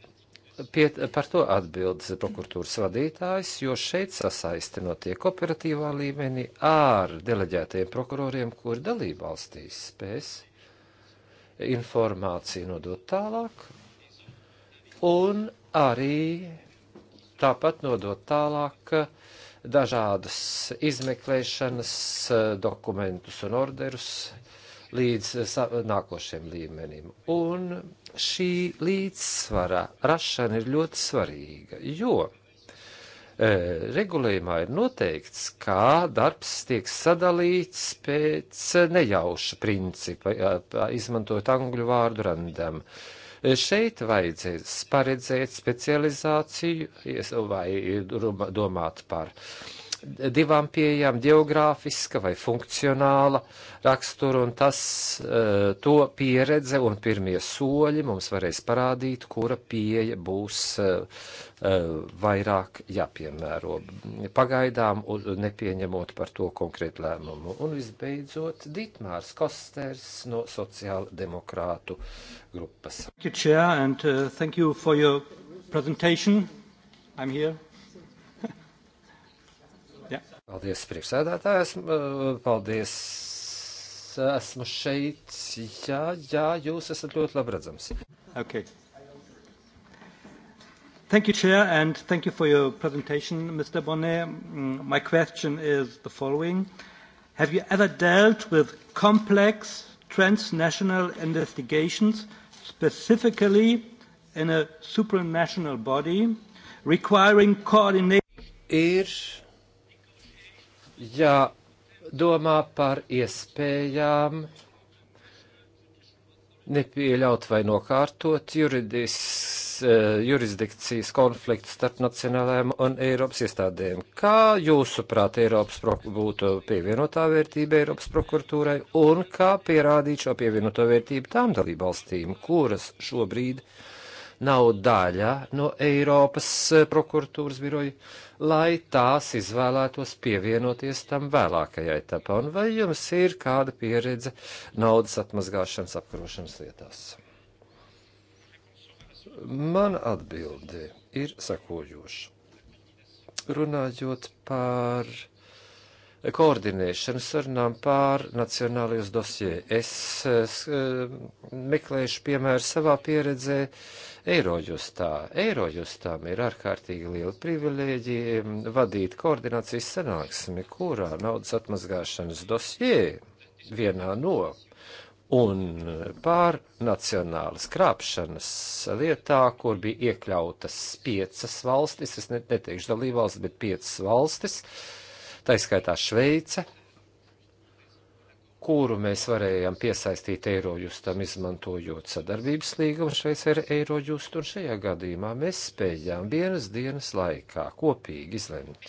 pie, par to atbildes prokuratūras vadītājs, jo šeit sasaiste notiek operatīvā līmenī ar deleģētajiem prokuroriem, kuri dalība valstīs spēs informāciju nodot tālāk un arī tāpat nodot tālāk dažādas izmeklēšanas eh, dokumentus un orderus līdz eh, nākošiem līmenim. Un šī līdzsvara rašana ir ļoti svarīga, jo eh, regulējumā ir noteikts, kā darbs tiek sadalīts pēc eh, nejauša principa, izmantojot angļu vārdu randam. Šeit vajadzēs paredzēt specializāciju vai domāt par uh, divām pieejām - geogrāfiska vai funkcionāla rakstura, un tas, e, to pieredze un pirmie soļi mums varēs parādīt, kura pieeja būs e, e, vairāk jāpiemēro. Pagaidām nepieņemot par to konkrētu lēmumu. Un visbeidzot, Dītmārs Kosters no sociāla demokrātu grupas. Thank you, Chair, and uh, thank you for your presentation. I'm here. Paldies, priekšsēdētāji. Esmu, eh, paldies. Esmu šeit. Jā, jā, jūs esat ļoti labi redzams. Okay. Thank you, Chair, and thank you for your presentation, Mr. Bonnet. Mm, my question is the following. Have you ever dealt with complex transnational investigations, specifically in a supranational body, requiring coordination? Ir jādomā par iespējām nepieļaut vai nokārtot juridis, eh, jurisdikcijas konfliktu starp nacionālajām un Eiropas iestādēm. Kā jūsuprāt Eiropas būtu pievienotā vērtība Eiropas prokuratūrai un kā pierādīt šo pievienoto vērtību tām dalībvalstīm, kuras šobrīd uh, nav daļa no Eiropas eh, prokuratūras biroja, lai tās izvēlētos pievienoties tam vēlākajai etapā. Un vai jums ir kāda pieredze naudas atmazgāšanas apkarošanas lietās? Mana atbilde ir sekojoša. Runājot par koordinēšanu sarunām pār nacionālajos dosie. Es, es eh, meklēšu piemēru savā pieredzē Eirojustā. Eirojustām ir ārkārtīgi liela privilēģija vadīt koordinācijas sanāksmi, kurā naudas atmazgāšanas dosie vienā no un pārnacionālas krāpšanas lietā, kur bija iekļautas piecas valstis, es neteikšu dalībvalstis, bet piecas valstis, uh, tā izskaitā Šveice, kuru mēs varējām piesaistīt eirojustam, izmantojot sadarbības līgumu Šveicē ar eirojustu, un šajā gadījumā mēs spējām vienas dienas laikā kopīgi izlemt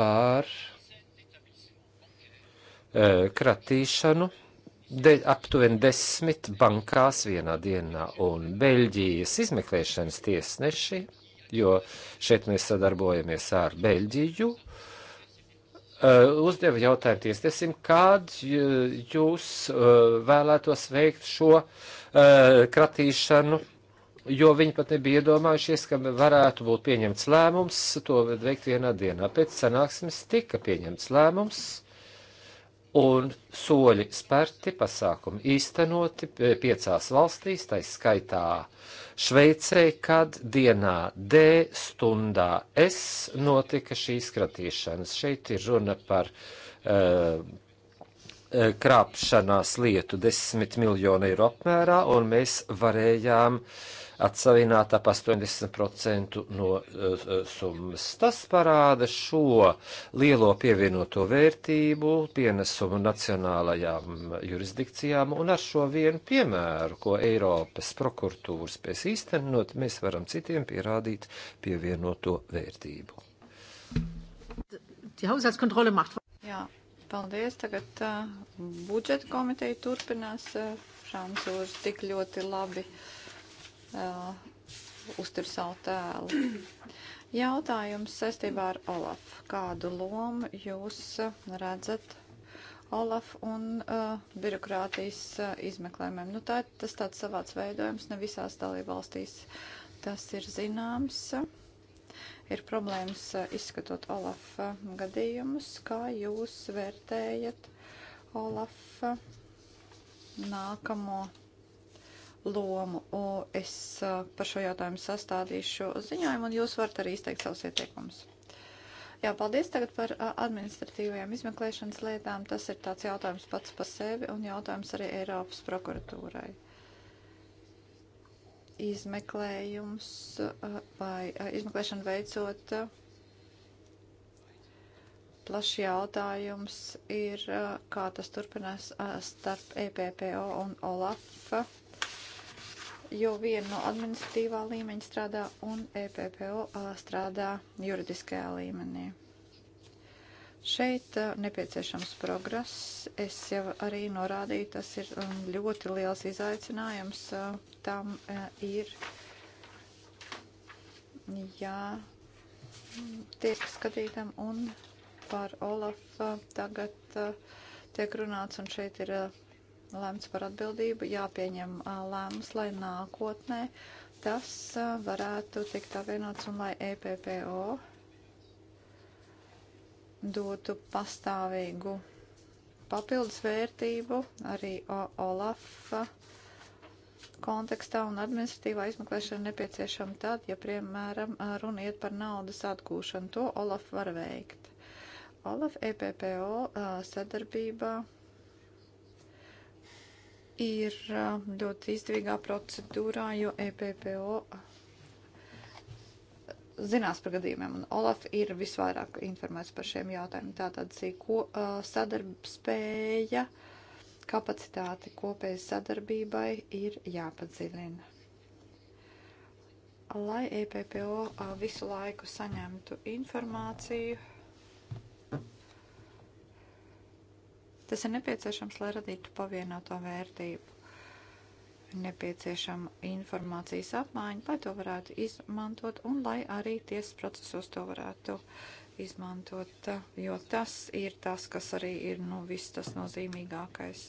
pār e, kratīšanu de, aptuveni desmit bankās vienā dienā, un Beļģijas izmeklēšanas tiesneši, jo šeit mēs sadarbojamies ar Beļģiju, Eh, uzdeva jautājumu tiesnesim, kād jūs eh, vēlētos veikt šo eh, kratīšanu, jo viņi pat nebija iedomājušies, ka varētu būt pieņemts lēmums to veikt vienā dienā. Pēc sanāksmes tika pieņemts lēmums. Un soļi spērti, pasākumi īstenoti piecās valstīs, tā skaitā uh, Šveicē, kad dienā D stundā S notika šīs kratīšanas. Šeit ir runa par uh, krāpšanās lietu desmit miljonu eiro apmērā, un mēs varējām uh, atsavināt ap 80% no uh, summas. Tas parāda šo lielo pievienoto vērtību pienesumu nacionālajām jurisdikcijām, un ar šo vienu piemēru, ko Eiropas prokuratūras spēs īstenot, mēs varam citiem pierādīt pievienoto vērtību. Die Haushaltskontrolle macht. Ja, paldies. Tagad uh, budžeta komiteja turpinās. Uh, Šāns Urs tik ļoti labi uh, uh, uztur savu tēlu. Jautājums saistībā ar Olafu. Kādu lomu jūs redzat Olafu un uh, birokrātijas uh, izmeklējumiem? Nu, tā, tas tāds savāds veidojums ne visās dalībvalstīs. Tas ir zināms. Ir problēmas uh, izskatot Olafa uh, gadījumus. Kā jūs vērtējat Olafa uh, nākamo lomu. O, es uh, par šo jautājumu sastādīšu šo ziņojumu, un jūs varat arī izteikt savus ieteikumus. Jā, paldies tagad par uh, administratīvajām izmeklēšanas lietām. Tas ir tāds jautājums pats par sevi un jautājums arī Eiropas prokuratūrai. Izmeklējums uh, vai izmeklēšana veicot plašs jautājums ir, kā tas turpinās starp EPPO un OLAF jo viena no administratīvā līmeņa strādā un EPPO strādā juridiskajā līmenī. Šeit nepieciešams progress. Es jau arī norādīju, tas ir um, ļoti liels izaicinājums. Tam e, ir jātiek skatītam un par Olafu tagad tiek runāts un šeit ir lemts par atbildību, jāpieņem lēmums, lai nākotnē tas varētu tikt apvienots un lai EPPO dotu pastāvīgu papildus vērtību arī Olafa kontekstā un administratīvā izmeklēšana nepieciešama tad, ja, piemēram, runa iet par naudas atgūšanu. To Olaf var veikt. Olaf EPPO sadarbībā ir uh, ļoti izdevīgā procedūrā, jo EPPO uh, zinās par gadījumiem, un Olaf ir visvairāk informēts par šiem jautājumiem. Tātad, ko uh, sadarbspēja, kapacitāte kopēja sadarbībai ir jāpadziļina. Lai EPPO visu laiku saņemtu informāciju Tas ir nepieciešams, lai radītu pavienoto vērtību. Nepieciešama informācijas apmaiņa, lai to varētu izmantot un lai arī tiesas procesos to varētu izmantot, jo tas ir tas, kas arī ir nu, viss tas nozīmīgākais.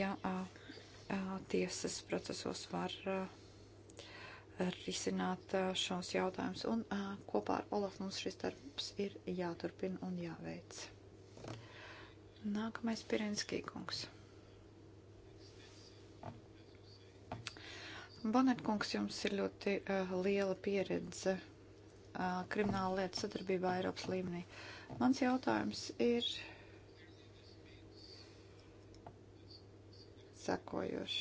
Ja a, a, tiesas procesos var a, risināt šos jautājumus. Un a, kopā ar Olafu mums šis darbs ir jāturpina un jāveic. Nākamais Pirenskī kungs. Bonet kungs, jums ir ļoti uh, liela pieredze uh, krimināla lietu sadarbībā Eiropas līmenī. Mans jautājums ir sekojošs.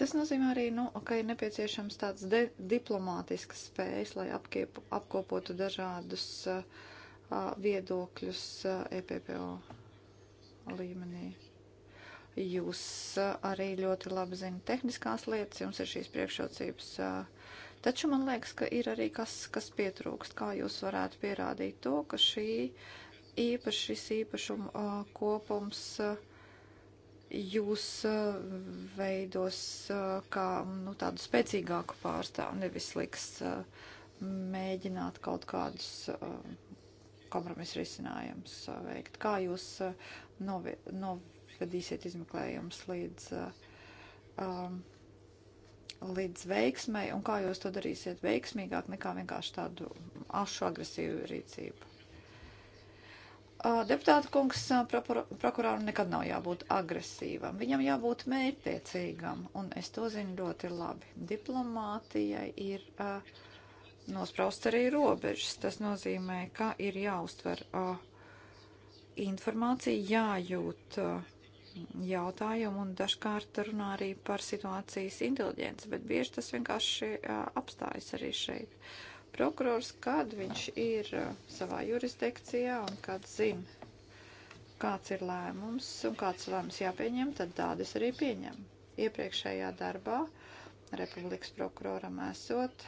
Tas nozīmē arī, nu, ka ir nepieciešams tāds diplomātisks spējas, lai apkiepu, apkopotu dažādus uh, viedokļus EPPO līmenī. Jūs arī ļoti labi zina tehniskās lietas, jums ir šīs priekšrocības. Taču man liekas, ka ir arī kas, kas pietrūkst. Kā jūs varētu pierādīt to, ka šī īpaši, šis īpašuma kopums jūs veidos kā nu, tādu spēcīgāku pārstāvu, nevis liks mēģināt kaut kādus uh, kompromisu risinājums uh, veikt? Kā jūs uh, novi, novedīsiet izmeklējums līdz, uh, um, līdz veiksmai un kā jūs to darīsiet veiksmīgāk nekā vienkārši tādu ašu agresīvu rīcību? Deputāta kungs prokuroram nekad nav jābūt agresīvam, viņam jābūt mērķtiecīgam, un es to zinu ļoti labi. Diplomātijai ir uh, nospraust arī robežas. Tas nozīmē, ka ir jāuztver uh, informācija, jājūt uh, jautājumu un dažkārt runā arī par situācijas inteliģenci, bet bieži tas vienkārši uh, apstājas arī šeit. Prokurors, kad viņš ir savā jurisdikcijā un kad zina, kāds ir lēmums un kāds lēmums jāpieņem, tad tādas arī pieņem. Iepriekšējā darbā republikas prokuroram esot,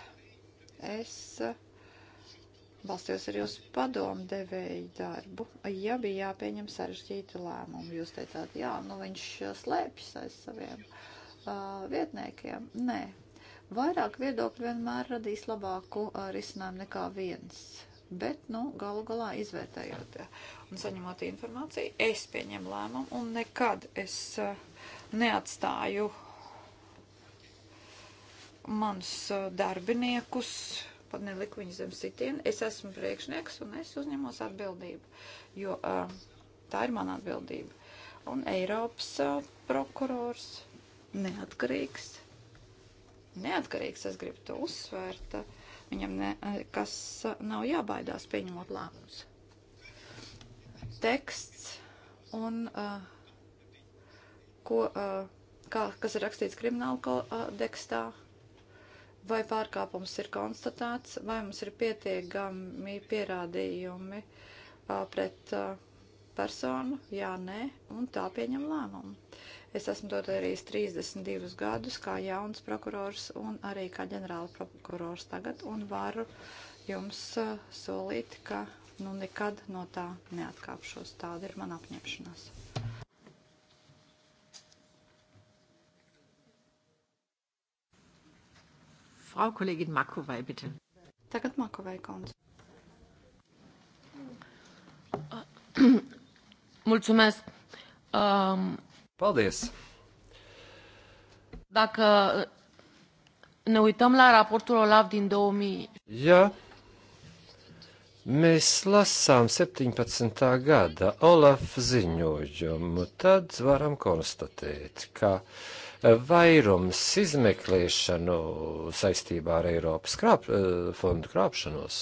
es eh, balstījos arī uz padomdevēju darbu. Ja bija jāpieņem sarežģīti lēmumi, jūs teicāt, jā, nu viņš eh, slēpjas aiz saviem uh, vietniekiem. Nē, vairāk viedokļu vienmēr radīs labāku uh, risinājumu nekā viens. Bet, nu, galu galā izvērtējot un saņemot informāciju, es pieņemu lēmumu un nekad es uh, neatstāju uh, manus uh, darbiniekus, pat neliku viņus zem sitienu. Es esmu priekšnieks un es uzņemos atbildību, jo uh, tā ir mana atbildība. Un Eiropas uh, prokurors neatkarīgs. Neatkarīgs, es gribu to uzsvērt. Uh, viņam nekas uh, nav jābaidās pieņemot lēmumus. Teksts un uh, ko, uh, kā, kas ir rakstīts krimināla kodekstā. Uh, vai pārkāpums ir konstatēts, vai mums ir pietiekami pierādījumi a, pret a, personu, jā, nē, un tā pieņem lēmumu. Es esmu to darījis 32 gadus kā jauns prokurors un arī kā ģenerāla prokurors tagad, un varu jums a, solīt, ka nu nekad no tā neatkāpšos. Tāda ir mana apņemšanās. Frau Kollegin Makovai, bitte. Tagad Makovai kundze. Mulțumesc. Um, Paldies. Dacă ne uităm la raportul OLAF din 2000. Ja mēs lasām 17. gada Olaf ziņojumu, tad varam konstatēt, ka vairums izmeklēšanu saistībā ar Eiropas krāp, eh, fondu krāpšanos.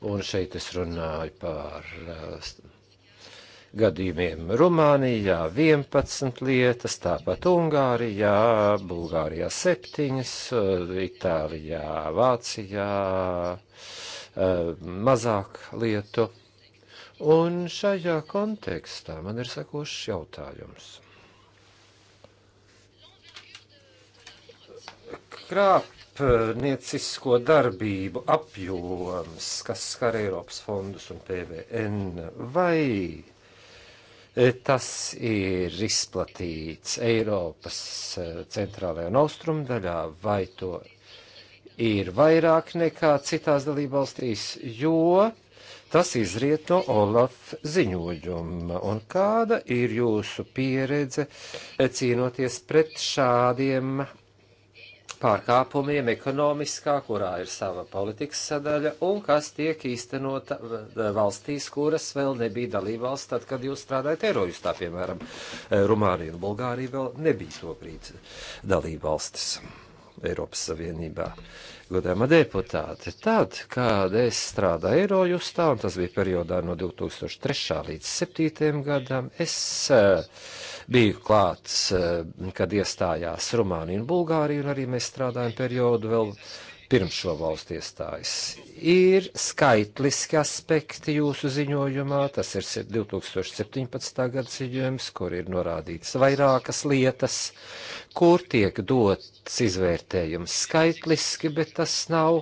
Un šeit es runāju par eh, gadījumiem Rumānijā 11 lietas, tāpat Ungārijā, Bulgārijā 7, eh, Itālijā, Vācijā mazāk lietu. Un šajā kontekstā man ir sakošs jautājums. krāpniecisko darbību apjoms, kas skar Eiropas fondus un PVN, vai e, tas ir izplatīts Eiropas e, centrālajā un austrumdaļā, vai to ir vairāk nekā citās dalībvalstīs, jo tas izriet no Olaf ziņojuma. Un kāda ir jūsu pieredze e, cīnoties pret šādiem pārkāpumiem ekonomiskā, kurā ir sava politikas sadaļa, un kas tiek īstenota eh, valstīs, kuras vēl nebija dalībvalsts, tad, kad jūs strādājat Eirojustā, piemēram, eh, Rumānija un Bulgārija vēl nebija tobrīd dalībvalstis Eiropas Savienībā. Uh, godāmā deputāte. Tad, kad es strādāju Eirojustā, un tas bija periodā no 2003. līdz 2007. gadam, es eh, biju klāts, eh, kad iestājās Rumānija un Bulgārija, un arī mēs strādājam periodu vēl pirms šo valstu iestājas. Ir skaitliski aspekti jūsu ziņojumā, tas ir 2017. gada ziņojums, kur ir norādīts vairākas lietas, kur tiek dots izvērtējums skaitliski, bet tas nav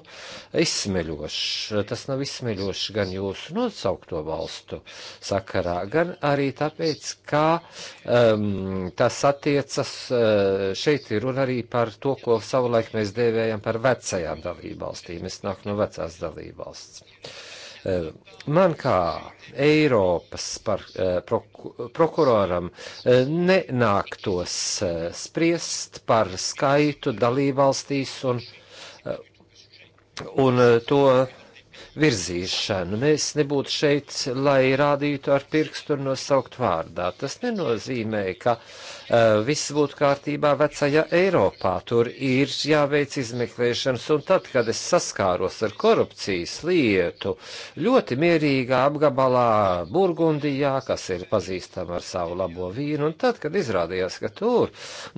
izsmeļošs. Tas nav izsmeļošs gan jūsu nosaukto valstu sakarā, gan arī tāpēc, kā um, tas attiecas, uh, šeit ir runa arī par to, ko savulaik mēs dēvējam par vecajām dalībvalstīm. Es nāku no vecās dalībvalstīm dalībvalsts. Eh, man kā Eiropas par, eh, proku, prokuroram eh, nenāktos spriest par skaitu dalībvalstīs un, un to virzīšanu. Mēs nebūtu šeit, lai rādītu ar pirkstu un nosaukt vārdā. Tas nenozīmē, ka uh, Eh, viss būtu kārtībā vecajā Eiropā. Tur ir jāveic izmeklēšanas, un tad, kad es saskāros ar korupcijas lietu, ļoti mierīgā apgabalā Burgundijā, kas ir pazīstama ar savu labo vīnu, un tad, kad izrādījās, ka tur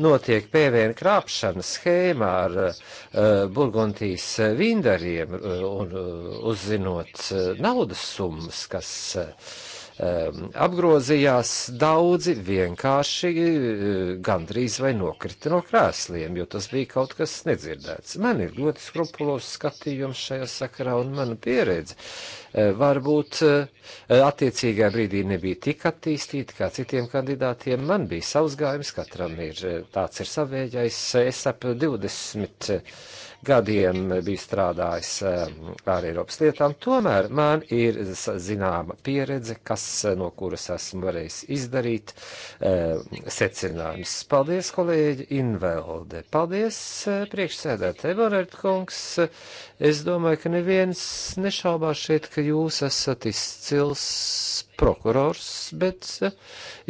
notiek PVN krāpšanas schēma ar uh, Burgundijas vindariem uh, un uh, uzzinot uh, naudas summas, kas uh, apgrozījās, daudzi vienkārši e, gandrīz vai nokrita no krēsliem, jo tas bija kaut kas nedzirdēts. Man ir ļoti skrupulos skatījums šajā sakarā un mana pieredze. E, varbūt e, attiecīgajā brīdī nebija tik attīstīta kā citiem kandidātiem. Man bija savs gājums, katram ir tāds ir savējais. Es ap 20 gadiem biju strādājis eh, ar Eiropas lietām. Tomēr man ir zināma pieredze, kas, eh, no kuras esmu varējis izdarīt eh, secinājumus. Paldies, kolēģi Invelde. Paldies, priekšsēdētāji Borert kungs. Es domāju, ka neviens nešaubās šeit, ka jūs esat izcils prokurors, bet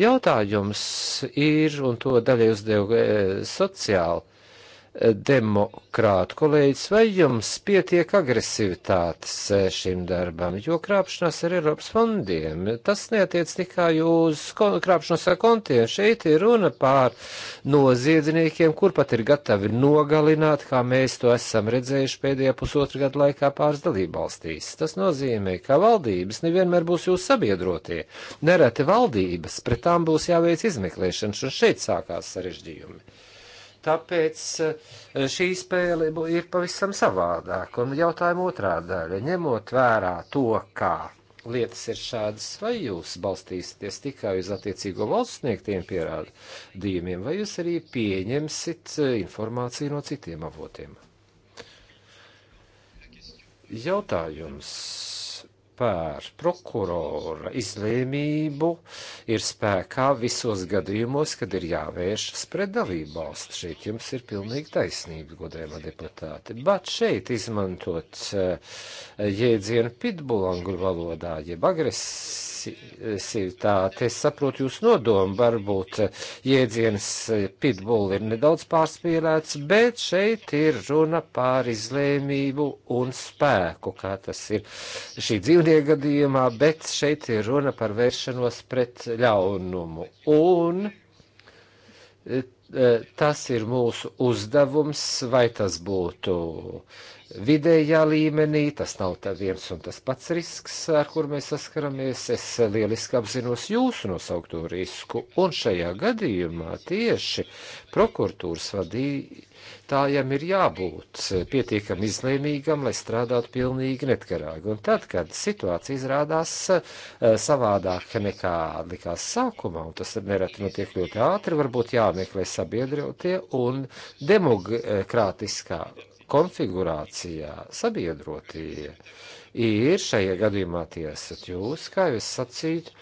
jautājums ir, un to daļai uzdevu sociāli demokrātu kolēģis, vai jums pietiek agresivitātes e, šim darbam, jo krāpšanās ar Eiropas fondiem, tas neatiec tikai uz krāpšanos ar kontiem, šeit ir runa pār noziedzniekiem, kur pat ir gatavi nogalināt, kā mēs to esam redzējuši pēdējā pusotra gada laikā pāris dalībvalstīs. Tas nozīmē, ka valdības nevienmēr būs jūs sabiedrotie, nereti valdības, pret tām būs jāveic izmeklēšanas, un šeit sākās sarežģījumi. Tāpēc eh, šī spēle ir pavisam savādāka. Un jautājuma otrā daļa - ņemot vērā to, kā lietas ir šādas, vai jūs balstīsieties tikai uz attiecīgo valsts sniegtiem pierādījumiem, vai jūs arī pieņemsit eh, informāciju no citiem avotiem? Jautājums par prokurora izlēmību ir spēkā visos gadījumos, kad ir jāvēršas pret dalību valsts. Šeit jums ir pilnīgi taisnība, godējumā deputāti. Bet šeit izmantot eh, jēdzienu pitbull angļu valodā, jeb agresīvu agresivitāti. Es saprotu jūs nodomu, varbūt eh, jēdziens eh, pitbull ir nedaudz pārspīlēts, bet šeit ir runa pār izlēmību un spēku, kā tas ir šī dzīvnieka gadījumā, bet šeit ir runa par vēršanos pret ļaunumu. Un eh, tas ir mūsu uzdevums, vai tas būtu uh, vidējā līmenī. Tas nav viens un tas pats risks, ar kur mēs saskaramies. Es lieliski apzinos jūsu nosaukto risku, un šajā gadījumā tieši prokuratūras vadītājam ir jābūt pietiekami izlēmīgam, lai strādātu pilnīgi netkarīgi. Un tad, kad situācija izrādās eh, savādāk nekā likās sākumā, un tas nereti notiek ļoti ātri, varbūt jāmeklē sabiedrotie un demokrātiskā konfigurācijā sabiedrotie ir šajā gadījumā tiesat jūs, kā jau es sacītu,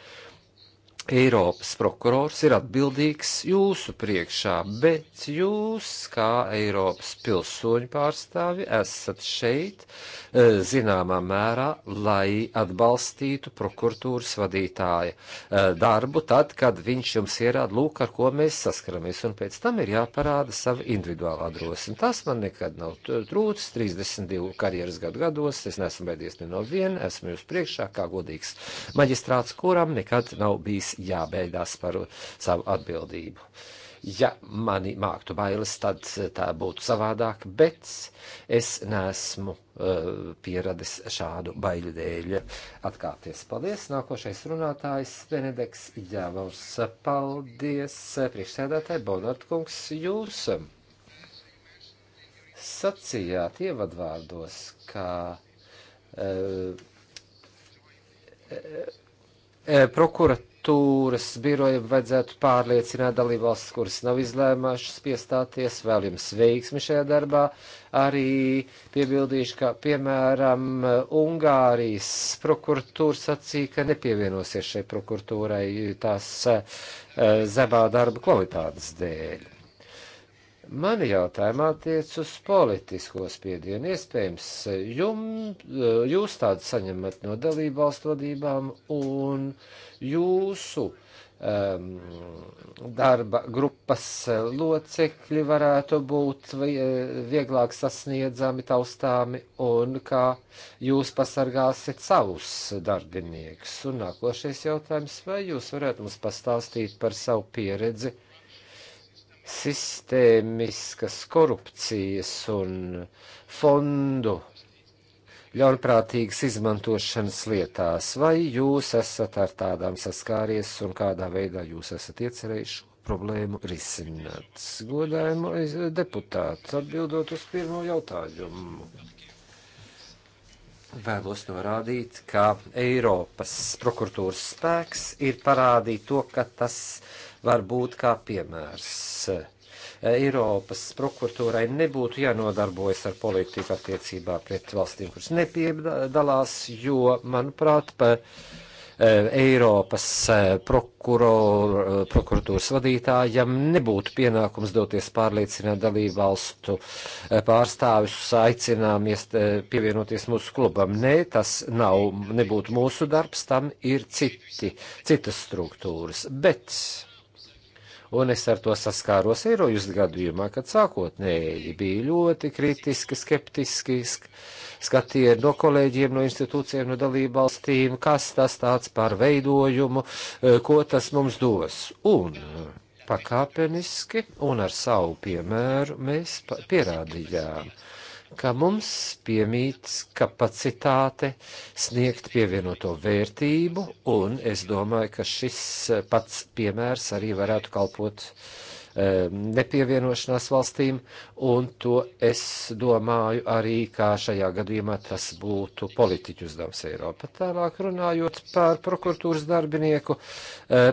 Eiropas prokurors ir atbildīgs jūsu priekšā, bet jūs, kā Eiropas pilsoņu pārstāvi, esat šeit e, zināmā mērā, lai atbalstītu prokuratūras vadītāja e, darbu tad, kad viņš jums ierāda lūk, ar ko mēs saskaramies, un pēc tam ir jāparāda sava individuālā drosme. Tas man nekad nav trūcis, 32 karjeras gadu gados, es neesmu beidies ne no viena, esmu jūs priekšā kā godīgs maģistrāts, kuram nekad nav bijis jābeidās par savu atbildību. Ja mani māktu bailes, tad tā būtu savādāk, bet es neesmu uh, pieradis šādu baiļu dēļ atkāpties. Paldies! Nākošais runātājs Benedeks Jāvaus. Paldies! Priekšsēdētāji Bonartkungs, jūs sacījāt ievadvārdos, ka uh, uh, prokurat aģentūras birojam vajadzētu pārliecināt dalībvalstis, kuras nav izlēmušas piestāties, vēl jums veiksmi šajā darbā. Arī piebildīšu, ka, piemēram, Ungārijas prokuratūra sacīja, ka nepievienosies šai prokuratūrai tās eh, zemā darba kvalitātes dēļ. Mani jautājumā attiec uz politisko spiedienu. Iespējams, jum, eh, jūs tādu saņemat no dalību valstu vadībām un jūsu um, darba grupas locekļi varētu būt eh, vieglāk sasniedzami, taustāmi un kā jūs pasargāsiet savus darbiniekus. Un nākošais jautājums, vai jūs varētu mums pastāstīt par savu pieredzi? sistēmiskas korupcijas un fondu ļaunprātīgas izmantošanas lietās, vai jūs esat ar tādām saskāries un kādā veidā jūs esat iecerējuši problēmu risināt? Godājumu deputātu, atbildot uz pirmo jautājumu. Vēlos norādīt, ka Eiropas prokuratūras spēks ir parādīt to, ka tas ir var būt kā piemērs. Eiropas prokuratūrai nebūtu jānodarbojas ar politiku attiecībā pret valstīm, kuras nepiedalās, jo, manuprāt, pa e, Eiropas e, prokuratūras vadītājam nebūtu pienākums doties pārliecināt dalību valstu e, pārstāvis, aicināmies pievienoties mūsu klubam. Nē, tas nav, nebūtu mūsu darbs, tam ir citi, citas struktūras. Bet un es ar to saskāros eirojas gadījumā, kad sākotnēji bija ļoti kritiski, skeptiski skatieni no kolēģiem, no institūcijiem, no dalībvalstīm, kas tas tāds par veidojumu, e, ko tas mums dos. Un pakāpeniski un ar savu piemēru mēs pierādījām ka mums piemīt kapacitāte sniegt pievienoto vērtību, un es domāju, ka šis pats piemērs arī varētu kalpot uh, Um, nepievienošanās valstīm, un to es domāju arī, kā šajā gadījumā tas būtu politiķu uzdevums Eiropa. Tālāk runājot par prokuratūras darbinieku uh,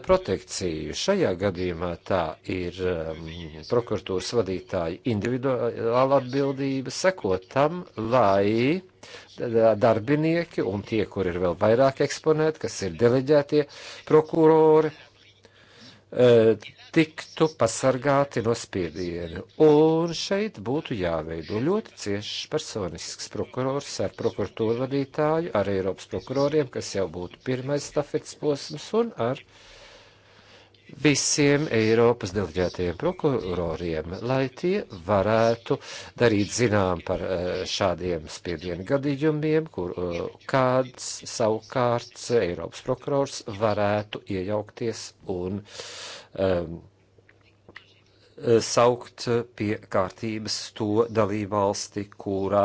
protekciju. Šajā gadījumā tā ir um, prokuratūras vadītāja individuāla atbildība sekot tam, lai darbinieki un tie, kur ir vēl vairāk eksponēti, kas ir deleģētie prokurori, E, tiktu pasargāti no spiediena. Un šeit būtu jāveido ļoti ciešs personisks prokurors ar prokuratūru vadītāju, ar Eiropas prokuroriem, kas jau būtu pirmais stafets posms, un ar uh, visiem Eiropas deleģētajiem prokuroriem, lai tie varētu darīt zinām par eh, šādiem spiedienu gadījumiem, kur eh, kāds savukārt Eiropas prokurors varētu iejaukties un um, Eh, saukt pie kārtības to dalībvalsti, kurā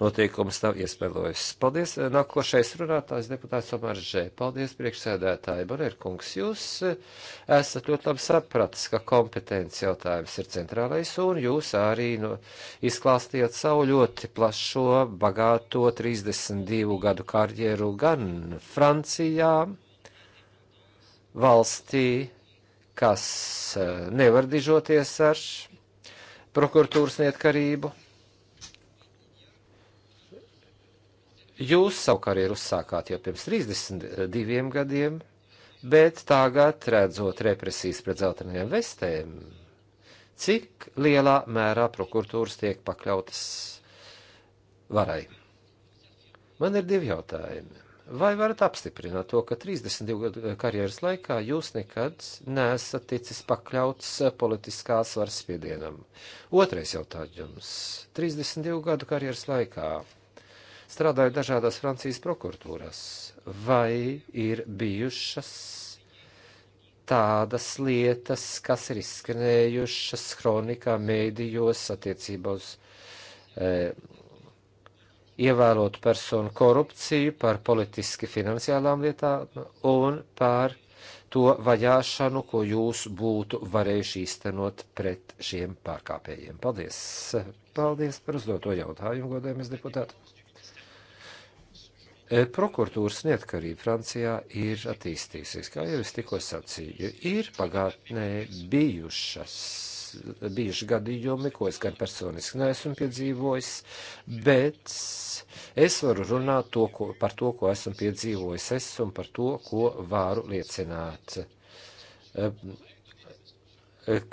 noteikums nav iespēlojis. Paldies, eh, nākošais runātājs deputāts Omar Žē. Paldies, priekšsēdētāji Barērkungs. Jūs eh, esat ļoti labi sapratis, ka kompetenci jautājums ir centrālais, un jūs arī no, nu, izklāstījāt savu ļoti plašo, bagāto 32 gadu karjeru gan Francijā, valstī, kas eh, nevar dižoties ar prokuratūras neatkarību. Jūs savu karjeru uzsākāt jau pirms 32 gadiem, bet tagad, redzot represijas pret zeltainiem vestēm, cik lielā mērā prokuratūras tiek pakļautas varai? Man ir divi jautājumi. Vai varat apstiprināt to, ka 32 gadu eh, karjeras laikā jūs nekad nesat ticis pakļauts eh, politiskās varas spiedienam? Otrais jautājums. 32 gadu karjeras laikā strādāju dažādās Francijas prokuratūras. Vai ir bijušas tādas lietas, kas ir izskanējušas kronikā, mēdījos attiecībā uz. E, eh, ievēlotu personu korupciju, par politiski finansiālām lietām un par to vajāšanu, ko jūs būtu varējuši īstenot pret šiem pārkāpējiem. Paldies! Paldies par uzdoto jautājumu, godējumies deputāti! E, prokuratūras neatkarība Francijā ir attīstījusies, kā jau es tikko sacīju, ir pagātnē bijušas bijuši gadījumi, ko es gan personiski neesmu piedzīvojis, bet es varu runāt to, ko, par to, ko esmu piedzīvojis es un par to, ko varu liecināt.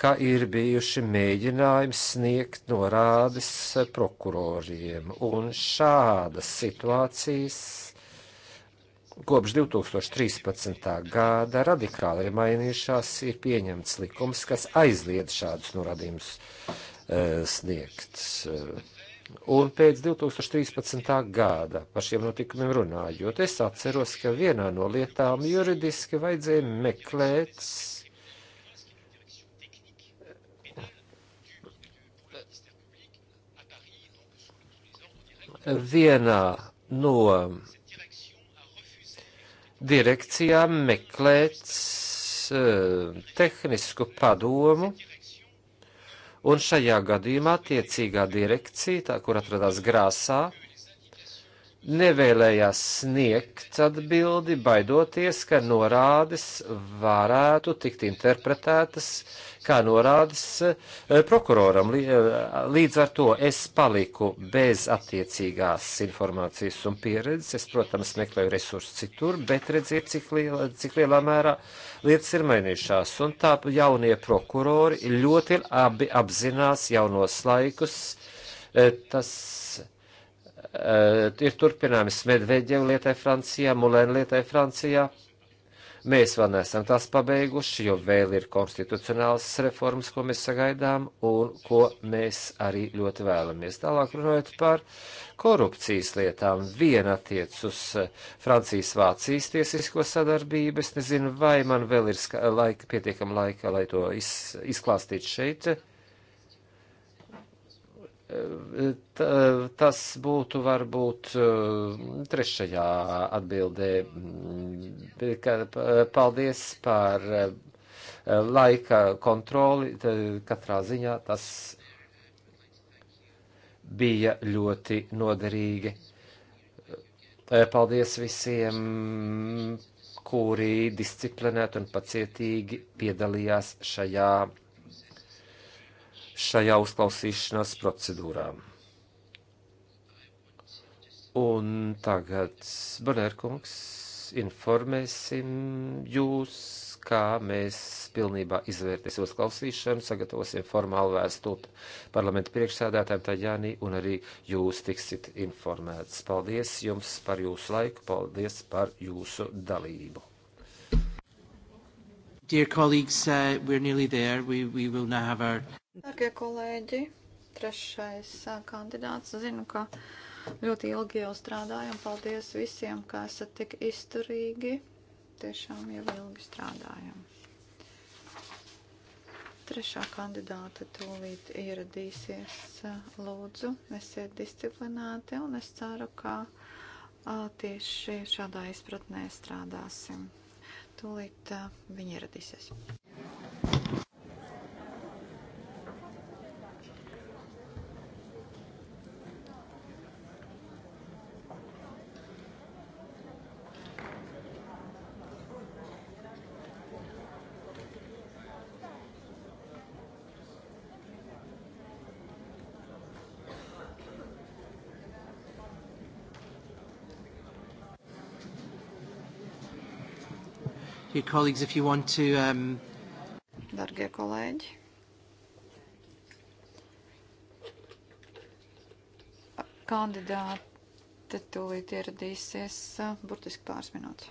Ka ir bijuši mēģinājumi sniegt norādes prokuroriem, un šādas situācijas Kopš 2013. gada radikāli ir mainījušās, ir pieņemts likums, kas aizliedz šādus norādījumus eh, sniegt. Un pēc 2013. gada par šiem notikumiem runājot, es atceros, ka vienā no lietām juridiski vajadzēja meklēt vienā no direkcijām meklēt uh, tehnisku padomu, un šajā gadījumā tiecīgā direkcija, tā, kur atradās Grāsā, nevēlējās sniegt atbildi, baidoties, ka norādes varētu tikt interpretētas kā norādes eh, prokuroram. Eh, līdz ar to es paliku bez attiecīgās informācijas un pieredzes. Es, protams, meklēju resursus citur, bet redziet, cik, liela, cik lielā mērā lietas ir mainījušās. Un tā jaunie prokurori ļoti abi apzinās jaunos laikus. Eh, tas Eh, ir turpinājums Medveģeva lietai Francijā, Mulēna lietai Francijā. Mēs vēl neesam tās pabeiguši, jo vēl ir konstitucionāls reformas, ko mēs sagaidām un ko mēs arī ļoti vēlamies. Tālāk runājot par korupcijas lietām, viena attiec uz eh, Francijas-Vācijas tiesisko sadarbību. Es nezinu, vai man vēl ir laika, pietiekam laika, lai to iz, izklāstītu šeit tas būtu varbūt eh, trešajā atbildē. Mm, paldies par eh, laika kontroli. Katrā ziņā tas bija ļoti noderīgi. Eh, paldies visiem, kuri disciplinēti un pacietīgi piedalījās šajā šajā uzklausīšanās procedūrā. Un tagad Banērkungs informēsim jūs, kā mēs pilnībā izvērtēsim uzklausīšanu, sagatavosim formālu vēstuli parlamentu priekšsēdētājiem Taģānī un arī jūs tiksit informēts. Paldies jums par jūsu laiku, paldies par jūsu dalību. Dear colleagues, uh, we're nearly there. We, we will now have our... Dargie kolēģi, trešais uh, kandidāts. Zinu, ka ļoti ilgi jau strādājam. Paldies visiem, kā esat tik izturīgi. Tiešām jau ilgi strādājam. Trešā kandidāta tūlīt ieradīsies. Uh, lūdzu, esiet disciplinēti un es ceru, ka uh, tieši šādā izpratnē strādāsim. Tūlīt viņi ieradīsies. Dear colleagues, if you want to... Um... Dargie kolēģi. Kandidāte tūlīt ieradīsies uh, burtiski pāris minūtes.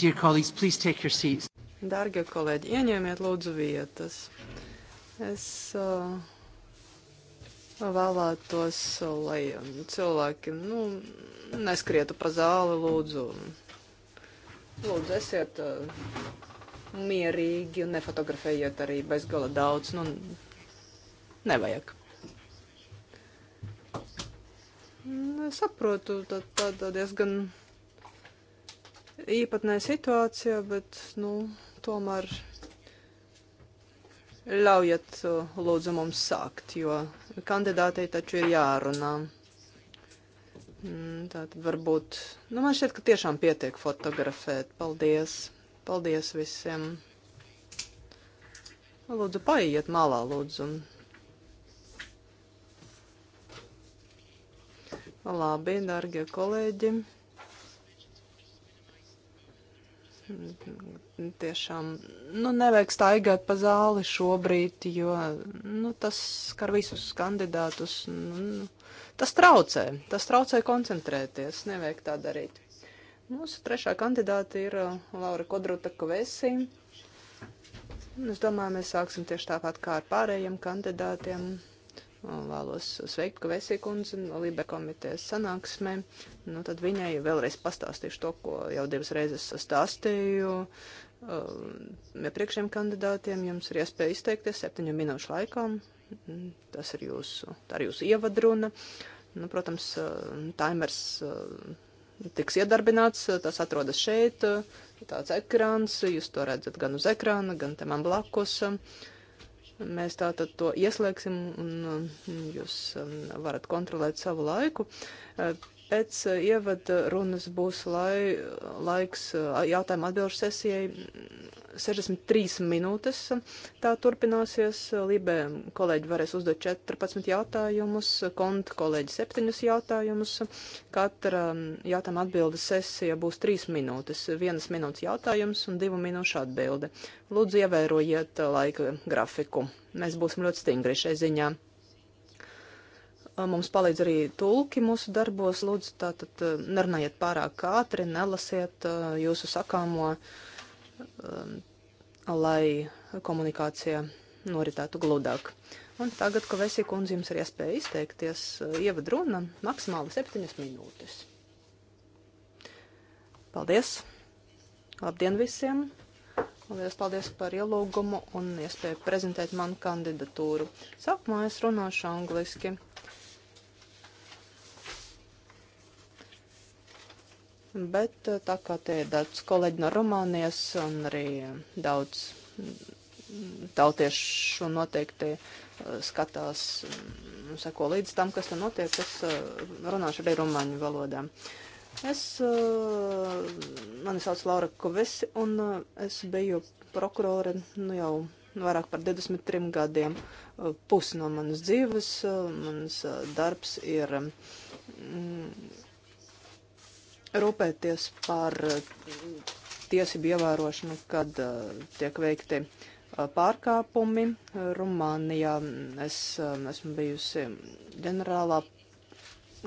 dear colleagues, please take your seats. Dargie kolēģi, ieņemiet lūdzu vietas. Es uh, vēlētos, lai cilvēki, nu, neskrietu pa zāli, lūdzu. Lūdzu, esiet uh, mierīgi un nefotografējiet arī bezgala daudz, nu, nevajag. Mm, es saprotu, tad tā, tā diezgan. Tā, īpatnē situācijā, bet, nu, tomēr ļaujiet uh, lūdzu mums sākt, jo kandidātei taču ir jārunā. Mm, Tātad varbūt, nu, man šķiet, ka tiešām pietiek fotografēt. Paldies! Paldies visiem! Lūdzu, paiet malā, lūdzu. Labi, dargie kolēģi! Tiešām, nu, nevajag staigāt pa zāli šobrīd, jo, nu, tas skar visus kandidātus. Nu, nu tas traucē, tas traucē koncentrēties, nevajag tā darīt. Mūsu trešā kandidāte ir uh, Laura Kodruta Kvesī. Es domāju, mēs sāksim tieši tāpat kā ar pārējiem kandidātiem. Vēlos sveikt, ka Vesī kundze Libe komitejas sanāksmē. Nu, tad viņai vēlreiz pastāstīšu to, ko jau divas reizes stāstīju. Um, iepriekšējiem ja kandidātiem jums ir iespēja izteikties septiņu minūšu laikā. Mm, tas ir jūsu, tā ir jūsu ievadruna. Nu, protams, um, timers um, tiks iedarbināts, tas atrodas šeit, uh, tāds ekrāns, jūs to redzat gan uz ekrāna, gan te man blakus. Uh, Mēs tātad to ieslēgsim un um, jūs um, varat kontrolēt savu laiku. Uh, pēc uh, ievada runas būs lai, laiks uh, jautājumu atbilžu sesijai 63 minūtes tā turpināsies. Libē kolēģi varēs uzdot 14 jautājumus, konta kolēģi 7 jautājumus. Katra um, jautājuma atbildes sesija būs 3 minūtes. 1 minūtes jautājums un 2 minūšu atbilde. Lūdzu, ievērojiet uh, laika grafiku. Mēs būsim ļoti stingri šai ziņā. Uh, mums palīdz arī tulki mūsu darbos. Lūdzu, tātad uh, nerunājiet pārāk ātri, nelasiet jūsu sakāmo. Uh, Um, lai komunikācija noritētu gludāk. Un tagad, ka Vesī kundze jums ir iespēja izteikties, uh, ievad runa maksimāli septiņas minūtes. Paldies! Labdien visiem! Lielas paldies par ielūgumu un iespēju prezentēt manu kandidatūru. Sākumā es runāšu angliski. Bet eh, tā kā te ir daudz kolēģi no Rumānijas un arī daudz mm, tautiešu noteikti eh, skatās, mm, seko līdz tam, kas te notiek, es eh, runāšu arī rumāņu valodā. Es, mani sauc Laura Kovesi un es biju prokurore, nu jau vairāk par 23 gadiem. Pusi no manas dzīves, mans darbs ir mm, rūpēties par tiesību ievērošanu, kad eh, tiek veikti eh, pārkāpumi. Rumānijā es eh, esmu bijusi ģenerālā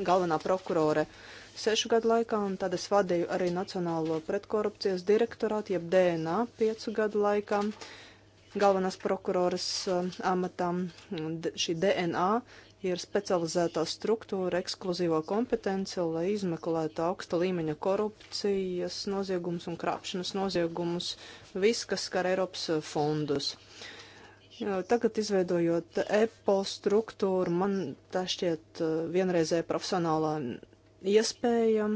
galvenā prokurore sešu gadu laikā, un tad es vadīju arī Nacionālo pretkorupcijas direktorātu, jeb DNA, piecu gadu laikā. Galvenās prokuroras amatām šī DNA ir specializētā struktūra, ekskluzīvā kompetence, lai izmeklētu augsta līmeņa korupcijas noziegumus un krāpšanas noziegumus, viss, kas skar Eiropas fondus. Tagad, izveidojot EPO struktūru, man tā šķiet eh, vienreizēja profesionālā iespēja,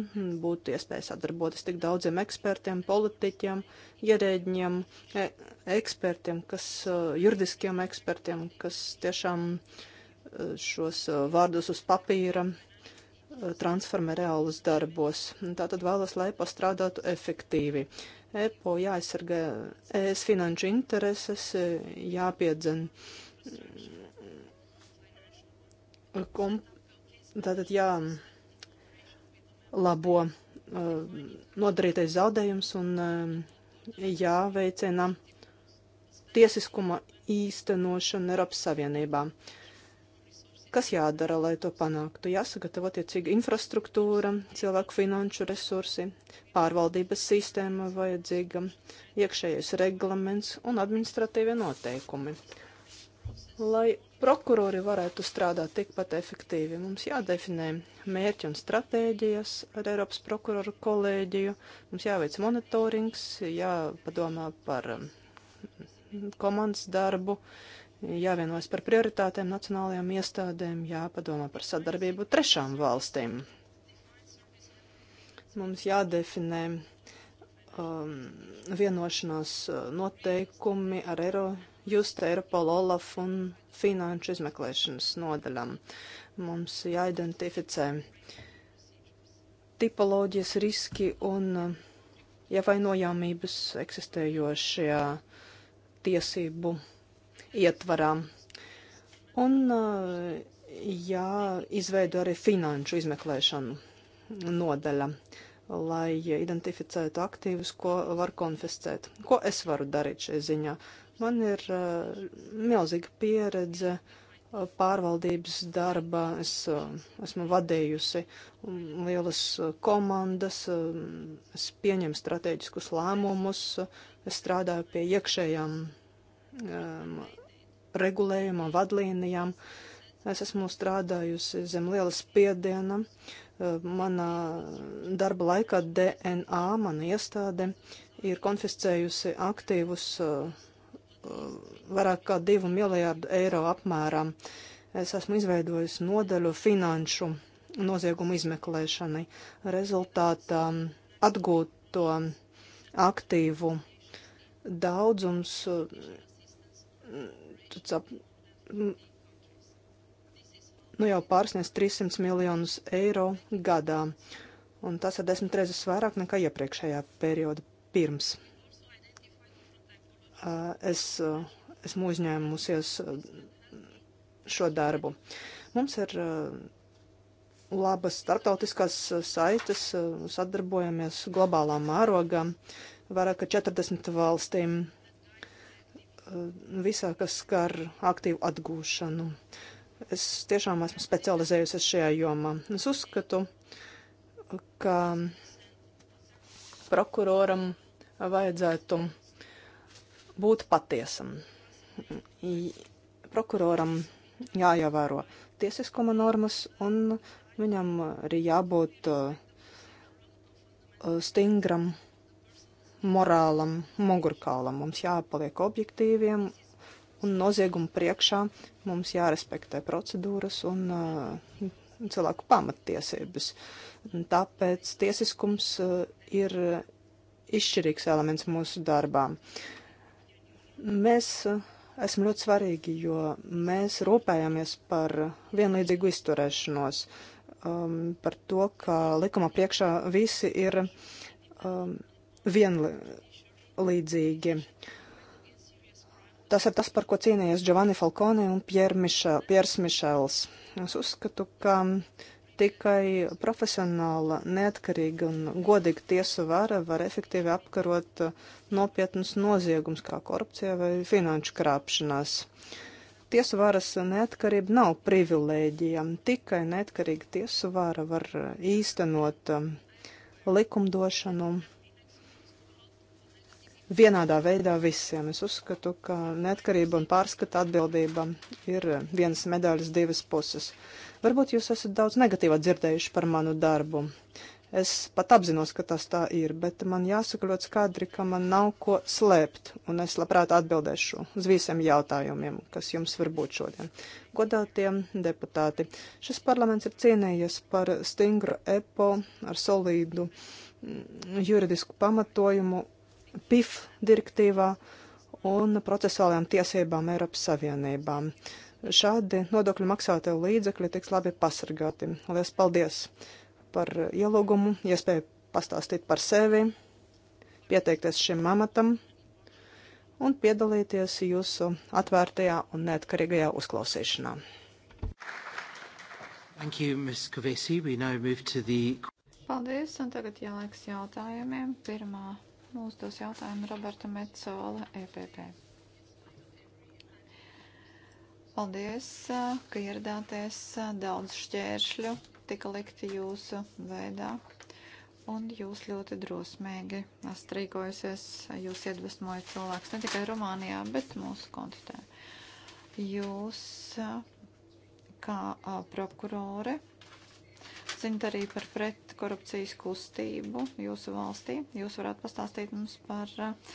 būtu iespēja sadarboties tik daudziem ekspertiem, politiķiem, ierēģiem, e ekspertiem, kas, eh, juridiskiem ekspertiem, kas tiešām uh, šos uh, vārdus uz papīra uh, transformē reālus darbos. Tātad vēlas, lai pastrādātu efektīvi. EPO jāaizsargā ES finanšu intereses, jāpiedzen uh, kom, tātad jālabo nodarītais zaudējums un jāveicina tiesiskuma īstenošana Eiropas Savienībā. Uh, Kas jādara, lai to panāktu? Jāsagatavo attiecīga infrastruktūra, cilvēku finanšu resursi, pārvaldības sistēma vajadzīga, iekšējais reglaments un administratīvie noteikumi. Lai prokurori varētu strādāt tikpat efektīvi. Mums jādefinē mērķi un stratēģijas ar Eiropas prokuroru kolēģiju, mums jāveic monitorings, jāpadomā par mm, komandas darbu, jāvienojas par prioritātēm nacionālajām iestādēm, jāpadomā par sadarbību trešām valstīm. Mums jādefinē um, vienošanās uh, noteikumi ar Eiro, Just, Eiropol, Olaf un Finanšu izmeklēšanas nodaļām. Mums jāidentificē tipoloģijas riski un uh, ievainojamības eksistējošajā tiesību ietvarā. Un uh, jāizveido arī finanšu izmeklēšanu nodaļa, lai identificētu aktīvus, ko var konfiscēt. Ko es varu darīt šai ziņā? Man ir uh, milzīga pieredze uh, pārvaldības darba. Es esmu vadījusi um, lielas komandas, um, es pieņemu strateģiskus lēmumus, es strādāju pie iekšējām um, regulējuma vadlīnijām. Es esmu strādājusi zem liela spiediena. Eh, manā darba laikā DNA, mana iestāde, ir konfiscējusi aktīvus eh, vairāk kā divu miljārdu eiro apmērā. Es esmu izveidojusi nodaļu finanšu noziegumu izmeklēšanai. Rezultātā atgūto aktīvu daudzums eh, tad ap, nu jau pārsniedz 300 miljonus eiro gadā, un tas ir desmit reizes vairāk nekā iepriekšējā perioda pirms. Es esmu uzņēmusies šo darbu. Mums ir labas starptautiskās saites, sadarbojamies globālā mērogā vairāk kā 40 valstīm. Eh, visā, kas skar aktīvu atgūšanu. Es tiešām esmu specializējusies šajā jomā. Es uzskatu, ka prokuroram vajadzētu būt patiesam. Prokuroram jāievēro tiesiskuma normas un viņam arī jābūt eh, stingram morālam mugurkaulam. Mums jāpaliek objektīviem un noziegumu priekšā mums jārespektē procedūras un uh, cilvēku pamattiesības. Tāpēc tiesiskums uh, ir izšķirīgs elements mūsu darbā. Mēs uh, esam ļoti svarīgi, jo mēs rūpējamies par vienlīdzīgu izturēšanos, um, par to, ka likuma priekšā visi ir um, vienlīdzīgi. Tas ir tas, par ko cīnījies Giovanni Falcone un Mišel, Piers Mišels. Es uzskatu, ka tikai profesionāla, neatkarīga un godīga tiesu vara var efektīvi apkarot nopietnus noziegums kā korupcija vai finanšu krāpšanās. Tiesu varas neatkarība nav privilēģija. Tikai neatkarīga tiesu vara var īstenot likumdošanu vienādā veidā visiem. Es uzskatu, ka neatkarība un pārskata atbildība ir vienas medaļas divas puses. Varbūt jūs esat daudz negatīvā dzirdējuši par manu darbu. Es pat apzinos, ka tas tā ir, bet man jāsaka ļoti skaidri, ka man nav ko slēpt, un es labprāt atbildēšu uz visiem jautājumiem, kas jums var būt šodien. Godātie deputāti, šis parlaments ir cīnījies par stingru EPO ar solīdu mm, juridisku pamatojumu PIF direktīvā un procesuālajām tiesībām Eiropas Savienībām. Šādi nodokļu maksātāju līdzekļi tiks labi pasargāti. Lielas paldies par ielūgumu, iespēju pastāstīt par sevi, pieteikties šim amatam un piedalīties jūsu atvērtajā un neatkarīgajā uzklausīšanā. Thank you, Ms. Kavesi. We now move to the... Paldies, un tagad jālaiks jautājumiem. Pirmā Mums dos jautājumu Roberta Metzola, EPP. Paldies, ka ieradāties. Daudz šķēršļu tika likti jūsu veidā, un jūs ļoti drosmīgi esat rīkojusies. Jūs iedvesmojat cilvēks ne tikai Rumānijā, bet mūsu kontinentē. Jūs kā prokurore dzimt arī par pretkorupcijas kustību jūsu valstī. Jūs varētu pastāstīt mums par uh,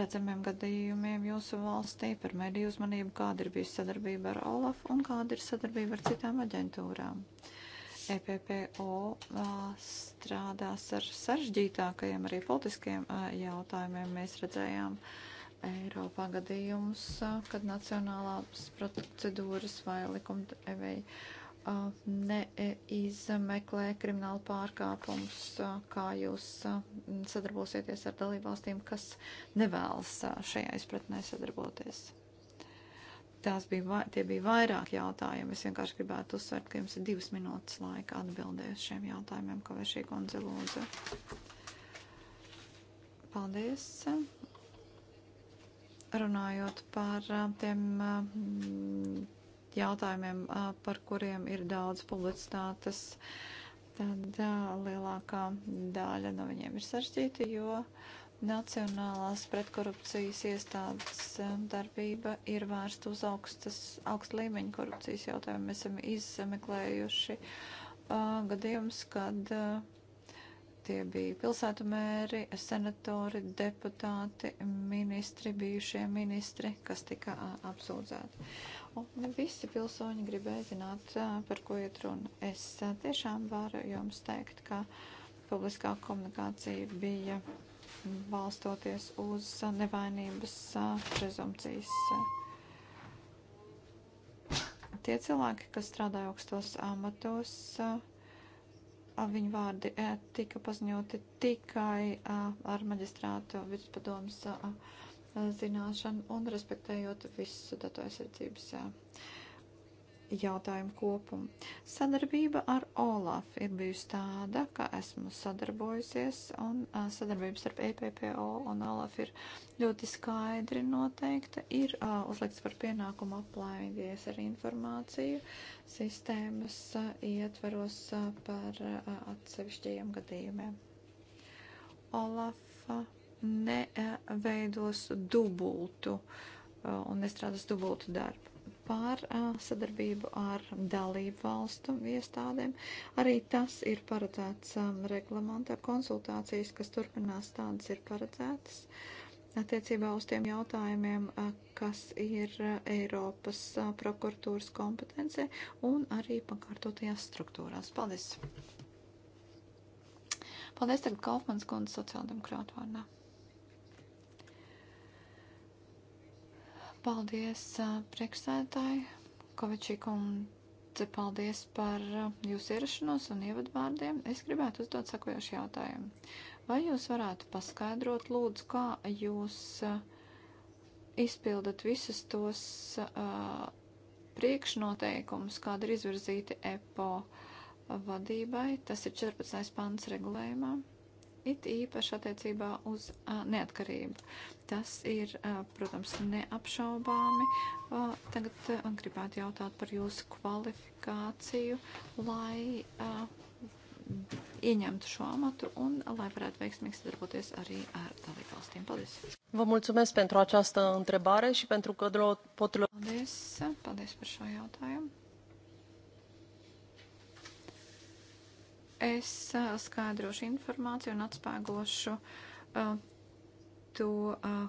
redzamiem gadījumiem jūsu valstī, par mediju uzmanību, kāda ir bijusi sadarbība ar OLAF un kāda ir sadarbība ar citām aģentūrām. EPPO uh, strādās ar sarežģītākajiem arī politiskiem uh, jautājumiem. Mēs redzējām, Eiropā gadījumus, kad nacionālās procedūras vai likumdevēji neizmeklē kriminālu pārkāpumus, kā jūs sadarbosieties ar dalībvalstīm, kas nevēlas šajā izpratnē sadarboties. Tās bija, tie bija vairāk jautājumi. Es vienkārši gribētu uzsvērt, ka jums ir divas minūtes laika atbildēt šiem jautājumiem, ko vērš šī kundze lūdza. Paldies! Runājot par tiem jautājumiem, par kuriem ir daudz publicitātes, tad lielākā daļa no viņiem ir sarežģīta, jo Nacionālās pretkorupcijas iestādes darbība ir vērsta uz augstas, augsta līmeņa korupcijas jautājumu. Mēs esam izmeklējuši uh, gadījumus, kad uh, tie bija pilsētu mēri, senatori, deputāti, ministri, bijušie ministri, kas tika uh, apsūdzēti. Un nu, visi pilsoņi gribēja zināt, par ko iet runa. Es tiešām varu jums teikt, ka publiskā komunikācija bija balstoties uz nevainības prezumcijas. Tie cilvēki, kas strādāja augstos amatos, viņu vārdi tika paziņoti tikai ar maģistrātu viduspadomus Eh, zināšanu un respektējot visu datu aizsardzības eh, jautājumu kopumu. Sadarbība ar OLAF ir bijusi tāda, ka esmu sadarbojusies un eh, sadarbības starp EPPO un OLAF ir ļoti skaidri noteikta. Ir uh, uzlikts par pienākumu aplaidīties ar informāciju sistēmas uh, ietveros uh, par uh, atsevišķajiem gadījumiem. OLAF uh, neveidos dubultu eh, un nestrādās dubultu darbu par uh, sadarbību ar dalību valstu iestādēm. Arī tas ir paredzēts um, eh, reglamentā. Konsultācijas, kas turpinās, tādas ir paredzētas attiecībā uz tiem jautājumiem, uh, kas ir uh, Eiropas uh, prokuratūras kompetence un arī pakārtotajās struktūrās. Paldies! Paldies tagad Kaufmanas kundze sociāldemokrātu vārdā. Paldies priekšsētāji, Kovačī kundze, paldies par jūsu ierašanos un ievadvārdiem. Es gribētu uzdot sakojošu jautājumu. Vai jūs varētu paskaidrot, lūdzu, kā jūs izpildat visus tos uh, priekšnoteikumus, kāda ir izvirzīta EPO vadībai? Tas ir 14. pants regulējumā it īpaši attiecībā uz a, neatkarību. Tas ir, a, protams, neapšaubāmi. A, tagad a, gribētu jautāt par jūsu kvalifikāciju, lai a, ieņemtu šo amatu un lai varētu veiksmīgi sadarboties arī ar dalībvalstīm. Paldies! Vă mulțumesc pentru această întrebare și pentru că potru... Paldies, paldies par šo jautājumu. Es skaidrošu informāciju un atspēgošu uh, to uh,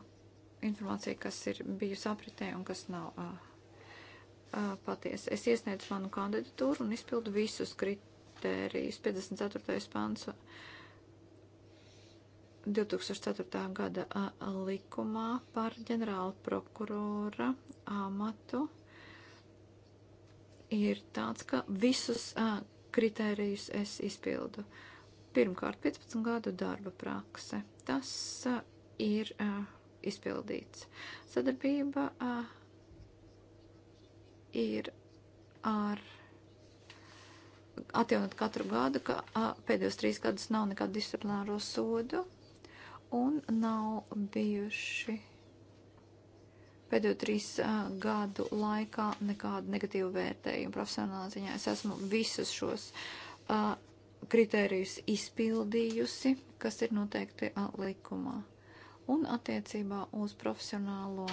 informāciju, kas ir bijusi apritē un kas nav uh, patiesa. Es iesniedzu manu kandidatūru un izpildu visus kritērijus. 54. pants 2004. gada likumā par ģenerāla prokurora amatu ir tāds, ka visus kritērijus es izpildu. Pirmkārt, 15 gadu darba prakse. Tas uh, ir uh, izpildīts. Sadarbība uh, ir ar atjaunot katru gadu, ka a, pēdējos trīs gadus nav nekādu disciplināro sodu un nav bijuši pēdējo trīs uh, gadu laikā nekādu negatīvu vērtējumu. Profesionālā ziņā es esmu visus šos uh, kritērijus izpildījusi, kas ir noteikti uh, likumā. Un attiecībā uz profesionālo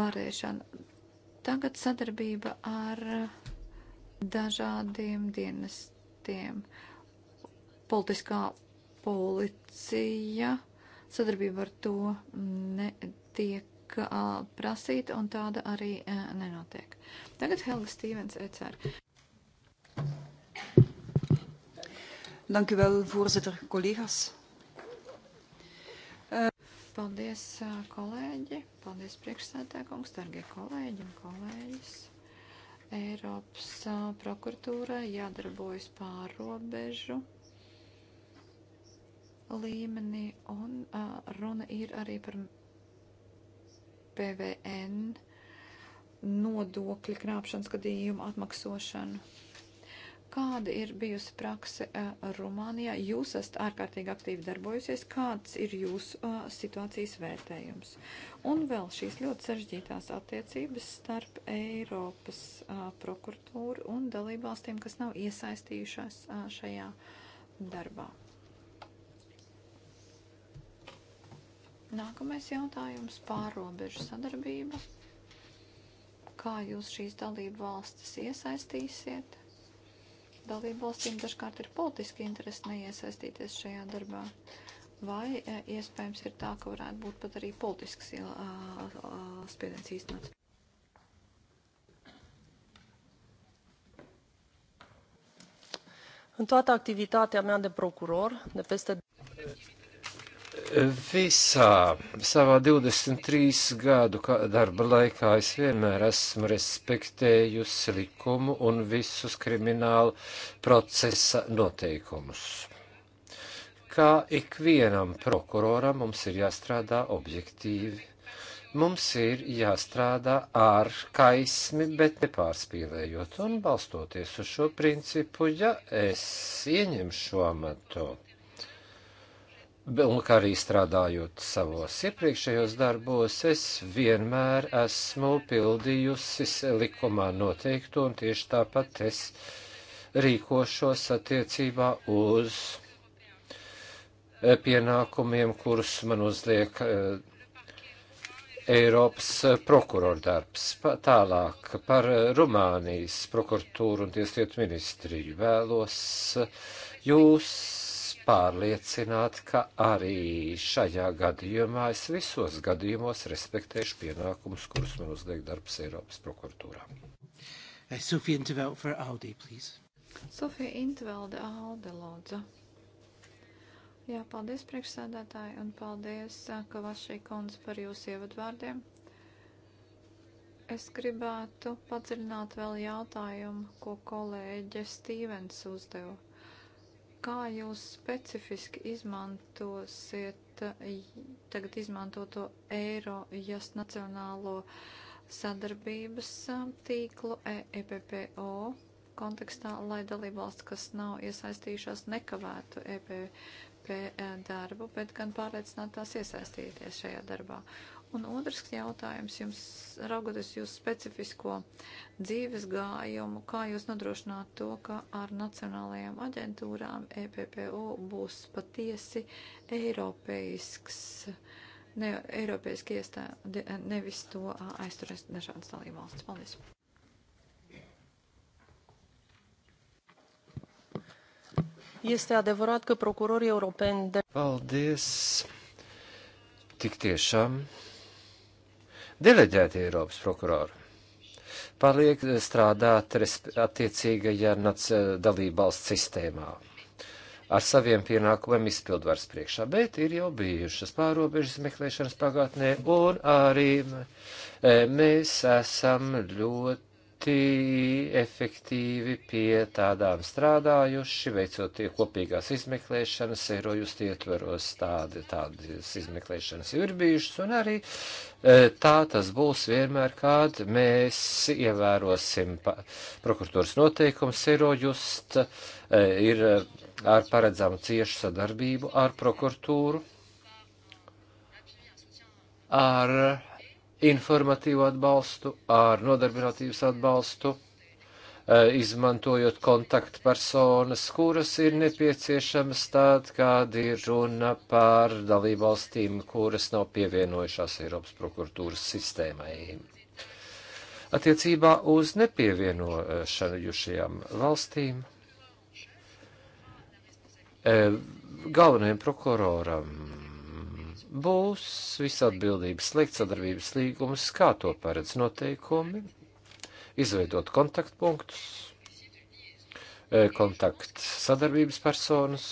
varēšanu. Tagad sadarbība ar dažādiem dienestiem. Politiskā policija sadarbība ar to netiek uh, prasīta un tāda arī uh, nenotiek. Tagad Helga Stīvens, ECR. Dank u wel, voorzitter, collega's. Uh... Paldies, kolēģi, paldies priekšsētā kungs, dargie kolēģi un kolēģis. Eiropas prokuratūrai jādarbojas pārobežu. robežu līmenī, un uh, runa ir arī par PVN nodokļa krāpšanas gadījumu atmaksošanu. Kāda ir bijusi prakse uh, Rumānijā? Jūs esat ārkārtīgi aktīvi darbojusies. Kāds ir jūsu uh, situācijas vērtējums? Un vēl šīs ļoti sarežģītās attiecības starp Eiropas uh, prokuratūru un dalībvalstīm, kas nav iesaistījušās uh, šajā darbā. Nākamais jautājums - pārobežu sadarbība. Kā jūs šīs dalību valstis iesaistīsiet? Dalību valstīm dažkārt ir politiski interesi neiesaistīties šajā darbā. Vai e, iespējams ir tā, ka varētu būt pat arī politisks e, spiediens īstenots? În toată activitatea mea de procuror, de peste Visā savā 23 gadu darba laikā es vienmēr esmu respektējusi likumu un visus kriminālu procesa noteikumus. Kā ikvienam prokuroram mums ir jāstrādā objektīvi. Mums ir jāstrādā ar kaismi, bet nepārspīlējot un balstoties uz šo principu, ja es ieņemšu šo amatu un kā arī strādājot savos iepriekšējos darbos, es vienmēr esmu pildījusi likumā noteikto, un tieši tāpat es rīkošos attiecībā uz eh, pienākumiem, kurus man uzliek eh, Eiropas eh, prokurordarbs. Tālāk par Rumānijas prokuratūru un tieslietu ministriju vēlos jūs pārliecināti, ka arī šajā gadījumā es visos gadījumos respektēšu pienākumus, kurus man uzliek darbs Eiropas prokuratūrā. Eh, Sofija Intvelde for Audi, please. Sofija Intvelde, Alde, lūdzu. Jā, paldies priekšsēdētāji un paldies, eh, ka Vašī kundze par jūsu ievadvārdiem. Es gribētu padziļināt vēl jautājumu, ko kolēģe Stīvens uzdeva Kā jūs specifiski izmantosiet eh, tagad izmantoto eiro, jas nacionālo sadarbības eh, tīklu EPPO e kontekstā, lai dalībvalsts, kas nav iesaistījušās, nekavētu EPP e darbu, bet gan pārliecināt tās iesaistīties šajā darbā. Un otrs jautājums jums, raugoties jūs specifisko dzīves gājumu, kā jūs nodrošināt to, ka ar nacionālajām aģentūrām EPPO būs patiesi eiropeisks, ne, eiropeiski iestā, de, nevis to aizturēs dažādas dalībvalstis. Paldies! Este adevărat că procurorii europeni de... Paldies! Tik tiešām Deleģēti Eiropas prokurori paliek strādāt attiecīgajā eh, dalība valsts sistēmā ar saviem pienākumiem izpildvars priekšā, bet ir jau bijušas pārobežas meklēšanas pagātnē, un arī eh, mēs esam ļoti ļoti efektīvi pie tādām strādājuši, veicot tie kopīgās izmeklēšanas, eirojust ietveros tādi, tādas izmeklēšanas ir bijušas, un arī e, tā tas būs vienmēr, kad mēs ievērosim prokuratūras noteikums, eirojust e, ir ar paredzamu ciešu sadarbību ar prokuratūru, ar informatīvu atbalstu, ar nodarbinātības atbalstu, e, izmantojot kontaktpersonas, kuras ir nepieciešamas tād, kad ir runa par dalībvalstīm, kuras nav pievienojušās Eiropas prokuratūras sistēmai. Attiecībā uz nepievienošanušajām valstīm e, galvenajam prokuroram būs visatbildības slēgt sadarbības līgumus, kā to paredz noteikumi, izveidot kontaktpunktus, e, kontakt sadarbības personas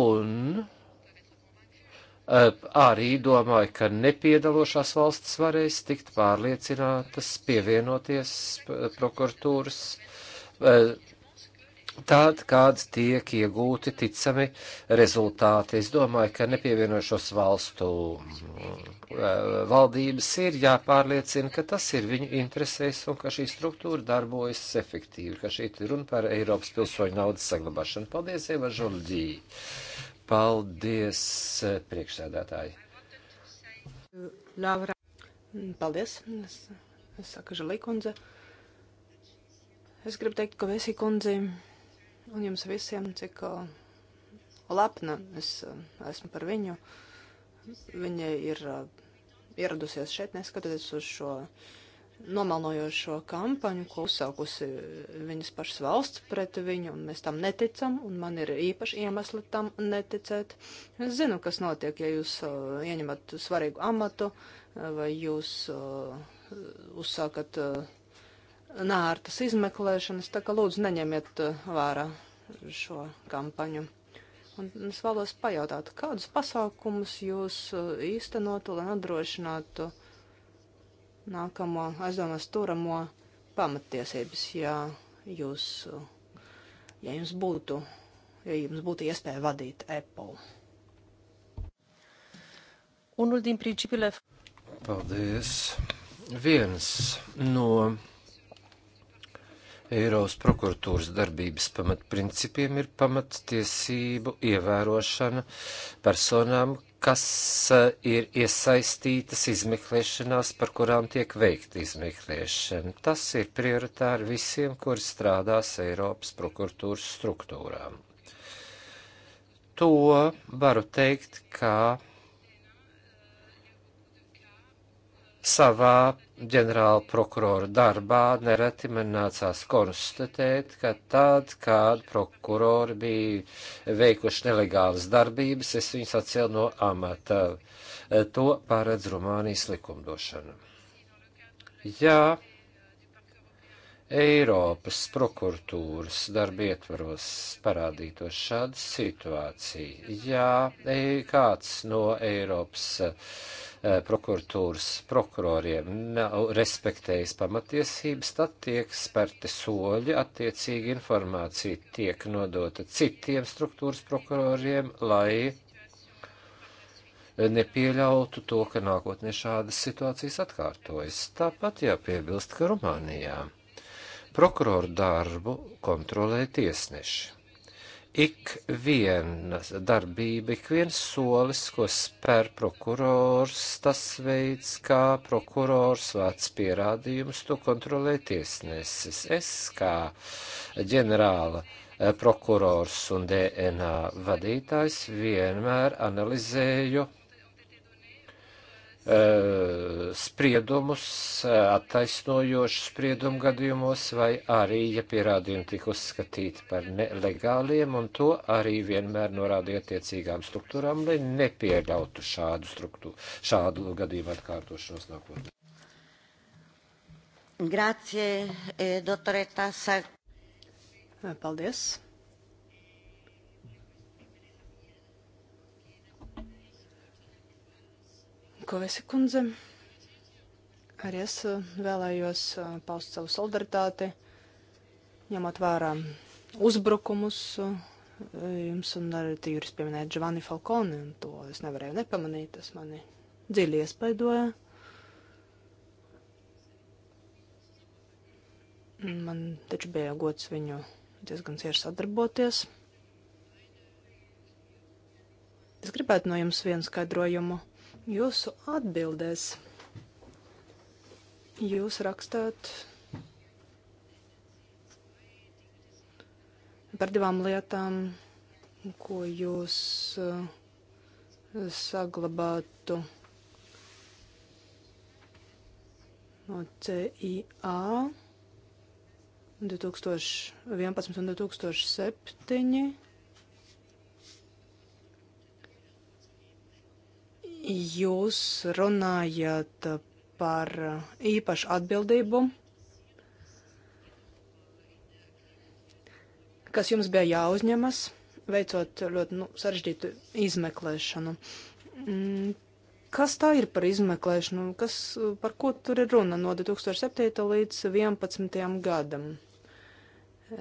un e, arī domāju, ka nepiedalošās valsts varēs tikt pārliecinātas pievienoties e, prokuratūras Tad, kad tiek iegūti ticami rezultāti, es domāju, ka nepievienošos valstu eh, valdības ir jāpārliecina, ka tas ir viņu interesēs un ka šī struktūra darbojas efektīvi, ka šeit ir runa par Eiropas pilsoņu naudas saglabāšanu. Paldies, Eva Žurģī! Paldies, eh, priekšsēdētāji! Laura. Paldies, es, es saku Žalī kundze. Es gribu teikt, ka Vesī kundzei un jums visiem, cik uh, lepna es uh, esmu par viņu. Viņa ir uh, ieradusies šeit, neskatoties uz šo nomalnojošo kampaņu, ko uzsākusi viņas pašas valsts pret viņu, un mēs tam neticam, un man ir īpaši iemesli tam neticēt. Es zinu, kas notiek, ja jūs uh, ieņemat svarīgu amatu, vai jūs uh, uzsākat. Uh, nārtas izmeklēšanas, tā ka lūdzu neņemiet eh, vērā šo kampaņu. Un es vēlos pajautāt, kādus pasākumus jūs eh, īstenotu, lai nodrošinātu nākamo aizdomās turamo pamatiesības, ja jūs, eh, ja jums būtu, ja jums būtu iespēja vadīt Apple. Unul din principiile. Paldies. Viens no Eiropas prokuratūras darbības pamatprincipiem ir pamattiesību ievērošana personām, kas e, ir iesaistītas izmeklēšanās, par kurām tiek veikta izmeklēšana. Tas ir prioritāri visiem, kuri strādās Eiropas prokuratūras struktūrām. To varu teikt, kā savā ģenerāla prokurora darbā nereti man nācās konstatēt, ka tad, kad prokurori bija veikuši nelegālas darbības, es viņus atcēlu no amata. To paredz Rumānijas likumdošana. Jā, Eiropas prokuratūras darba ietvaros parādītos šāda situācija. Ja e, kāds no Eiropas Eh, prokuratūras prokuroriem nav respektējis pamatiesības, tad tiek sperti soļi, attiecīgi informācija tiek nodota citiem struktūras prokuroriem, lai nepieļautu to, ka nākotnē šādas situācijas atkārtojas. Tāpat jāpiebilst, ka Rumānijā prokuroru darbu kontrolē tiesneši ik viena darbība, ik viens solis, ko spēr prokurors, tas veids, kā prokurors vāc pierādījumus, to kontrolē tiesnesis. Es kā ģenerāla eh, prokurors un DNA vadītājs vienmēr analizēju Eh, spriedumus, eh, attaisnojošu spriedumu gadījumos, vai arī, ja pierādījumi tika uzskatīti par nelegāliem, un to arī vienmēr norādīja attiecīgām struktūrām, lai nepieļautu šādu, struktūru, šādu gadījumu atkārtošanos nākotnē. Grazie, eh, doktore Tasa. Paldies. Kovesi kundze, arī es uh, vēlējos uh, paust savu solidaritāti, ņemot vērā uzbrukumus uh, jums, un arī jūs pieminējāt Giovanni Falconi, un to es nevarēju nepamanīt, tas mani dziļi iespaidoja. Man taču bija gods viņu diezgan cieši sadarboties. Es gribētu no jums vienu skaidrojumu. Jūsu atbildēs jūs rakstāt par divām lietām, ko jūs eh, saglabātu no CIA 2011 un 2007. Jūs runājat par īpašu atbildību, kas jums bija jāuzņemas, veicot ļoti nu, sarežģītu izmeklēšanu. Mm, kas tā ir par izmeklēšanu? Kas, par ko tur ir runa no 2007. līdz 2011. gadam?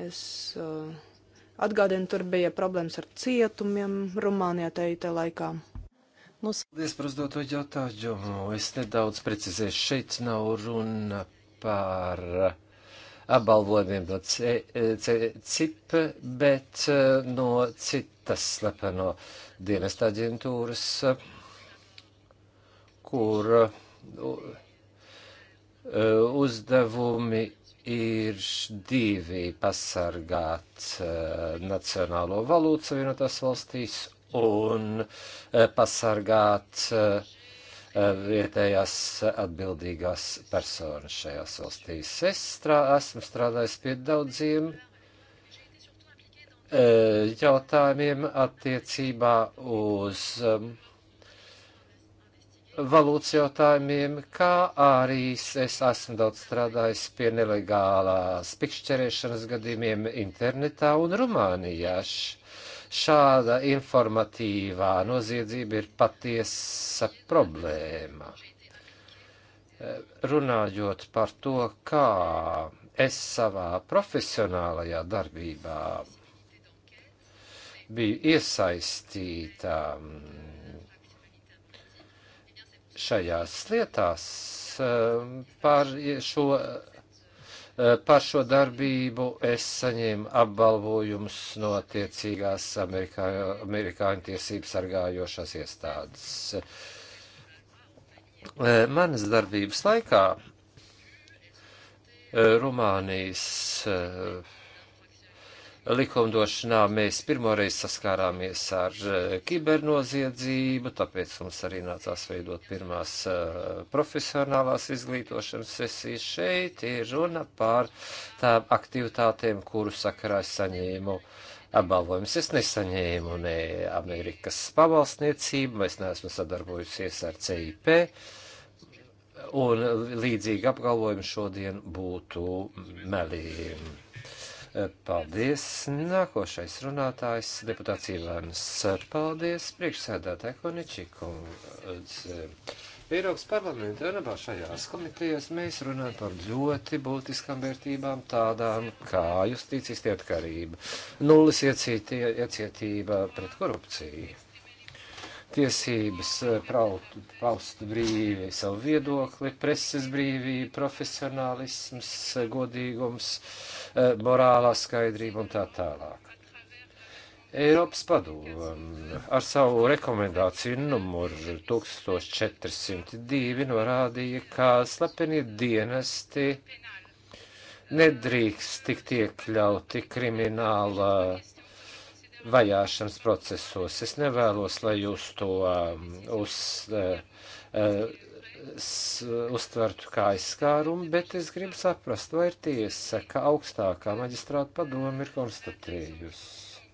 Es uh, atgādinu, tur bija problēmas ar cietumiem Rumānijā tajā laikā. Mums... Paldies par uzdoto jautājumu. Es nedaudz precizēšu. Šeit nav runa par apbalvojumiem no CIP, eh, bet eh, no citas slepeno dienesta aģentūras, kur eh, uzdevumi ir divi pasargāt uh, nacionālo valūtu savienotās valstīs un eh, pasargāt eh, vietējās atbildīgās personas šajās valstīs. Es strā, esmu strādājis pie daudziem eh, jautājumiem attiecībā uz valūtas jautājumiem, kā arī es esmu daudz strādājis pie nelegālās pikšķerēšanas gadījumiem internetā un Rumānijā. Š Šāda informatīvā noziedzība ir patiesa problēma. Runājot par to, kā es savā profesionālajā darbībā biju iesaistīta šajās lietās par šo Eh, par šo darbību es saņēmu apbalvojumus no tiecīgās Amerikā, amerikāņu tiesību sargājošās iestādes. Eh, manas darbības laikā eh, Rumānijas likumdošanā mēs pirmoreiz saskārāmies ar eh, kibernoziedzību, tāpēc mums arī nācās veidot pirmās eh, profesionālās izglītošanas sesijas. Šeit ir runa par tām aktivitātēm, kuru sakarā es saņēmu apbalvojums es nesaņēmu, ne Amerikas pavalsniecību, es neesmu sadarbojusies ar CIP, un līdzīgi apgalvojumi šodien būtu melīgi. Paldies. Nākošais runātājs deputāts Ilēns. Paldies, priekšsēdētāji Koničikundze. Eiropas parlamenta un abā šajās komitejās mēs runājam par ļoti būtiskām vērtībām, tādām kā justīcijas neatkarība, nulles iecietība pret korupciju, tiesības eh, praut, paust brīvi savu viedokli, preses brīvība, profesionālisms, eh, godīgums, eh, morālā skaidrība un tā tālāk. Eiropas padomu ar savu rekomendāciju numuru 1402 norādīja, ka slepenie dienesti nedrīkst tikt iekļauti krimināla uh, vajāšanas procesos. Es nevēlos, lai jūs to um, uz, uh, uh, s, uztvertu kā aizskārumu, bet es gribu saprast, vai ir tiesa, ka augstākā maģistrāta padoma ir konstatējusi,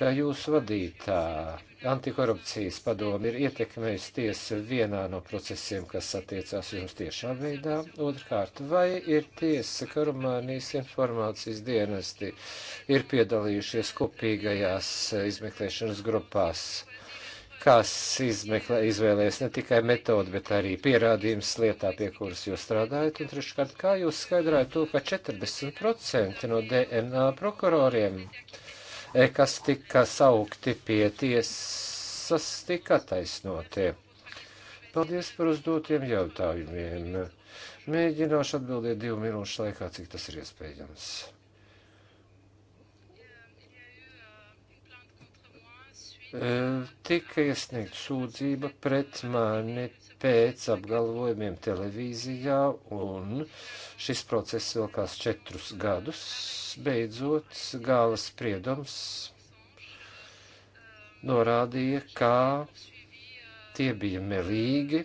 ka jūsu vadītāja Antikorupcijas padomi ir ietekmējusi tiesa vienā no procesiem, kas attiecās jums tiešā veidā. Otrkārt, vai ir tiesa, ka Rumānijas informācijas dienesti ir piedalījušies kopīgajās izmeklēšanas grupās? kas izmeklē, izvēlēs ne tikai metodu, bet arī pierādījums lietā, pie kuras jūs strādājat. Un treškārt, kā jūs skaidrājat to, ka 40% no DNA prokuroriem uh, E, kas tika saukti pie tiesas, tika taisnotie. Paldies par uzdotiem jautājumiem. Mēģināšu atbildēt divu minūšu laikā, cik tas ir iespējams. E, tika iesniegta sūdzība pret mani pēc apgalvojumiem televīzijā, un šis process vilkās četrus gadus. Beidzot, gala spriedums norādīja, kā tie bija melīgi.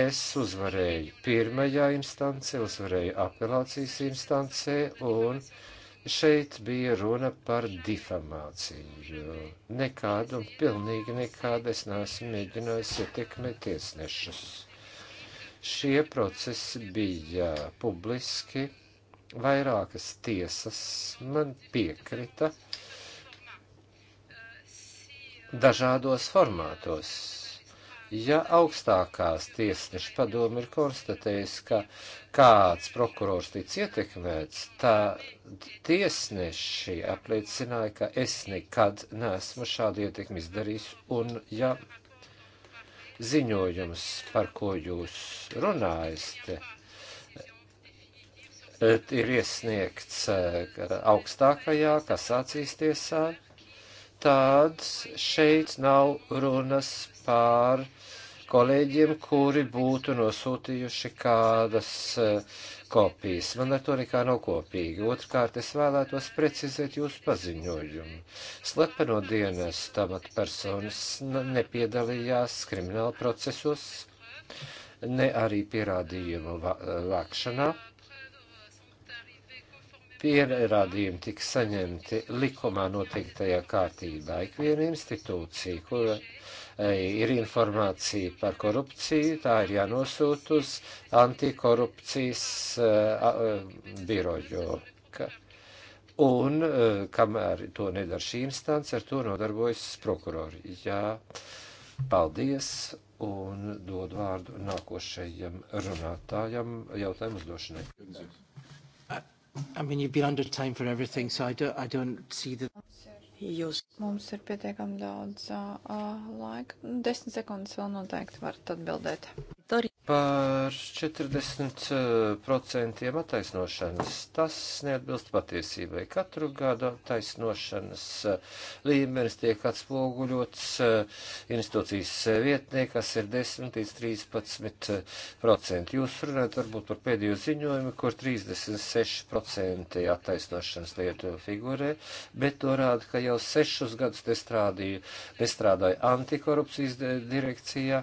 Es uzvarēju pirmajā instancē, uzvarēju apelācijas instancē, un uh, Šeit bija runa par difamāciju. Nekādu, pilnīgi nekādu es neesmu mēģinājis ietekmēt tiesnešus. Šie procesi bija publiski, vairākas tiesas man piekrita dažādos formātos Ja augstākās tiesneša padomi ir konstatējis, ka kāds prokurors tiks ietekmēts, tā tiesneši apliecināja, ka es nekad neesmu šādu ietekmi izdarījis, un ja ziņojums, par ko jūs runājat, ir iesniegts eh, augstākajā kasācijas tiesā, tad šeit nav runas pār uh, kolēģiem, kuri būtu nosūtījuši kādas eh, kopijas. Man ar to nekā nav kopīgi. Otrkārt, es vēlētos precizēt jūsu paziņojumu. Slepeno dienas tamat personas nepiedalījās krimināla procesos, ne arī pierādījumu vākšanā. Vā pierādījumi tika saņemti likumā noteiktajā kārtībā. Ikviena institūcija, kura ir informācija par korupciju, tā ir jānosūt uz antikorupcijas eh, eh, biroju. Un eh, kamēr to nedara šī instance, ar to nodarbojas prokurori. Jā, paldies un dod vārdu nākošajam runātājam jautājumu uzdošanai. I mean, you've been under time for everything, so I don't, I don't see the jūs. Mums ir pietiekami daudz uh, laika. Desmit sekundes vēl noteikti varat atbildēt historia. Par 40% attaisnošanas tas neatbilst patiesībai. Katru gadu attaisnošanas eh, līmenis tiek atspoguļots eh, institūcijas eh, vietnē, kas ir 10 līdz 13%. Jūs runājat varbūt par pēdējo ziņojumu, kur 36% attaisnošanas lietu figurē, bet to rāda, ka jau sešus gadus nestrādāju, nestrādāju antikorupcijas direkcijā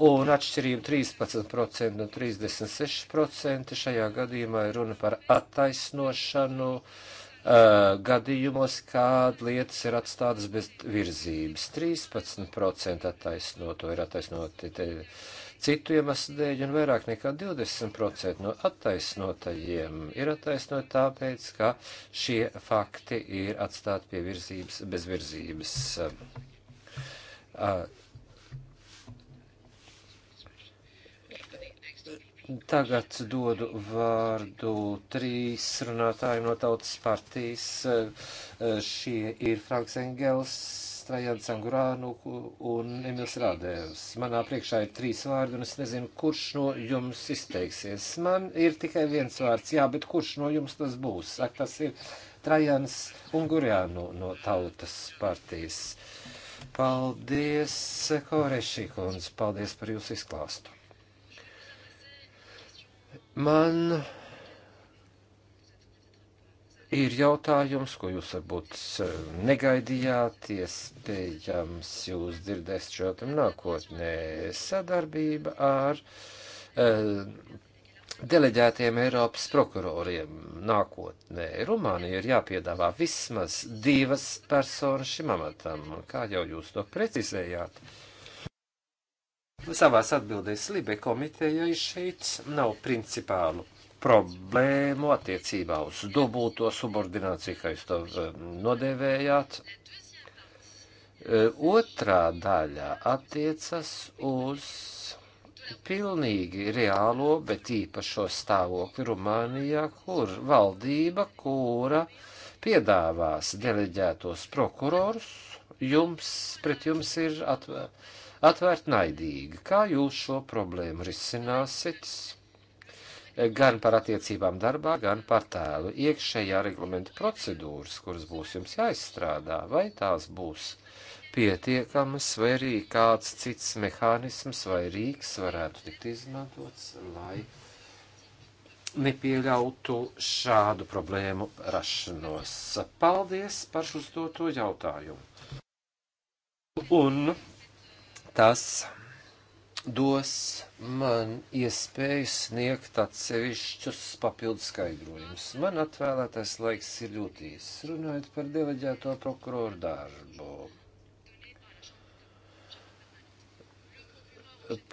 Un atšķirība 13% un 36% šajā gadījumā ir runa par attaisnošanu uh, gadījumos, kād lietas ir atstātas bez virzības. 13% attaisnoto ir attaisnoti te, citu iemeslu dēļ, un vairāk nekā 20% no attaisnotajiem ir attaisnoti tāpēc, ka šie fakti ir atstāti pie virzības bez virzības. Uh, Tagad dodu vārdu trīs runātājiem no tautas partijas. Eh, šie ir Franks Engels, Trajans Angurānu un Emils Rādēvs. Manā priekšā ir trīs vārdi, un es nezinu, kurš no jums izteiksies. Man ir tikai viens vārds, jā, bet kurš no jums tas būs? Ak, tas ir Trajans Ungurānu no tautas partijas. Paldies, Koreši kundze, paldies par jūsu izklāstu. Man ir jautājums, ko jūs varbūt eh, negaidījāt, iespējams jūs dzirdēsiet šo tam nākotnē sadarbība ar uh, deleģētiem Eiropas prokuroriem nākotnē. Rumānija ir jāpiedāvā vismaz divas personas šim amatam, kā jau jūs to precizējāt. Uh, savās atbildēs Libe komitejai šeit nav principālu problēmu attiecībā uz dubulto subordināciju, kā jūs to eh, nodēvējāt. Eh, otrā daļa attiecas uz pilnīgi reālo, bet īpašo stāvokli Rumānijā, kur valdība, kura piedāvās deleģētos prokurors, jums, pret jums ir atvērta atvērt naidīgi. Kā jūs šo problēmu risināsiet? gan par attiecībām darbā, gan par tēlu. Iekšējā reglamenta procedūras, kuras būs jums jāizstrādā, vai tās būs pietiekamas, vai arī kāds cits mehānisms vai rīks varētu tikt izmantots, lai nepieļautu šādu problēmu rašanos. Paldies par uzdoto jautājumu. Un Tas dos man iespēju sniegt atsevišķus papildu skaidrojumus. Man atvēlētais laiks ir ļoti īs, runājot par deleģēto prokuroru darbu.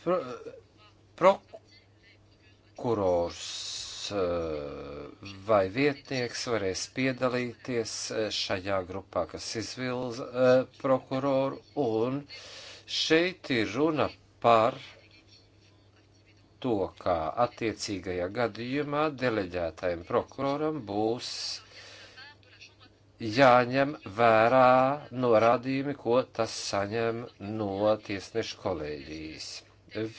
Pro, prokurors eh, vai vietnieks varēs piedalīties eh, šajā grupā, kas izvilza eh, prokuroru, un Šeit ir runa par to, kā attiecīgajā gadījumā deleģētajam prokuroram būs jāņem vērā norādījumi, ko tas saņem no tiesnešu kolēģijas.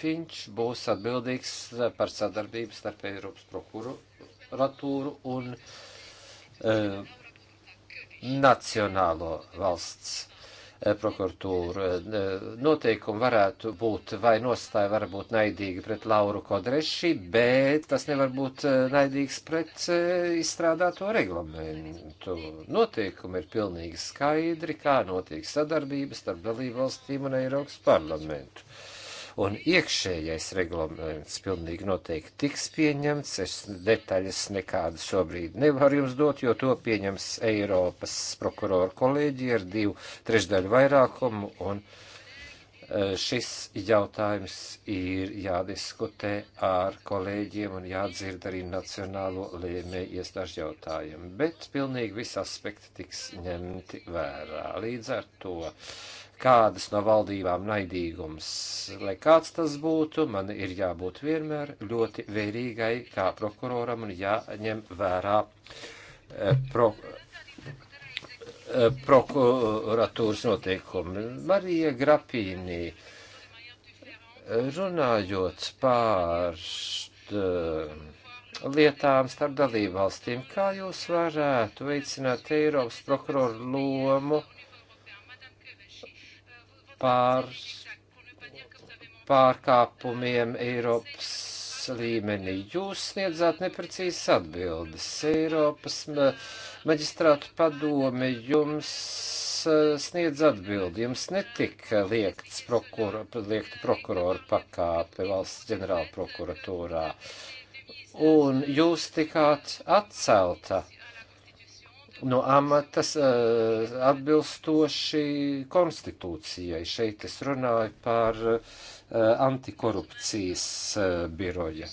Viņš būs atbildīgs par sadarbību starp Eiropas prokuratūru un uh, Nacionālo valsts Eh, prokuratūru. Eh, noteikumi varētu būt vai nostāja var būt naidīga pret Lauru Kodreši, bet tas nevar būt eh, naidīgs pret izstrādāto reglamentu. Noteikumi ir pilnīgi skaidri, kā notiek sadarbības starp dalībvalstīm un Eiropas parlamentu un iekšējais reglaments pilnīgi noteikti tiks pieņemts. Es detaļas nekādas šobrīd nevaru jums dot, jo to pieņems Eiropas prokuroru kolēģi ar divu trešdaļu vairākumu, un e, šis jautājums ir jādiskutē ar kolēģiem un jādzird arī nacionālo lēmēju iestāžu jautājumu. Bet pilnīgi visi aspekti tiks ņemti vērā. Līdz ar to kādas no valdībām naidīgums. Lai kāds tas būtu, man ir jābūt vienmēr ļoti vērīgai kā prokuroram un jāņem vērā eh, pro, eh, prokuratūras noteikumi. Marija Grapīnī, runājot pār eh, lietām starp dalībvalstīm, kā jūs varētu veicināt Eiropas prokuroru lomu? pār, pārkāpumiem Eiropas līmenī. Jūs sniedzāt neprecīzas atbildes. Eiropas maģistrātu padome jums e, sniedz atbildi. Jums netika liekts prokura, liekta prokurora pakāpe valsts ģenerāla prokuratūrā. Un jūs tikāt atcelta no amatas eh, atbilstoši konstitūcijai. Šeit es runāju par eh, antikorupcijas eh, biroja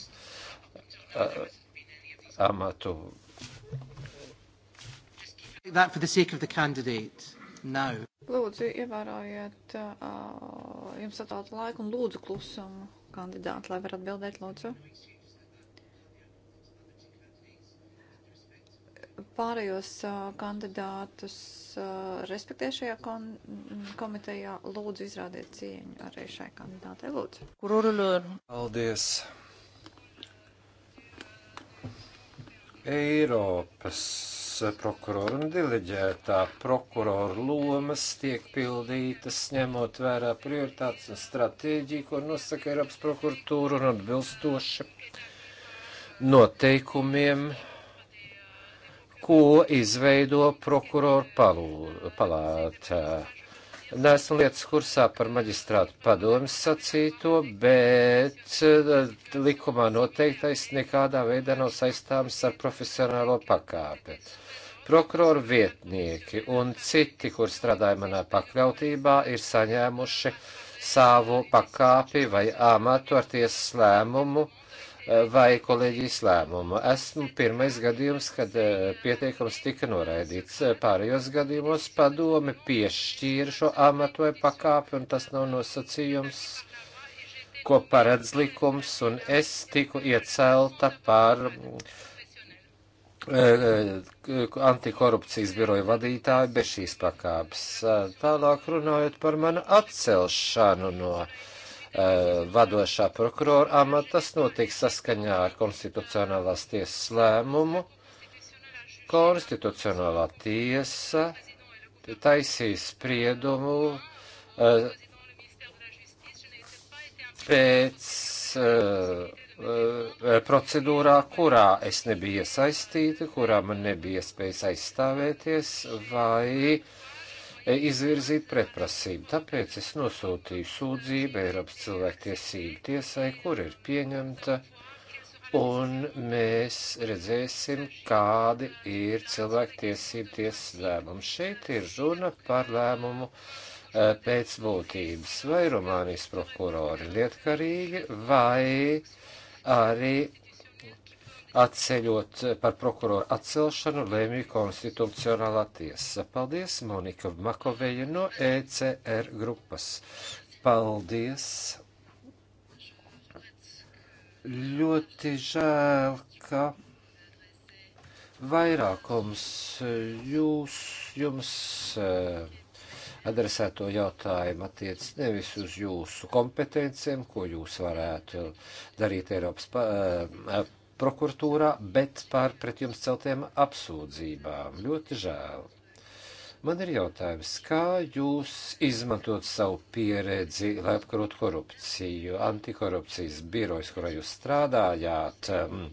amatu. That for the sake of the candidate now. Lūdzu, ievērojiet uh, jums atvēlētu laiku un lūdzu klusumu kandidātu, lai var atbildēt, lūdzu. pārējos kandidātus respektē šajā komitejā. Lūdzu, izrādiet cieņu arī šai kandidātei. Lūdzu. Paldies! Eiropas prokurora un diliģētā prokurora lomas tiek pildītas, ņemot vērā prioritātes un stratēģiju, ko nosaka Eiropas prokuratūra un atbilstoši noteikumiem ko izveido prokuroru palāta. Nesmu lietas kursā par maģistrātu padomu sacīto, bet eh, likumā noteiktais nekādā veidā nav saistāms ar profesionālo pakāpi. Prokuroru vietnieki un citi, kur strādāja manā pakļautībā, ir saņēmuši savu pakāpi vai amatu ar tiesas lēmumu vai kolēģijas lēmumu. Esmu pirmais gadījums, kad eh, pieteikums tika noraidīts. Pārējos gadījumos padome piešķīra šo amatu vai pakāpi, un tas nav nosacījums, ko paredz likums, un es tiku iecelta par eh, eh, antikorupcijas biroja vadītāju bez šīs pakāpes. Tālāk runājot par manu atcelšanu no uh, Eh, vadošā prokurora amata. Tas notiks saskaņā ar konstitucionālās tiesas lēmumu. Konstitucionālā tiesa taisīs spriedumu uh, pēc uh, procedūrā, kurā es nebiju iesaistīta, kurā man nebija iespējas aizstāvēties, vai uh, izvirzīt pretprasību. Tāpēc es nosūtīju sūdzību Eiropas cilvēktiesību tiesai, kur ir pieņemta, un mēs redzēsim, kādi ir cilvēktiesību tiesas lēmumi. Šeit ir runa par lēmumu eh, pēc būtības. Vai Rumānijas prokurori lietkarīgi, vai arī atceļot eh, par prokuroru atcelšanu lēmīja konstitucionālā tiesa. Paldies, Monika Makoveja no ECR grupas. Paldies! Ļoti žēl, ka vairākums jūs, jums eh, adresēto jautājumu attiec nevis uz jūsu kompetencijiem, ko jūs varētu darīt Eiropas pa, eh, prokuratūrā, bet par pret jums celtiem apsūdzībām. Ļoti žēl. Man ir jautājums, kā jūs izmantot savu pieredzi, lai apkarotu korupciju, antikorupcijas birojas, kurā jūs strādājāt, um,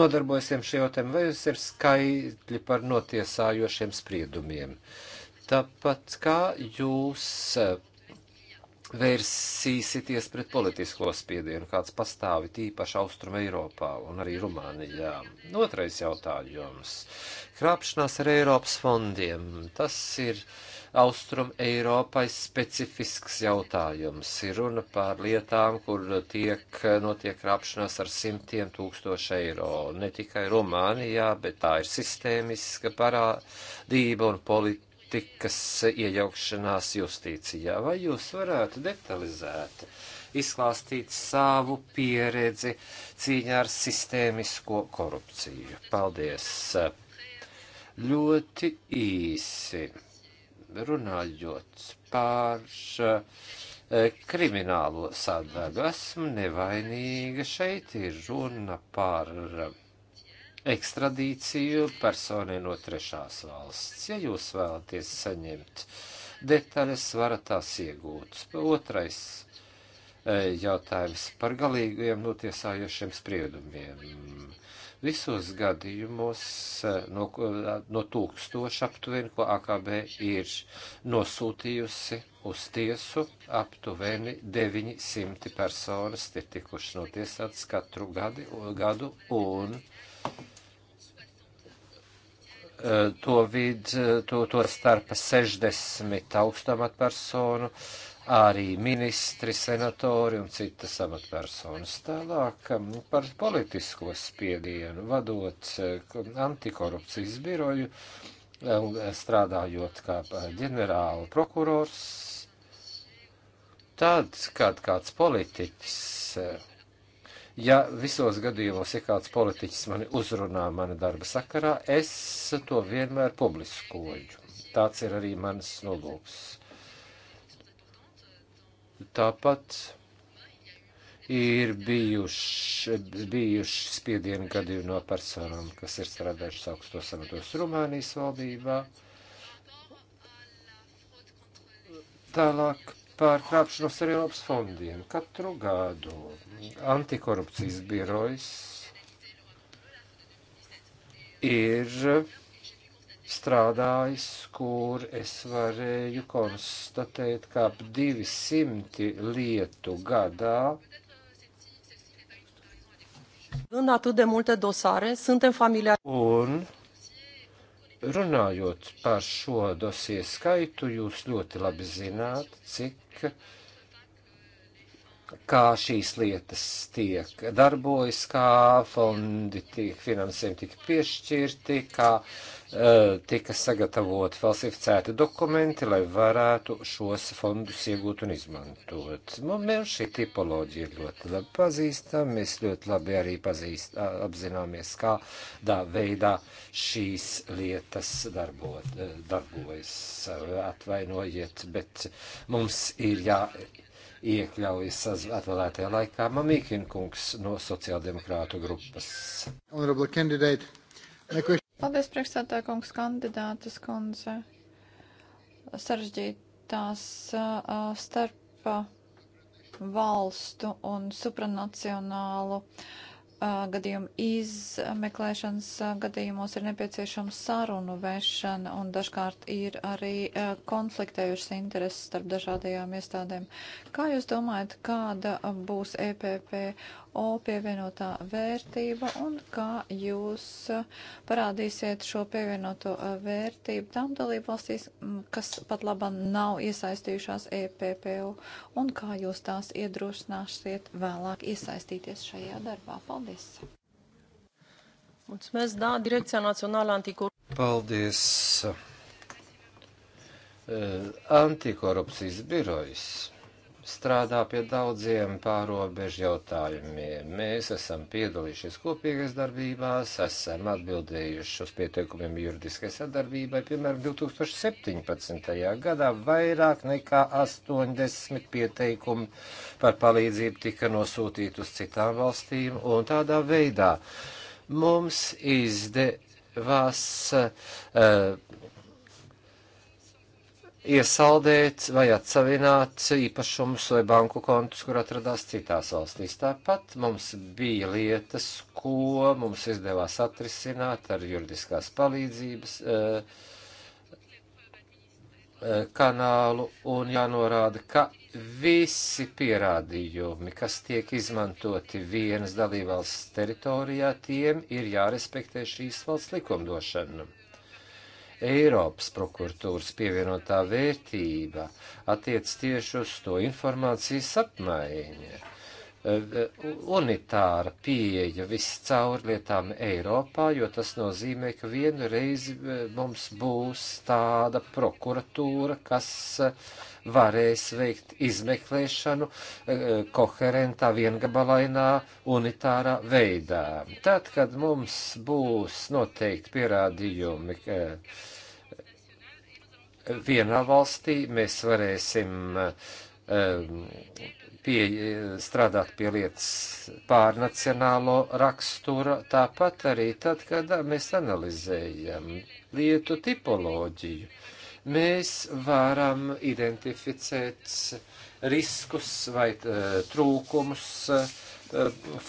nodarbojas ar šiem jautājumiem, vai jums ir skaitļi par notiesājošiem spriedumiem? Tāpat kā jūs vērsīsities pret politisko spiedienu, kāds pastāvi tīpaši Austrum Eiropā un arī Rumānijā. Otrais jautājums. Krāpšanās ar Eiropas fondiem. Tas ir Austrum Eiropai specifisks jautājums. Ir runa par lietām, kur tiek notiek krāpšanās ar simtiem tūkstoši eiro. Ne tikai Rumānijā, bet tā ir sistēmiska parādība un politika politikas iejaukšanās justīcijā. Vai jūs varētu detalizēt izklāstīt savu pieredzi cīņā ar sistēmisko korupciju? Paldies! Ļoti īsi runājot par eh, kriminālo sadaļu. Esmu nevainīga. Šeit ir runa par ekstradīciju personai no trešās valsts. Ja jūs vēlaties saņemt detaļas, varat tās iegūt. Otrais e, jautājums par galīgajiem notiesājošiem spriedumiem. Visos gadījumos e, no, no tūkstoša aptuveni, ko AKB ir nosūtījusi uz tiesu, aptuveni 900 personas ir tikuši notiesātas katru gadi, gadu un to vid, to, to starp 60 augstamatpersonu, arī ministri, senatori un citas amatpersonas. Tālāk um, par politisko spiedienu, vadot um, antikorupcijas biroju, um, strādājot kā uh, ģenerāla prokurors, tad, kad kāds politiķis uh, ja visos gadījumos, ja kāds politiķis mani uzrunā mana darba sakarā, es to vienmēr publiskoju. Tāds ir arī mans nolūks. Tāpat ir bijuši, bijuši spiedienu gadījumi no personām, kas ir strādājušas augstos amatos Rumānijas valdībā. Tālāk par krāpšanos ar Eiropas fondiem. Katru gadu antikorupcijas birojs ir strādājis, kur es varēju konstatēt, ka ap 200 lietu gadā. Nu, în atât de multe dosare, suntem familiari. Un Runājot par šo dosie skaitu, jūs ļoti labi zināt, cik uh, kā šīs lietas tiek darbojas, kā fondi tiek finansējumi tika piešķirti, kā uh, tika sagatavot falsificēti dokumenti, lai varētu šos fondus iegūt un izmantot. Mums šī tipoloģija ir ļoti labi pazīstama, mēs ļoti labi arī pazīst, apzināmies, kādā veidā šīs lietas darbot, eh, darbojas. Atvainojiet, bet mums ir jā iekļaujas atvēlētajā laikā. Mamīkin kungs no sociāldemokrātu grupas. Paldies, priekšstādā kungs, kandidātas kundze. Saržģītās uh, starp valstu un supranacionālu uh, gadījumu izmeklēšanas gadījumos ir nepieciešama sarunu vešana un dažkārt ir arī konfliktējušas intereses starp dažādajām iestādēm. Kā jūs domājat, kāda būs EPPO pievienotā vērtība un kā jūs parādīsiet šo pievienoto vērtību tām dalību valstīs, kas pat labam nav iesaistījušās EPPO un kā jūs tās iedrošināsiet vēlāk iesaistīties šajā darbā? Paldies! Paldies! Mulțumesc, da, Direcția Națională Anticorupție. Paldies! Eh, Antikorupcijas birojas strādā pie daudziem pārobežu jautājumiem. Mēs esam piedalījušies kopīgās darbībās, esam atbildējuši uz pieteikumiem juridiskai sadarbībai, piemēram, 2017. gadā vairāk nekā 80 pieteikumi par palīdzību tika nosūtīti uz citām valstīm, un tādā veidā mums izdevās. Uh, iesaldēt vai atsavināt īpašumus vai banku kontus, kur atradās citās valstīs. Tāpat mums bija lietas, ko mums izdevās atrisināt ar juridiskās palīdzības eh, eh, kanālu un jānorāda, ka visi pierādījumi, kas tiek izmantoti vienas dalībvalsts teritorijā, tiem ir jārespektē šīs valsts likumdošana. Eiropas prokuratūras pievienotā vērtība attiec tieši uz to informācijas apmaiņu Eh, unitāra pieeja viscaur lietām Eiropā, jo tas nozīmē, ka vienu reizi eh, mums būs tāda prokuratūra, kas eh, varēs veikt izmeklēšanu koherentā, viengabalainā, unitārā veidā. Tad, kad mums būs noteikti pierādījumi, ka vienā valstī mēs varēsim um, pie, eh, strādāt pie lietas pārnacionālo rakstura, tāpat arī tad, kad mēs analizējam lietu tipoloģiju, mēs varam identificēt riskus vai eh, trūkumus eh,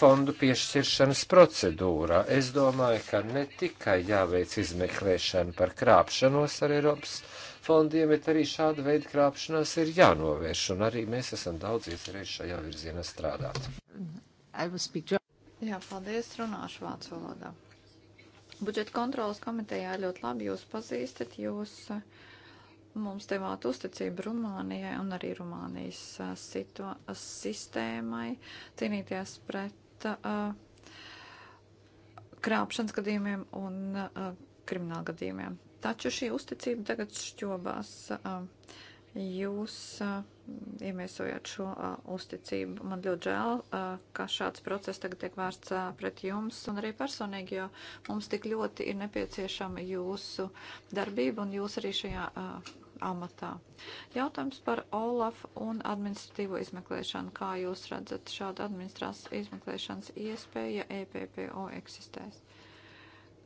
fondu piešķiršanas procedūrā. Es domāju, ka ne tikai jāveic izmeklēšana par krāpšanos ar Eiropas fondiem, bet arī šāda veida krāpšanās ir jānovērš, un arī mēs esam daudz iecerējuši šajā virzienā strādāt. Jā, paldies, runāšu vācu valodā. Budžeta kontrolas komitejā ļoti labi jūs pazīstat, jūs uh, mums devāt uzticību Rumānijai un arī Rumānijas uh, situa, uh, sistēmai cīnīties pret uh, krāpšanas gadījumiem un uh, krimināla gadījumiem. Taču šī uzticība tagad šķobās. Jūs iemiesojāt šo uzticību. Man ļoti žēl, ka šāds process tagad tiek vērsts pret jums un arī personīgi, jo mums tik ļoti ir nepieciešama jūsu darbība un jūs arī šajā amatā. Jautājums par OLAF un administratīvo izmeklēšanu. Kā jūs redzat, šāda administrās izmeklēšanas iespēja EPPO eksistēs?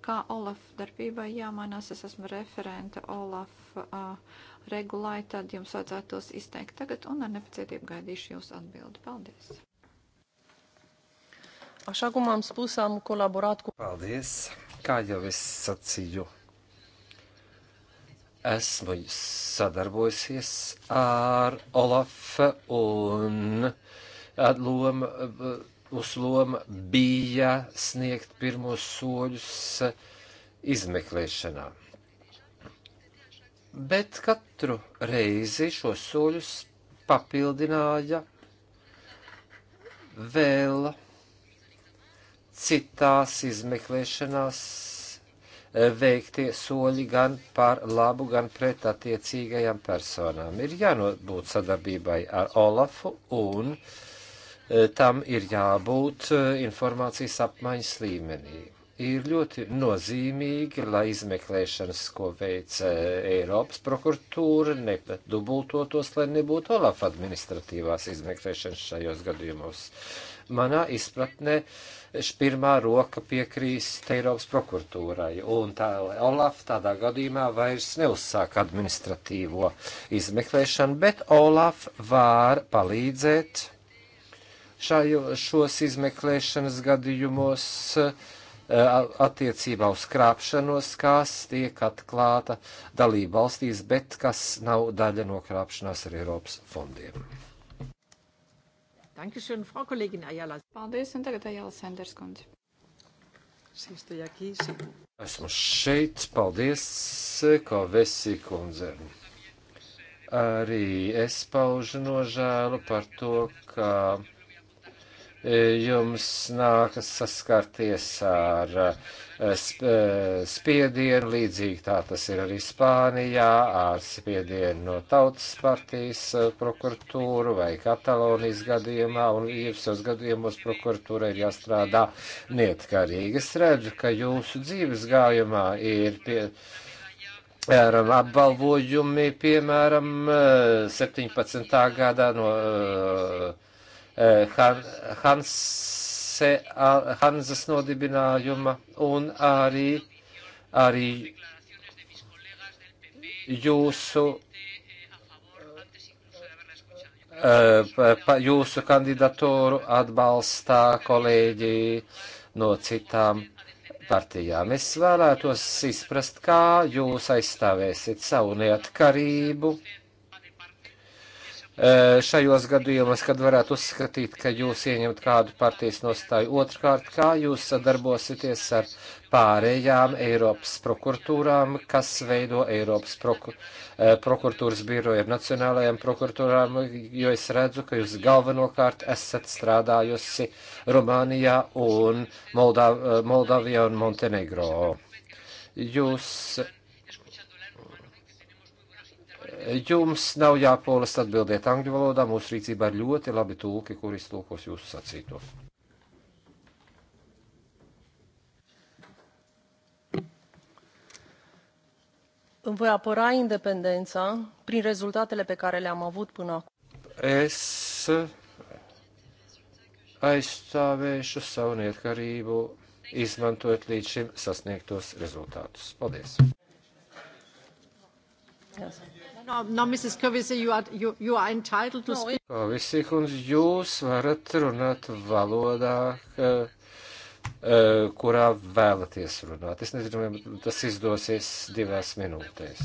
kā Olaf darbībai jāmainās. Es esmu referente Olaf uh, regulai, tad jums vajadzētu tos izteikt tagad un ar nepacietību gaidīšu jūsu atbildi. Paldies! Așa cum am spus, am colaborat cu... Paldies! Kā jau es sacīju, esmu sadarbojusies ar Olaf un loma uz loma bija sniegt pirmos soļus izmeklēšanā. Bet katru reizi šos soļus papildināja vēl citās izmeklēšanās e, veiktie soļi gan par labu, gan pret attiecīgajām personām. Ir jābūt sadarbībai ar Olafu un uh, Eh, tam ir jābūt eh, informācijas apmaiņas līmenī. Ir ļoti nozīmīgi, lai izmeklēšanas, ko veic eh, Eiropas prokuratūra, nedubultotos, lai nebūtu Olaf administratīvās izmeklēšanas šajos gadījumos. Manā izpratnē pirmā roka piekrīst Eiropas prokuratūrai, un tā Olaf tādā gadījumā vairs neuzsāk administratīvo izmeklēšanu, bet Olaf var palīdzēt šajo, šos izmeklēšanas gadījumos eh, attiecībā uz krāpšanos, kas tiek atklāta dalība valstīs, bet kas nav daļa no krāpšanās ar Eiropas fondiem. Dankeschön, Frau Kollegin Ayala. Paldies, un tagad Ayala Sanders kundze. Esmu šeit, paldies, kā Vesī kundze. Arī es paužu nožēlu par to, ka E, jums nākas saskarties ar e, e, spiedienu, līdzīgi tā tas ir arī Spānijā, ar spiedienu no tautas partijas prokuratūru vai Katalonijas gadījumā, un visos gadījumos prokuratūra ir jāstrādā neatkarīgi. Es redzu, ka jūsu dzīves gājumā ir pie. Piemēram, apbalvojumi, piemēram, 17. gadā no uh, Hanse, Hanzas nodibinājuma un arī, arī jūsu eh, jūsu kandidatūru atbalstā kolēģi no citām partijām. Es vēlētos izprast, kā jūs aizstāvēsiet savu neatkarību šajos gadījumos, kad varētu uzskatīt, ka jūs ieņemt kādu partijas nostāju. Otrkārt, kā jūs sadarbosieties ar pārējām Eiropas prokuratūrām, kas veido Eiropas proku, prokuratūras biroju ar nacionālajām prokuratūrām, jo es redzu, ka jūs galvenokārt esat strādājusi Rumānijā un Moldav Moldavijā un Montenegro. Jūs Jums nav jāpolas atbildēt angļu valodā, mūsu rīcībā ir ļoti labi tulki, kuri iztulkos jūsu sacīto. Voi apăra independența prin rezultatele pe care le-am avut până acum. Es aizstāvēšu savu neatkarību, izmantojot līdz šim sasniegtos rezultātus. Paldies! Yes. No, no, Mrs. Kavisa, you are, you, you are entitled to speak. Kavisi, kundz, jūs varat runāt valodā, ka, uh, kurā vēlaties runāt. Es nezinu, vai tas izdosies divās minūtēs.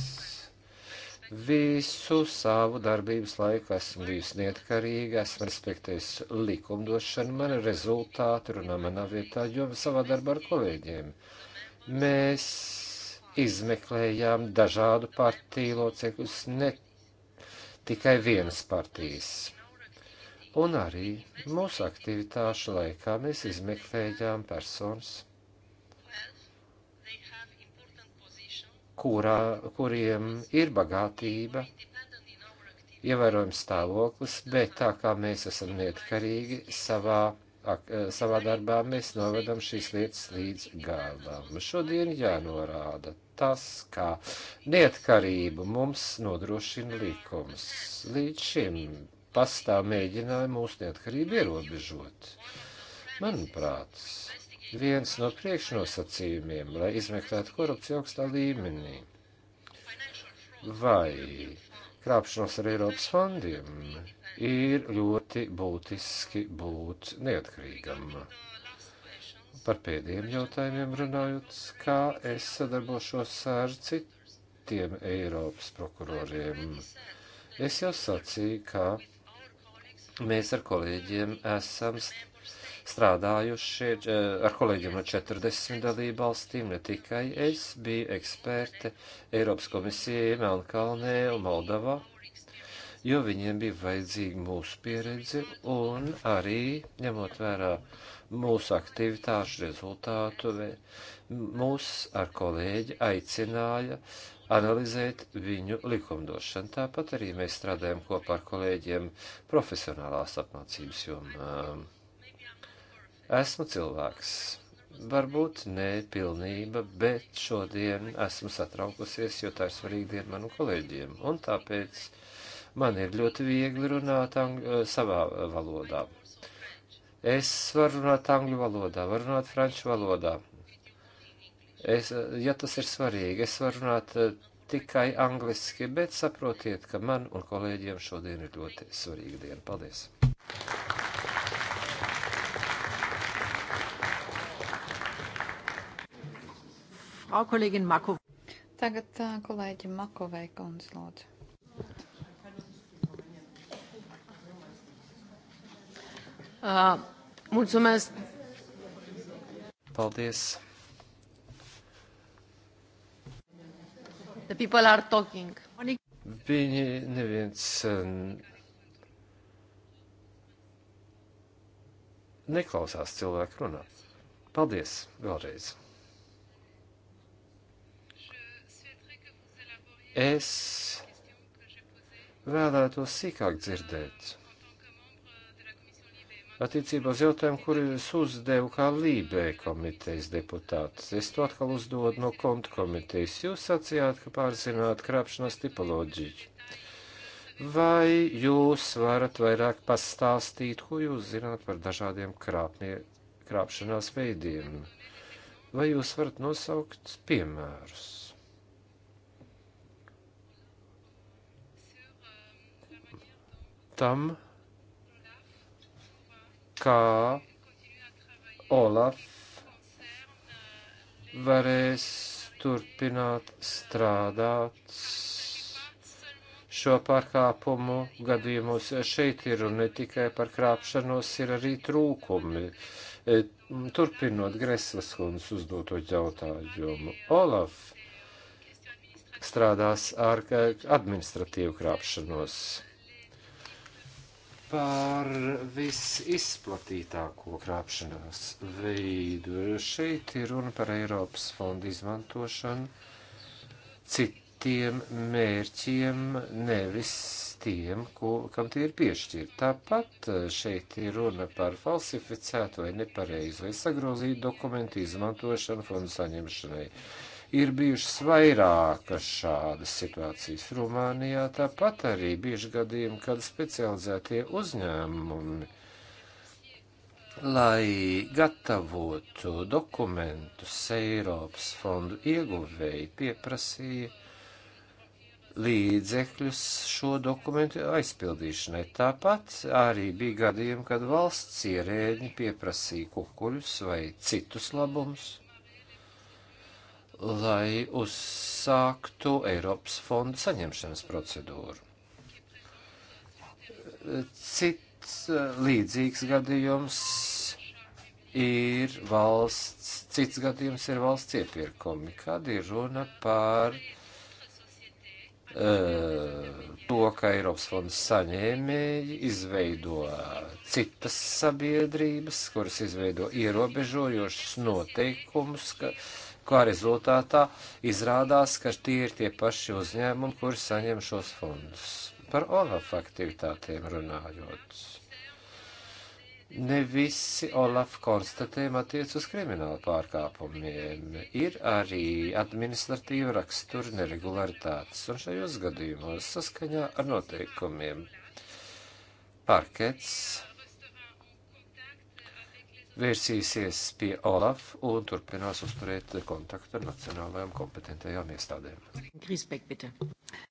Visu savu darbības laiku esmu bijusi neatkarīga, esmu respektējusi likumdošanu, man ir rezultāti, runā manā vietā, jo savā darbā ar kolēģiem. Mēs izmeklējām dažādu partiju locekļus, ne tikai vienas partijas. Un arī mūsu aktivitāšu laikā mēs izmeklējām personas, kurā, kuriem ir bagātība, ievērojams stāvoklis, bet tā kā mēs esam neatkarīgi savā ak, eh, savā darbā mēs novedam šīs lietas līdz galam. Šodien jānorāda tas, kā neatkarību mums nodrošina likums. Līdz šim pastāv mēģinājumi mūsu neatkarību ierobežot. Manuprāt, viens no priekšnosacījumiem, lai izmeklētu korupciju augstā līmenī, vai krāpšanos ar Eiropas fondiem, ir ļoti būtiski būt neatkarīgam. Par pēdējiem jautājumiem runājot, kā es sadarbošos ar citiem Eiropas prokuroriem. Es jau sacīju, ka mēs ar kolēģiem esam strādājuši, eh, ar kolēģiem no 40 dalību valstīm, ne tikai es biju eksperte Eiropas komisijai Melnkalnē un Moldavā jo viņiem bija vajadzīga mūsu pieredze un arī ņemot vērā mūsu aktivitāšu rezultātu, mūs ar kolēģi aicināja analizēt viņu likumdošanu. Tāpat arī mēs strādājam kopā ar kolēģiem profesionālās apmācības jomā. Esmu cilvēks. Varbūt ne pilnība, bet šodien esmu satraukusies, jo tā ir svarīga diena manu kolēģiem. Un tāpēc Man ir ļoti viegli runāt angļu, eh, savā eh, valodā. Es varu runāt angļu valodā, varu runāt franču valodā. Es, eh, ja tas ir svarīgi, es varu runāt tikai angliski, bet saprotiet, ka man un kolēģiem šodien ir ļoti svarīga diena. Paldies! Frau Kollegin Mako. Tagad kolēģi Makovei kundze lūdzu. Uh, mulțumesc! Paldies! The people are talking. Viņi neviens um, neklausās cilvēku runā. Paldies vēlreiz. Es vēlētos sīkāk dzirdēt attiecībā uz jautājumu, kuru es uzdevu kā Lībē komitejas deputāts. Es to atkal uzdodu no kontu komitejas. Jūs sacījāt, ka pārzināt krāpšanās tipoloģiju. Vai jūs varat vairāk pastāstīt, ko jūs zināt par dažādiem krāpnie, krāpšanās veidiem? Vai jūs varat nosaukt piemērus? Tam kā Olaf varēs turpināt strādāt šo pārkāpumu gadījumus. Šeit ir un ne tikai par krāpšanos, ir arī trūkumi. E, turpinot Greslas kundas uzdoto jautājumu, Olaf strādās ar e, administratīvu krāpšanos par visizplatītāko krāpšanās veidu. Šeit ir runa par Eiropas fondu izmantošanu citiem mērķiem, nevis tiem, ko, kam tie ir piešķirti. Tāpat e, šeit ir runa par falsificētu vai nepareizu vai sagrozītu dokumentu izmantošanu fondu saņemšanai. Uh, Ir bijušas vairākas šādas situācijas Rumānijā, tāpat arī bieži gadījumi, kad specializētie uzņēmumi, lai gatavotu dokumentus Eiropas fondu ieguvēji, pieprasīja līdzekļus šo dokumentu aizpildīšanai. Tāpat arī bija gadījumi, kad valsts ierēģi pieprasīja kukuļus vai citus labumus lai uzsāktu Eiropas fondu saņemšanas procedūru. Cits eh, līdzīgs gadījums ir valsts, cits gadījums ir valsts iepirkumi, kad ir runa par eh, to, ka Eiropas fonda saņēmēji izveido citas sabiedrības, kuras izveido ierobežojošas noteikumus, ka, uh, kā rezultātā izrādās, ka tie ir tie paši uzņēmumi, kuri saņem šos fondus. Par OLAF aktivitātēm runājot. Ne visi Olaf konstatējumi attiec uz kriminālu pārkāpumiem. Ir arī administratīva rakstura neregularitātes, un šajos gadījumos saskaņā ar noteikumiem parkets vērsīsies pie OLAF un turpinās uzturēt kontaktu ar nacionālajām kompetentajām iestādēm. Grīsbek, bitte.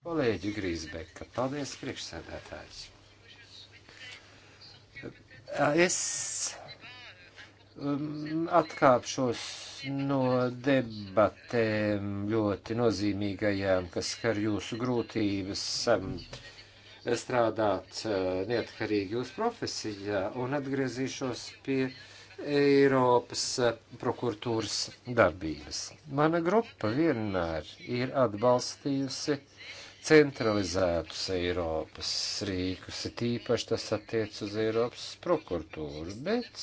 Kolēģi Grīsbeka, paldies priekšsēdētājs. Es um, atkāpšos no debatēm ļoti nozīmīgajām, kas skar jūsu grūtības um, strādāt uh, neatkarīgi jūsu profesijā, un atgriezīšos pie uh, Eiropas eh, prokuratūras darbības. Mana grupa vienmēr ir atbalstījusi centralizētus Eiropas rīkus, ir tīpaši tas attiec uz Eiropas prokuratūru, bet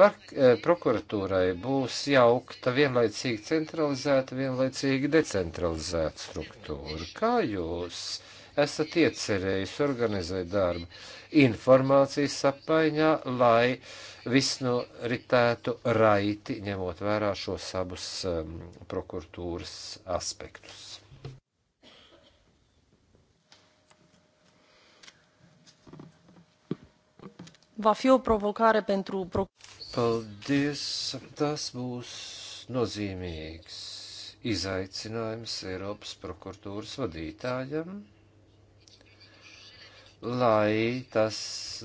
par, eh, prokuratūrai būs jaukta vienlaicīgi centralizēta, vienlaicīgi decentralizēta struktūra. Kā jūs esat iecerējis organizēt darbu informācijas apmaiņā, lai uh, viss noritētu raiti, ņemot vērā šos abus um, prokuratūras aspektus. Va fi o provocare pentru Paldies! Tas būs nozīmīgs izaicinājums Eiropas prokuratūras vadītājam lai, tas,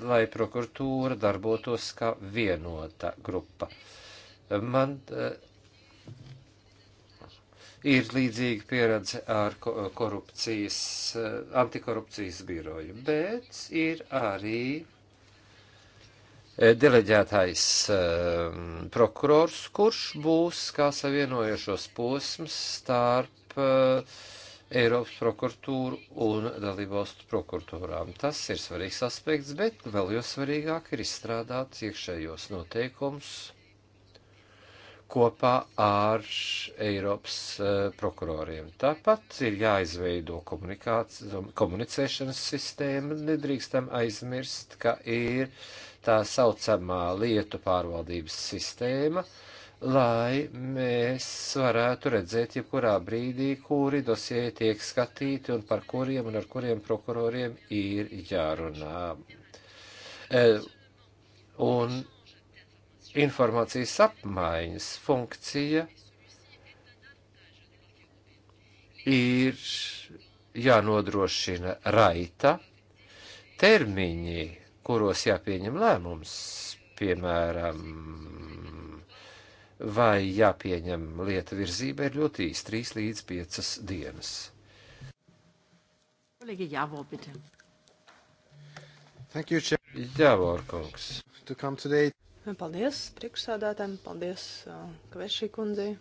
lai prokuratūra darbotos kā vienota grupa. Man uh, ir līdzīga pieredze ar korupcijas, uh, antikorupcijas biroju, bet ir arī eh, deleģētais uh, prokurors, kurš būs kā savienojošos posms starp uh, Eiropas prokuratūru un dalībvalstu prokuratūrām. Tas ir svarīgs aspekts, bet vēl jau svarīgāk ir izstrādāt iekšējos noteikums kopā ar Eiropas uh, prokuroriem. Tāpat ir jāizveido komunicēšanas sistēma. Nedrīkstam aizmirst, ka ir tā saucamā lietu pārvaldības sistēma, uh, lai mēs varētu redzēt, jebkurā brīdī, kuri dosie tiek skatīti un par kuriem un ar kuriem prokuroriem ir jārunā. E, un informācijas apmaiņas funkcija ir jānodrošina raita termiņi, kuros jāpieņem lēmums, piemēram, vai jāpieņem lieta virzība, ir ļoti īsti - 3 līdz 5 dienas. Kolēģi Jāvor, bitte. Thank you, Chair. Jāvor, kungs. To come today. Paldies priekšsādātājiem, paldies uh, Kvešī kundzei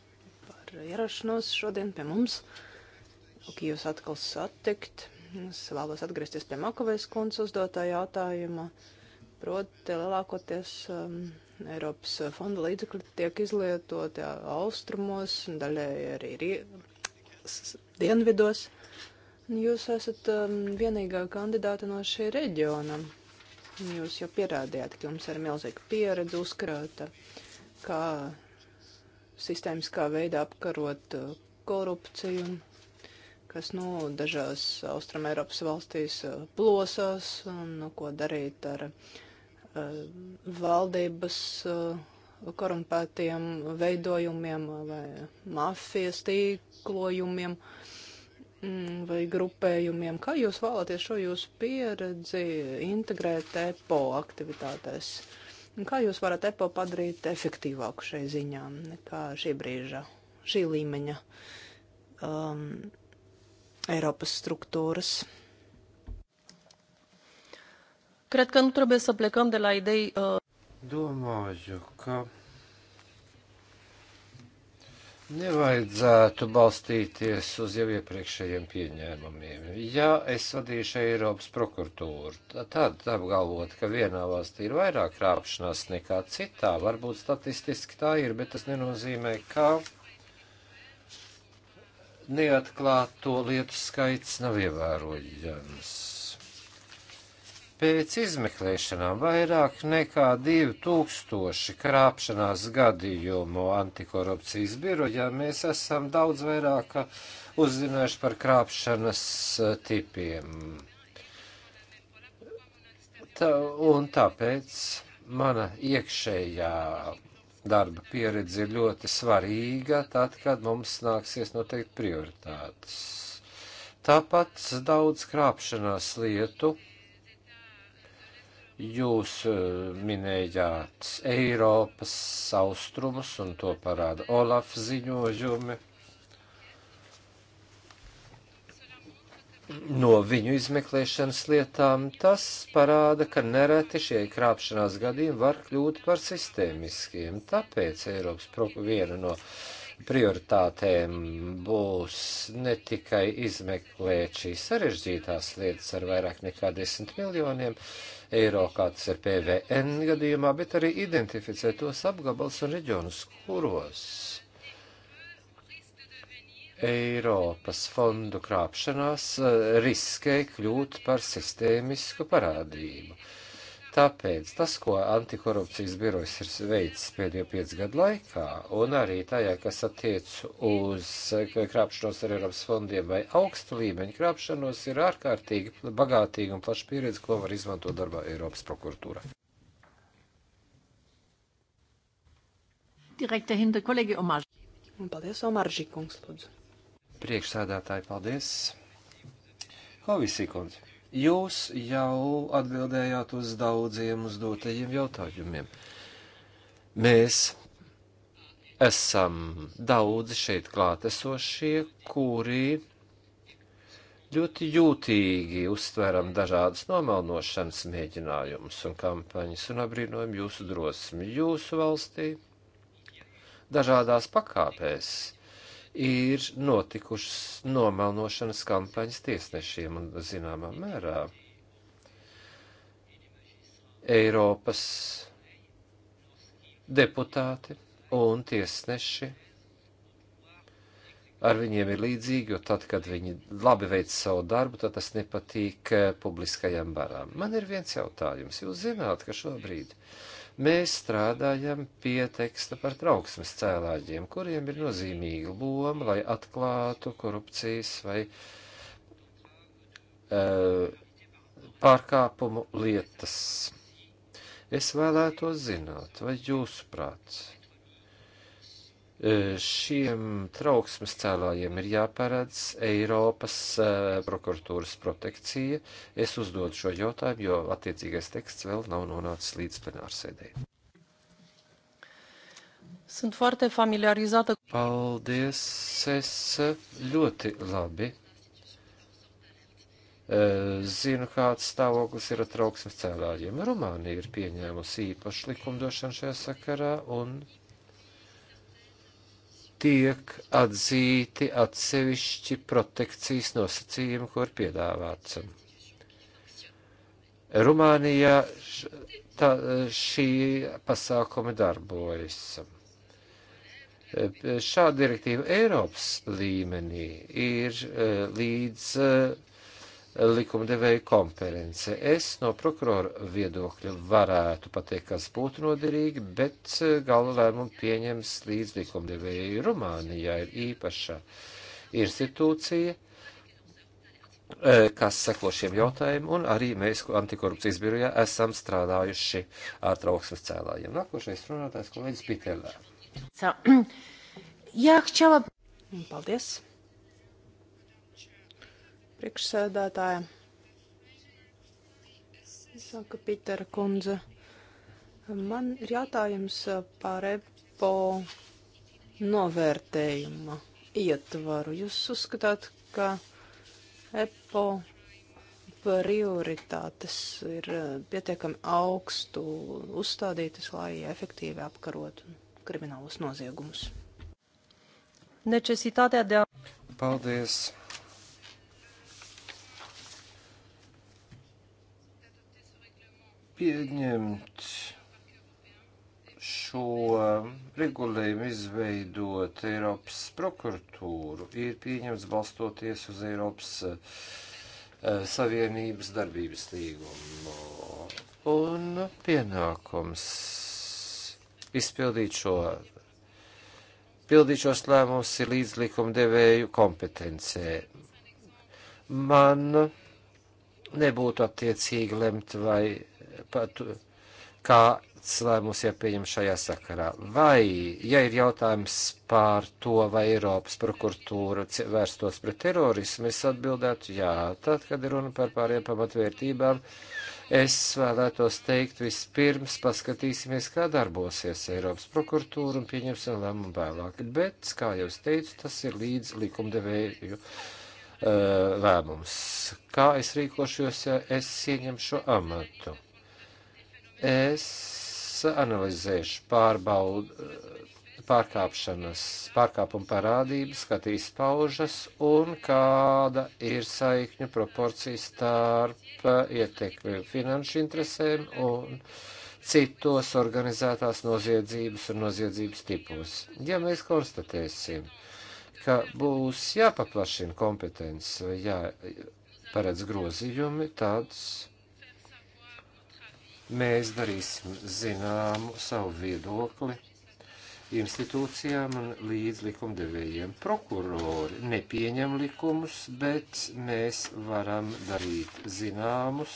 par ierašanos šodien pie mums. Ok, jūs atkal satikt. Es vēlos atgriezties pie Makovēs kundzes uzdotā jautājuma. Proti, lielākoties um, Eiropas uh, fonda līdzekļi tiek izlietoti uh, austrumos un daļai arī rie... dienvidos. Jūs esat um, vienīgā kandidāta no šī reģiona. Jūs jau pierādījāt, ka jums ir milzīga pieredze uzkrāta, kā sistēmiskā veidā apkarot uh, korupciju un kas nu, dažās Austrum Eiropas valstīs plosās un nu, ko darīt ar uh, Eh, valdības eh, korumpētiem veidojumiem vai mafijas tīklojumiem mm, vai grupējumiem. Kā jūs vēlaties šo jūsu pieredzi integrēt EPO aktivitātēs? Kā jūs varat EPO padarīt efektīvāku šai ziņā nekā šī brīža, šī līmeņa um, Eiropas struktūras? Cred că nu trebuie să plecăm de la idei. Uh... Domāju, ka nevajadzētu balstīties uz jau iepriekšējiem pieņēmumiem. Ja es vadīšu Eiropas prokuratūru, tad apgalvot, ka vienā valstī ir vairāk krāpšanās nekā citā, varbūt statistiski tā ir, bet tas nenozīmē, ka neatklāto lietu skaits nav ievērojams Pēc izmeklēšanām vairāk nekā 2000 krāpšanās gadījumu antikorupcijas birojā mēs esam daudz vairāk uzzinājuši par krāpšanas eh, tipiem. Tā, un tāpēc mana iekšējā darba pieredze ir ļoti svarīga, tad, kad mums nāksies noteikt prioritātes. Tāpat daudz krāpšanās lietu Jūs eh, minējāt Eiropas austrumus, un to parāda Olaf ziņojumi. No viņu izmeklēšanas lietām tas parāda, ka nereti šie krāpšanās gadījumi var kļūt par sistēmiskiem. Tāpēc Eiropas viena no prioritātēm būs ne tikai izmeklēt šīs sarežģītās lietas ar vairāk nekā 10 miljoniem, uh, eiro, kā tas ir PVN gadījumā, bet arī identificēt tos apgabals un reģionus, kuros Eiropas fondu krāpšanās eh, riskē kļūt par sistēmisku parādību. Tāpēc tas, ko antikorupcijas birojas ir veicis pēdējo piecu gadu laikā, un arī tajā, kas attiec uz krāpšanos ar Eiropas fondiem vai augsta līmeņa krāpšanos, ir ārkārtīgi bagātīga un plaša pieredze, ko var izmantot darbā Eiropas prokuratūra. Direkta hinta kolēģi Omar. Un paldies, Omar Žikungs, lūdzu. Priekšsēdētāji, paldies. Hovisī, kundze. Jūs jau atbildējāt uz daudziem uzdotajiem jautājumiem. Mēs esam daudzi šeit klātesošie, kuri ļoti jūtīgi uztveram dažādas nomelnošanas mēģinājumus un kampaņas un apbrīnojam jūsu drosmi jūsu valstī dažādās pakāpēs ir notikušas nomelnošanas kampaņas tiesnešiem un zināmā mērā Eiropas deputāti un tiesneši. Ar viņiem ir līdzīgi, jo tad, kad viņi labi veic savu darbu, tad tas nepatīk eh, publiskajam barām. Man ir viens jautājums. Jūs zināt, ka šobrīd mēs strādājam pie teksta par trauksmes cēlāģiem, kuriem ir nozīmīga loma, lai atklātu korupcijas vai uh, pārkāpumu lietas. Es vēlētos zināt, vai jūsuprāt, šiem trauksmes cēlājiem ir jāparedz Eiropas uh, prokuratūras protekcija. Es uzdodu šo jautājumu, jo attiecīgais teksts vēl nav nonācis līdz plenārsēdē. Sunt foarte familiarizată. Paldies, es ļoti labi zinu, kāds stāvoklis ir ar trauksmes cēlājiem. Rumānija ir pieņēmusi īpašu likumdošanu šajā sakarā, un tiek atzīti atsevišķi protekcijas nosacījumi, ko ir piedāvāts. Rumānijā tā, šī pasākuma darbojas. Šāda direktīva Eiropas līmenī ir eh, līdz eh, likumdevēja konference. Es no prokurora viedokļa varētu pateikt, kas būtu noderīgi, bet eh, gala lēmumu pieņems līdz likumdevēja Rumānijā ir īpaša institūcija, eh, kas seko šiem jautājumiem, un arī mēs antikorupcijas birojā esam strādājuši ar trauksmes cēlājiem. Nākošais runātājs kolēģis Pitelē. Jā, ja, chciałabym. Paldies priekšsēdētāja. Saka Pitera kundze. Man ir jautājums par EPO novērtējuma ietvaru. Jūs uzskatāt, ka EPO prioritātes ir pietiekami augstu uzstādītas, lai efektīvi apkarotu kriminālus noziegumus. Necesitātē dēļ. Paldies! pieņemt šo regulējumu izveidot Eiropas prokuratūru ir pieņemts balstoties uz Eiropas uh, Savienības darbības līgumu. Un pienākums izpildīt šo, pildīt šos lēmumus ir līdzlikuma devēju kompetencē. Man nebūtu attiecīgi lemt vai pat kāds lēmums jāpieņem šajā sakarā. Vai, ja ir jautājums par to, vai Eiropas prokuratūra vērstos pret terorismu, es atbildētu jā. Tad, kad ir runa par pāriem pamatvērtībām, es vēlētos teikt vispirms paskatīsimies, kā darbosies Eiropas prokuratūra un pieņemsim lēmumu vēlāk. Bet, kā jau es teicu, tas ir līdz likumdevēju uh, lēmums. Kā es rīkošos, ja es ieņemšu amatu? Es analizēšu pārbaudu, pārkāpšanas, pārkāpuma parādības, kā tie izpaužas un kāda ir saikņu proporcija starp ietekmi finanšu interesēm un citos organizētās noziedzības un noziedzības tipos. Ja mēs konstatēsim, ka būs jāpaplašina kompetence vai jāparedz grozījumi, tāds Mēs darīsim zināmu savu viedokli institūcijām un līdz likumdevējiem. Prokurori nepieņem likumus, bet mēs varam darīt zināmus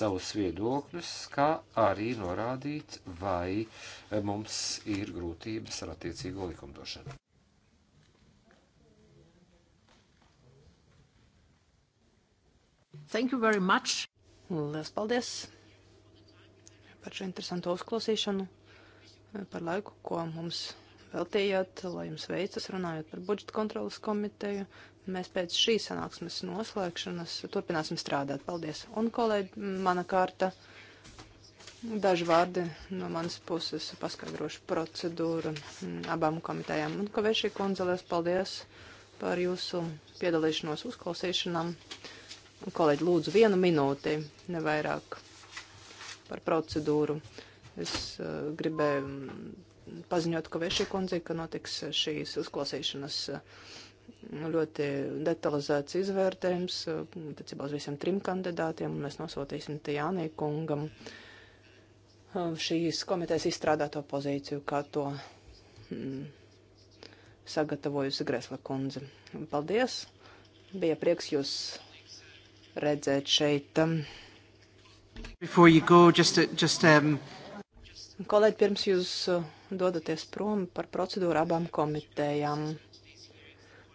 savus viedokļus, kā arī norādīt, vai mums ir grūtības ar attiecīgo likumdošanu. Thank you very much. Lielas paldies! par šo interesantu uzklausīšanu, eh, par laiku, ko mums veltījāt, lai jums veicas runājot par budžeta kontrolas komiteju. Mēs pēc šīs sanāksmes noslēgšanas turpināsim strādāt. Paldies! Un, kolēģi, mana kārta. Daži vārdi no manas puses paskaidrošu procedūru mm, abām komitējām. Un, ka vēršī kundze, liels paldies par jūsu piedalīšanos uzklausīšanām. Kolēģi, lūdzu, vienu minūti, nevairāk par procedūru. Es uh, gribēju mm, paziņot, ka Vešī kundze, ka notiks eh, šīs uzklausīšanas eh, ļoti detalizēts izvērtējums, attiecībā uz visiem trim kandidātiem, un mēs nosūtīsim te Jānī kungam šīs komitejas izstrādāto pozīciju, kā to mm, sagatavojusi Gresla kundze. Paldies! Bija prieks jūs redzēt šeit. Um, Go, just, just, um... Kolēģi, pirms jūs uh, dodaties prom par procedūru abām komitējām.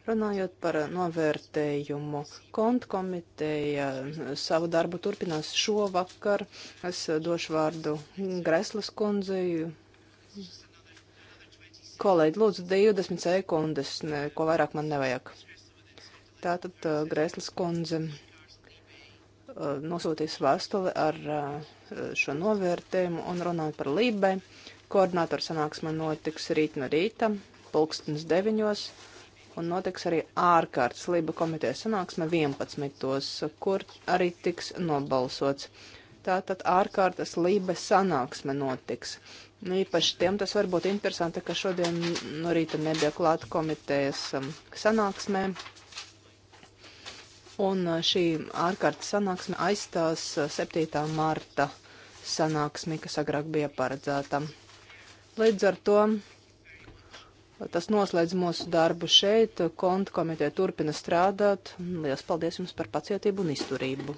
Runājot par novērtējumu, kontu komiteja uh, savu darbu turpinās šovakar. Es uh, došu vārdu Greslas kundzei. Kolēģi, lūdzu, 20 sekundes, ko vairāk man nevajag. Tātad Greslas kundze. Eh, nosūtīs vēstuli ar eh, šo novērtējumu un runāt par Lībē. Koordinātoru sanāksme notiks rīt no rīta, pulkstens deviņos, un notiks arī ārkārtas Lība komitejas sanāksme 11, kur arī tiks nobalsots. Tātad ārkārtas Lība sanāksme notiks. Nu, īpaši tiem tas var būt interesanti, ka šodien no rīta nebija klāt komitejas um, sanāksmēm. Un uh, šī ārkārtas sanāksme aizstās 7. Uh, marta sanāksmi, kas agrāk bija paredzēta. Līdz ar to uh, tas noslēdz mūsu darbu šeit. Kontu komiteja turpina strādāt. Lielas paldies jums par pacietību un izturību!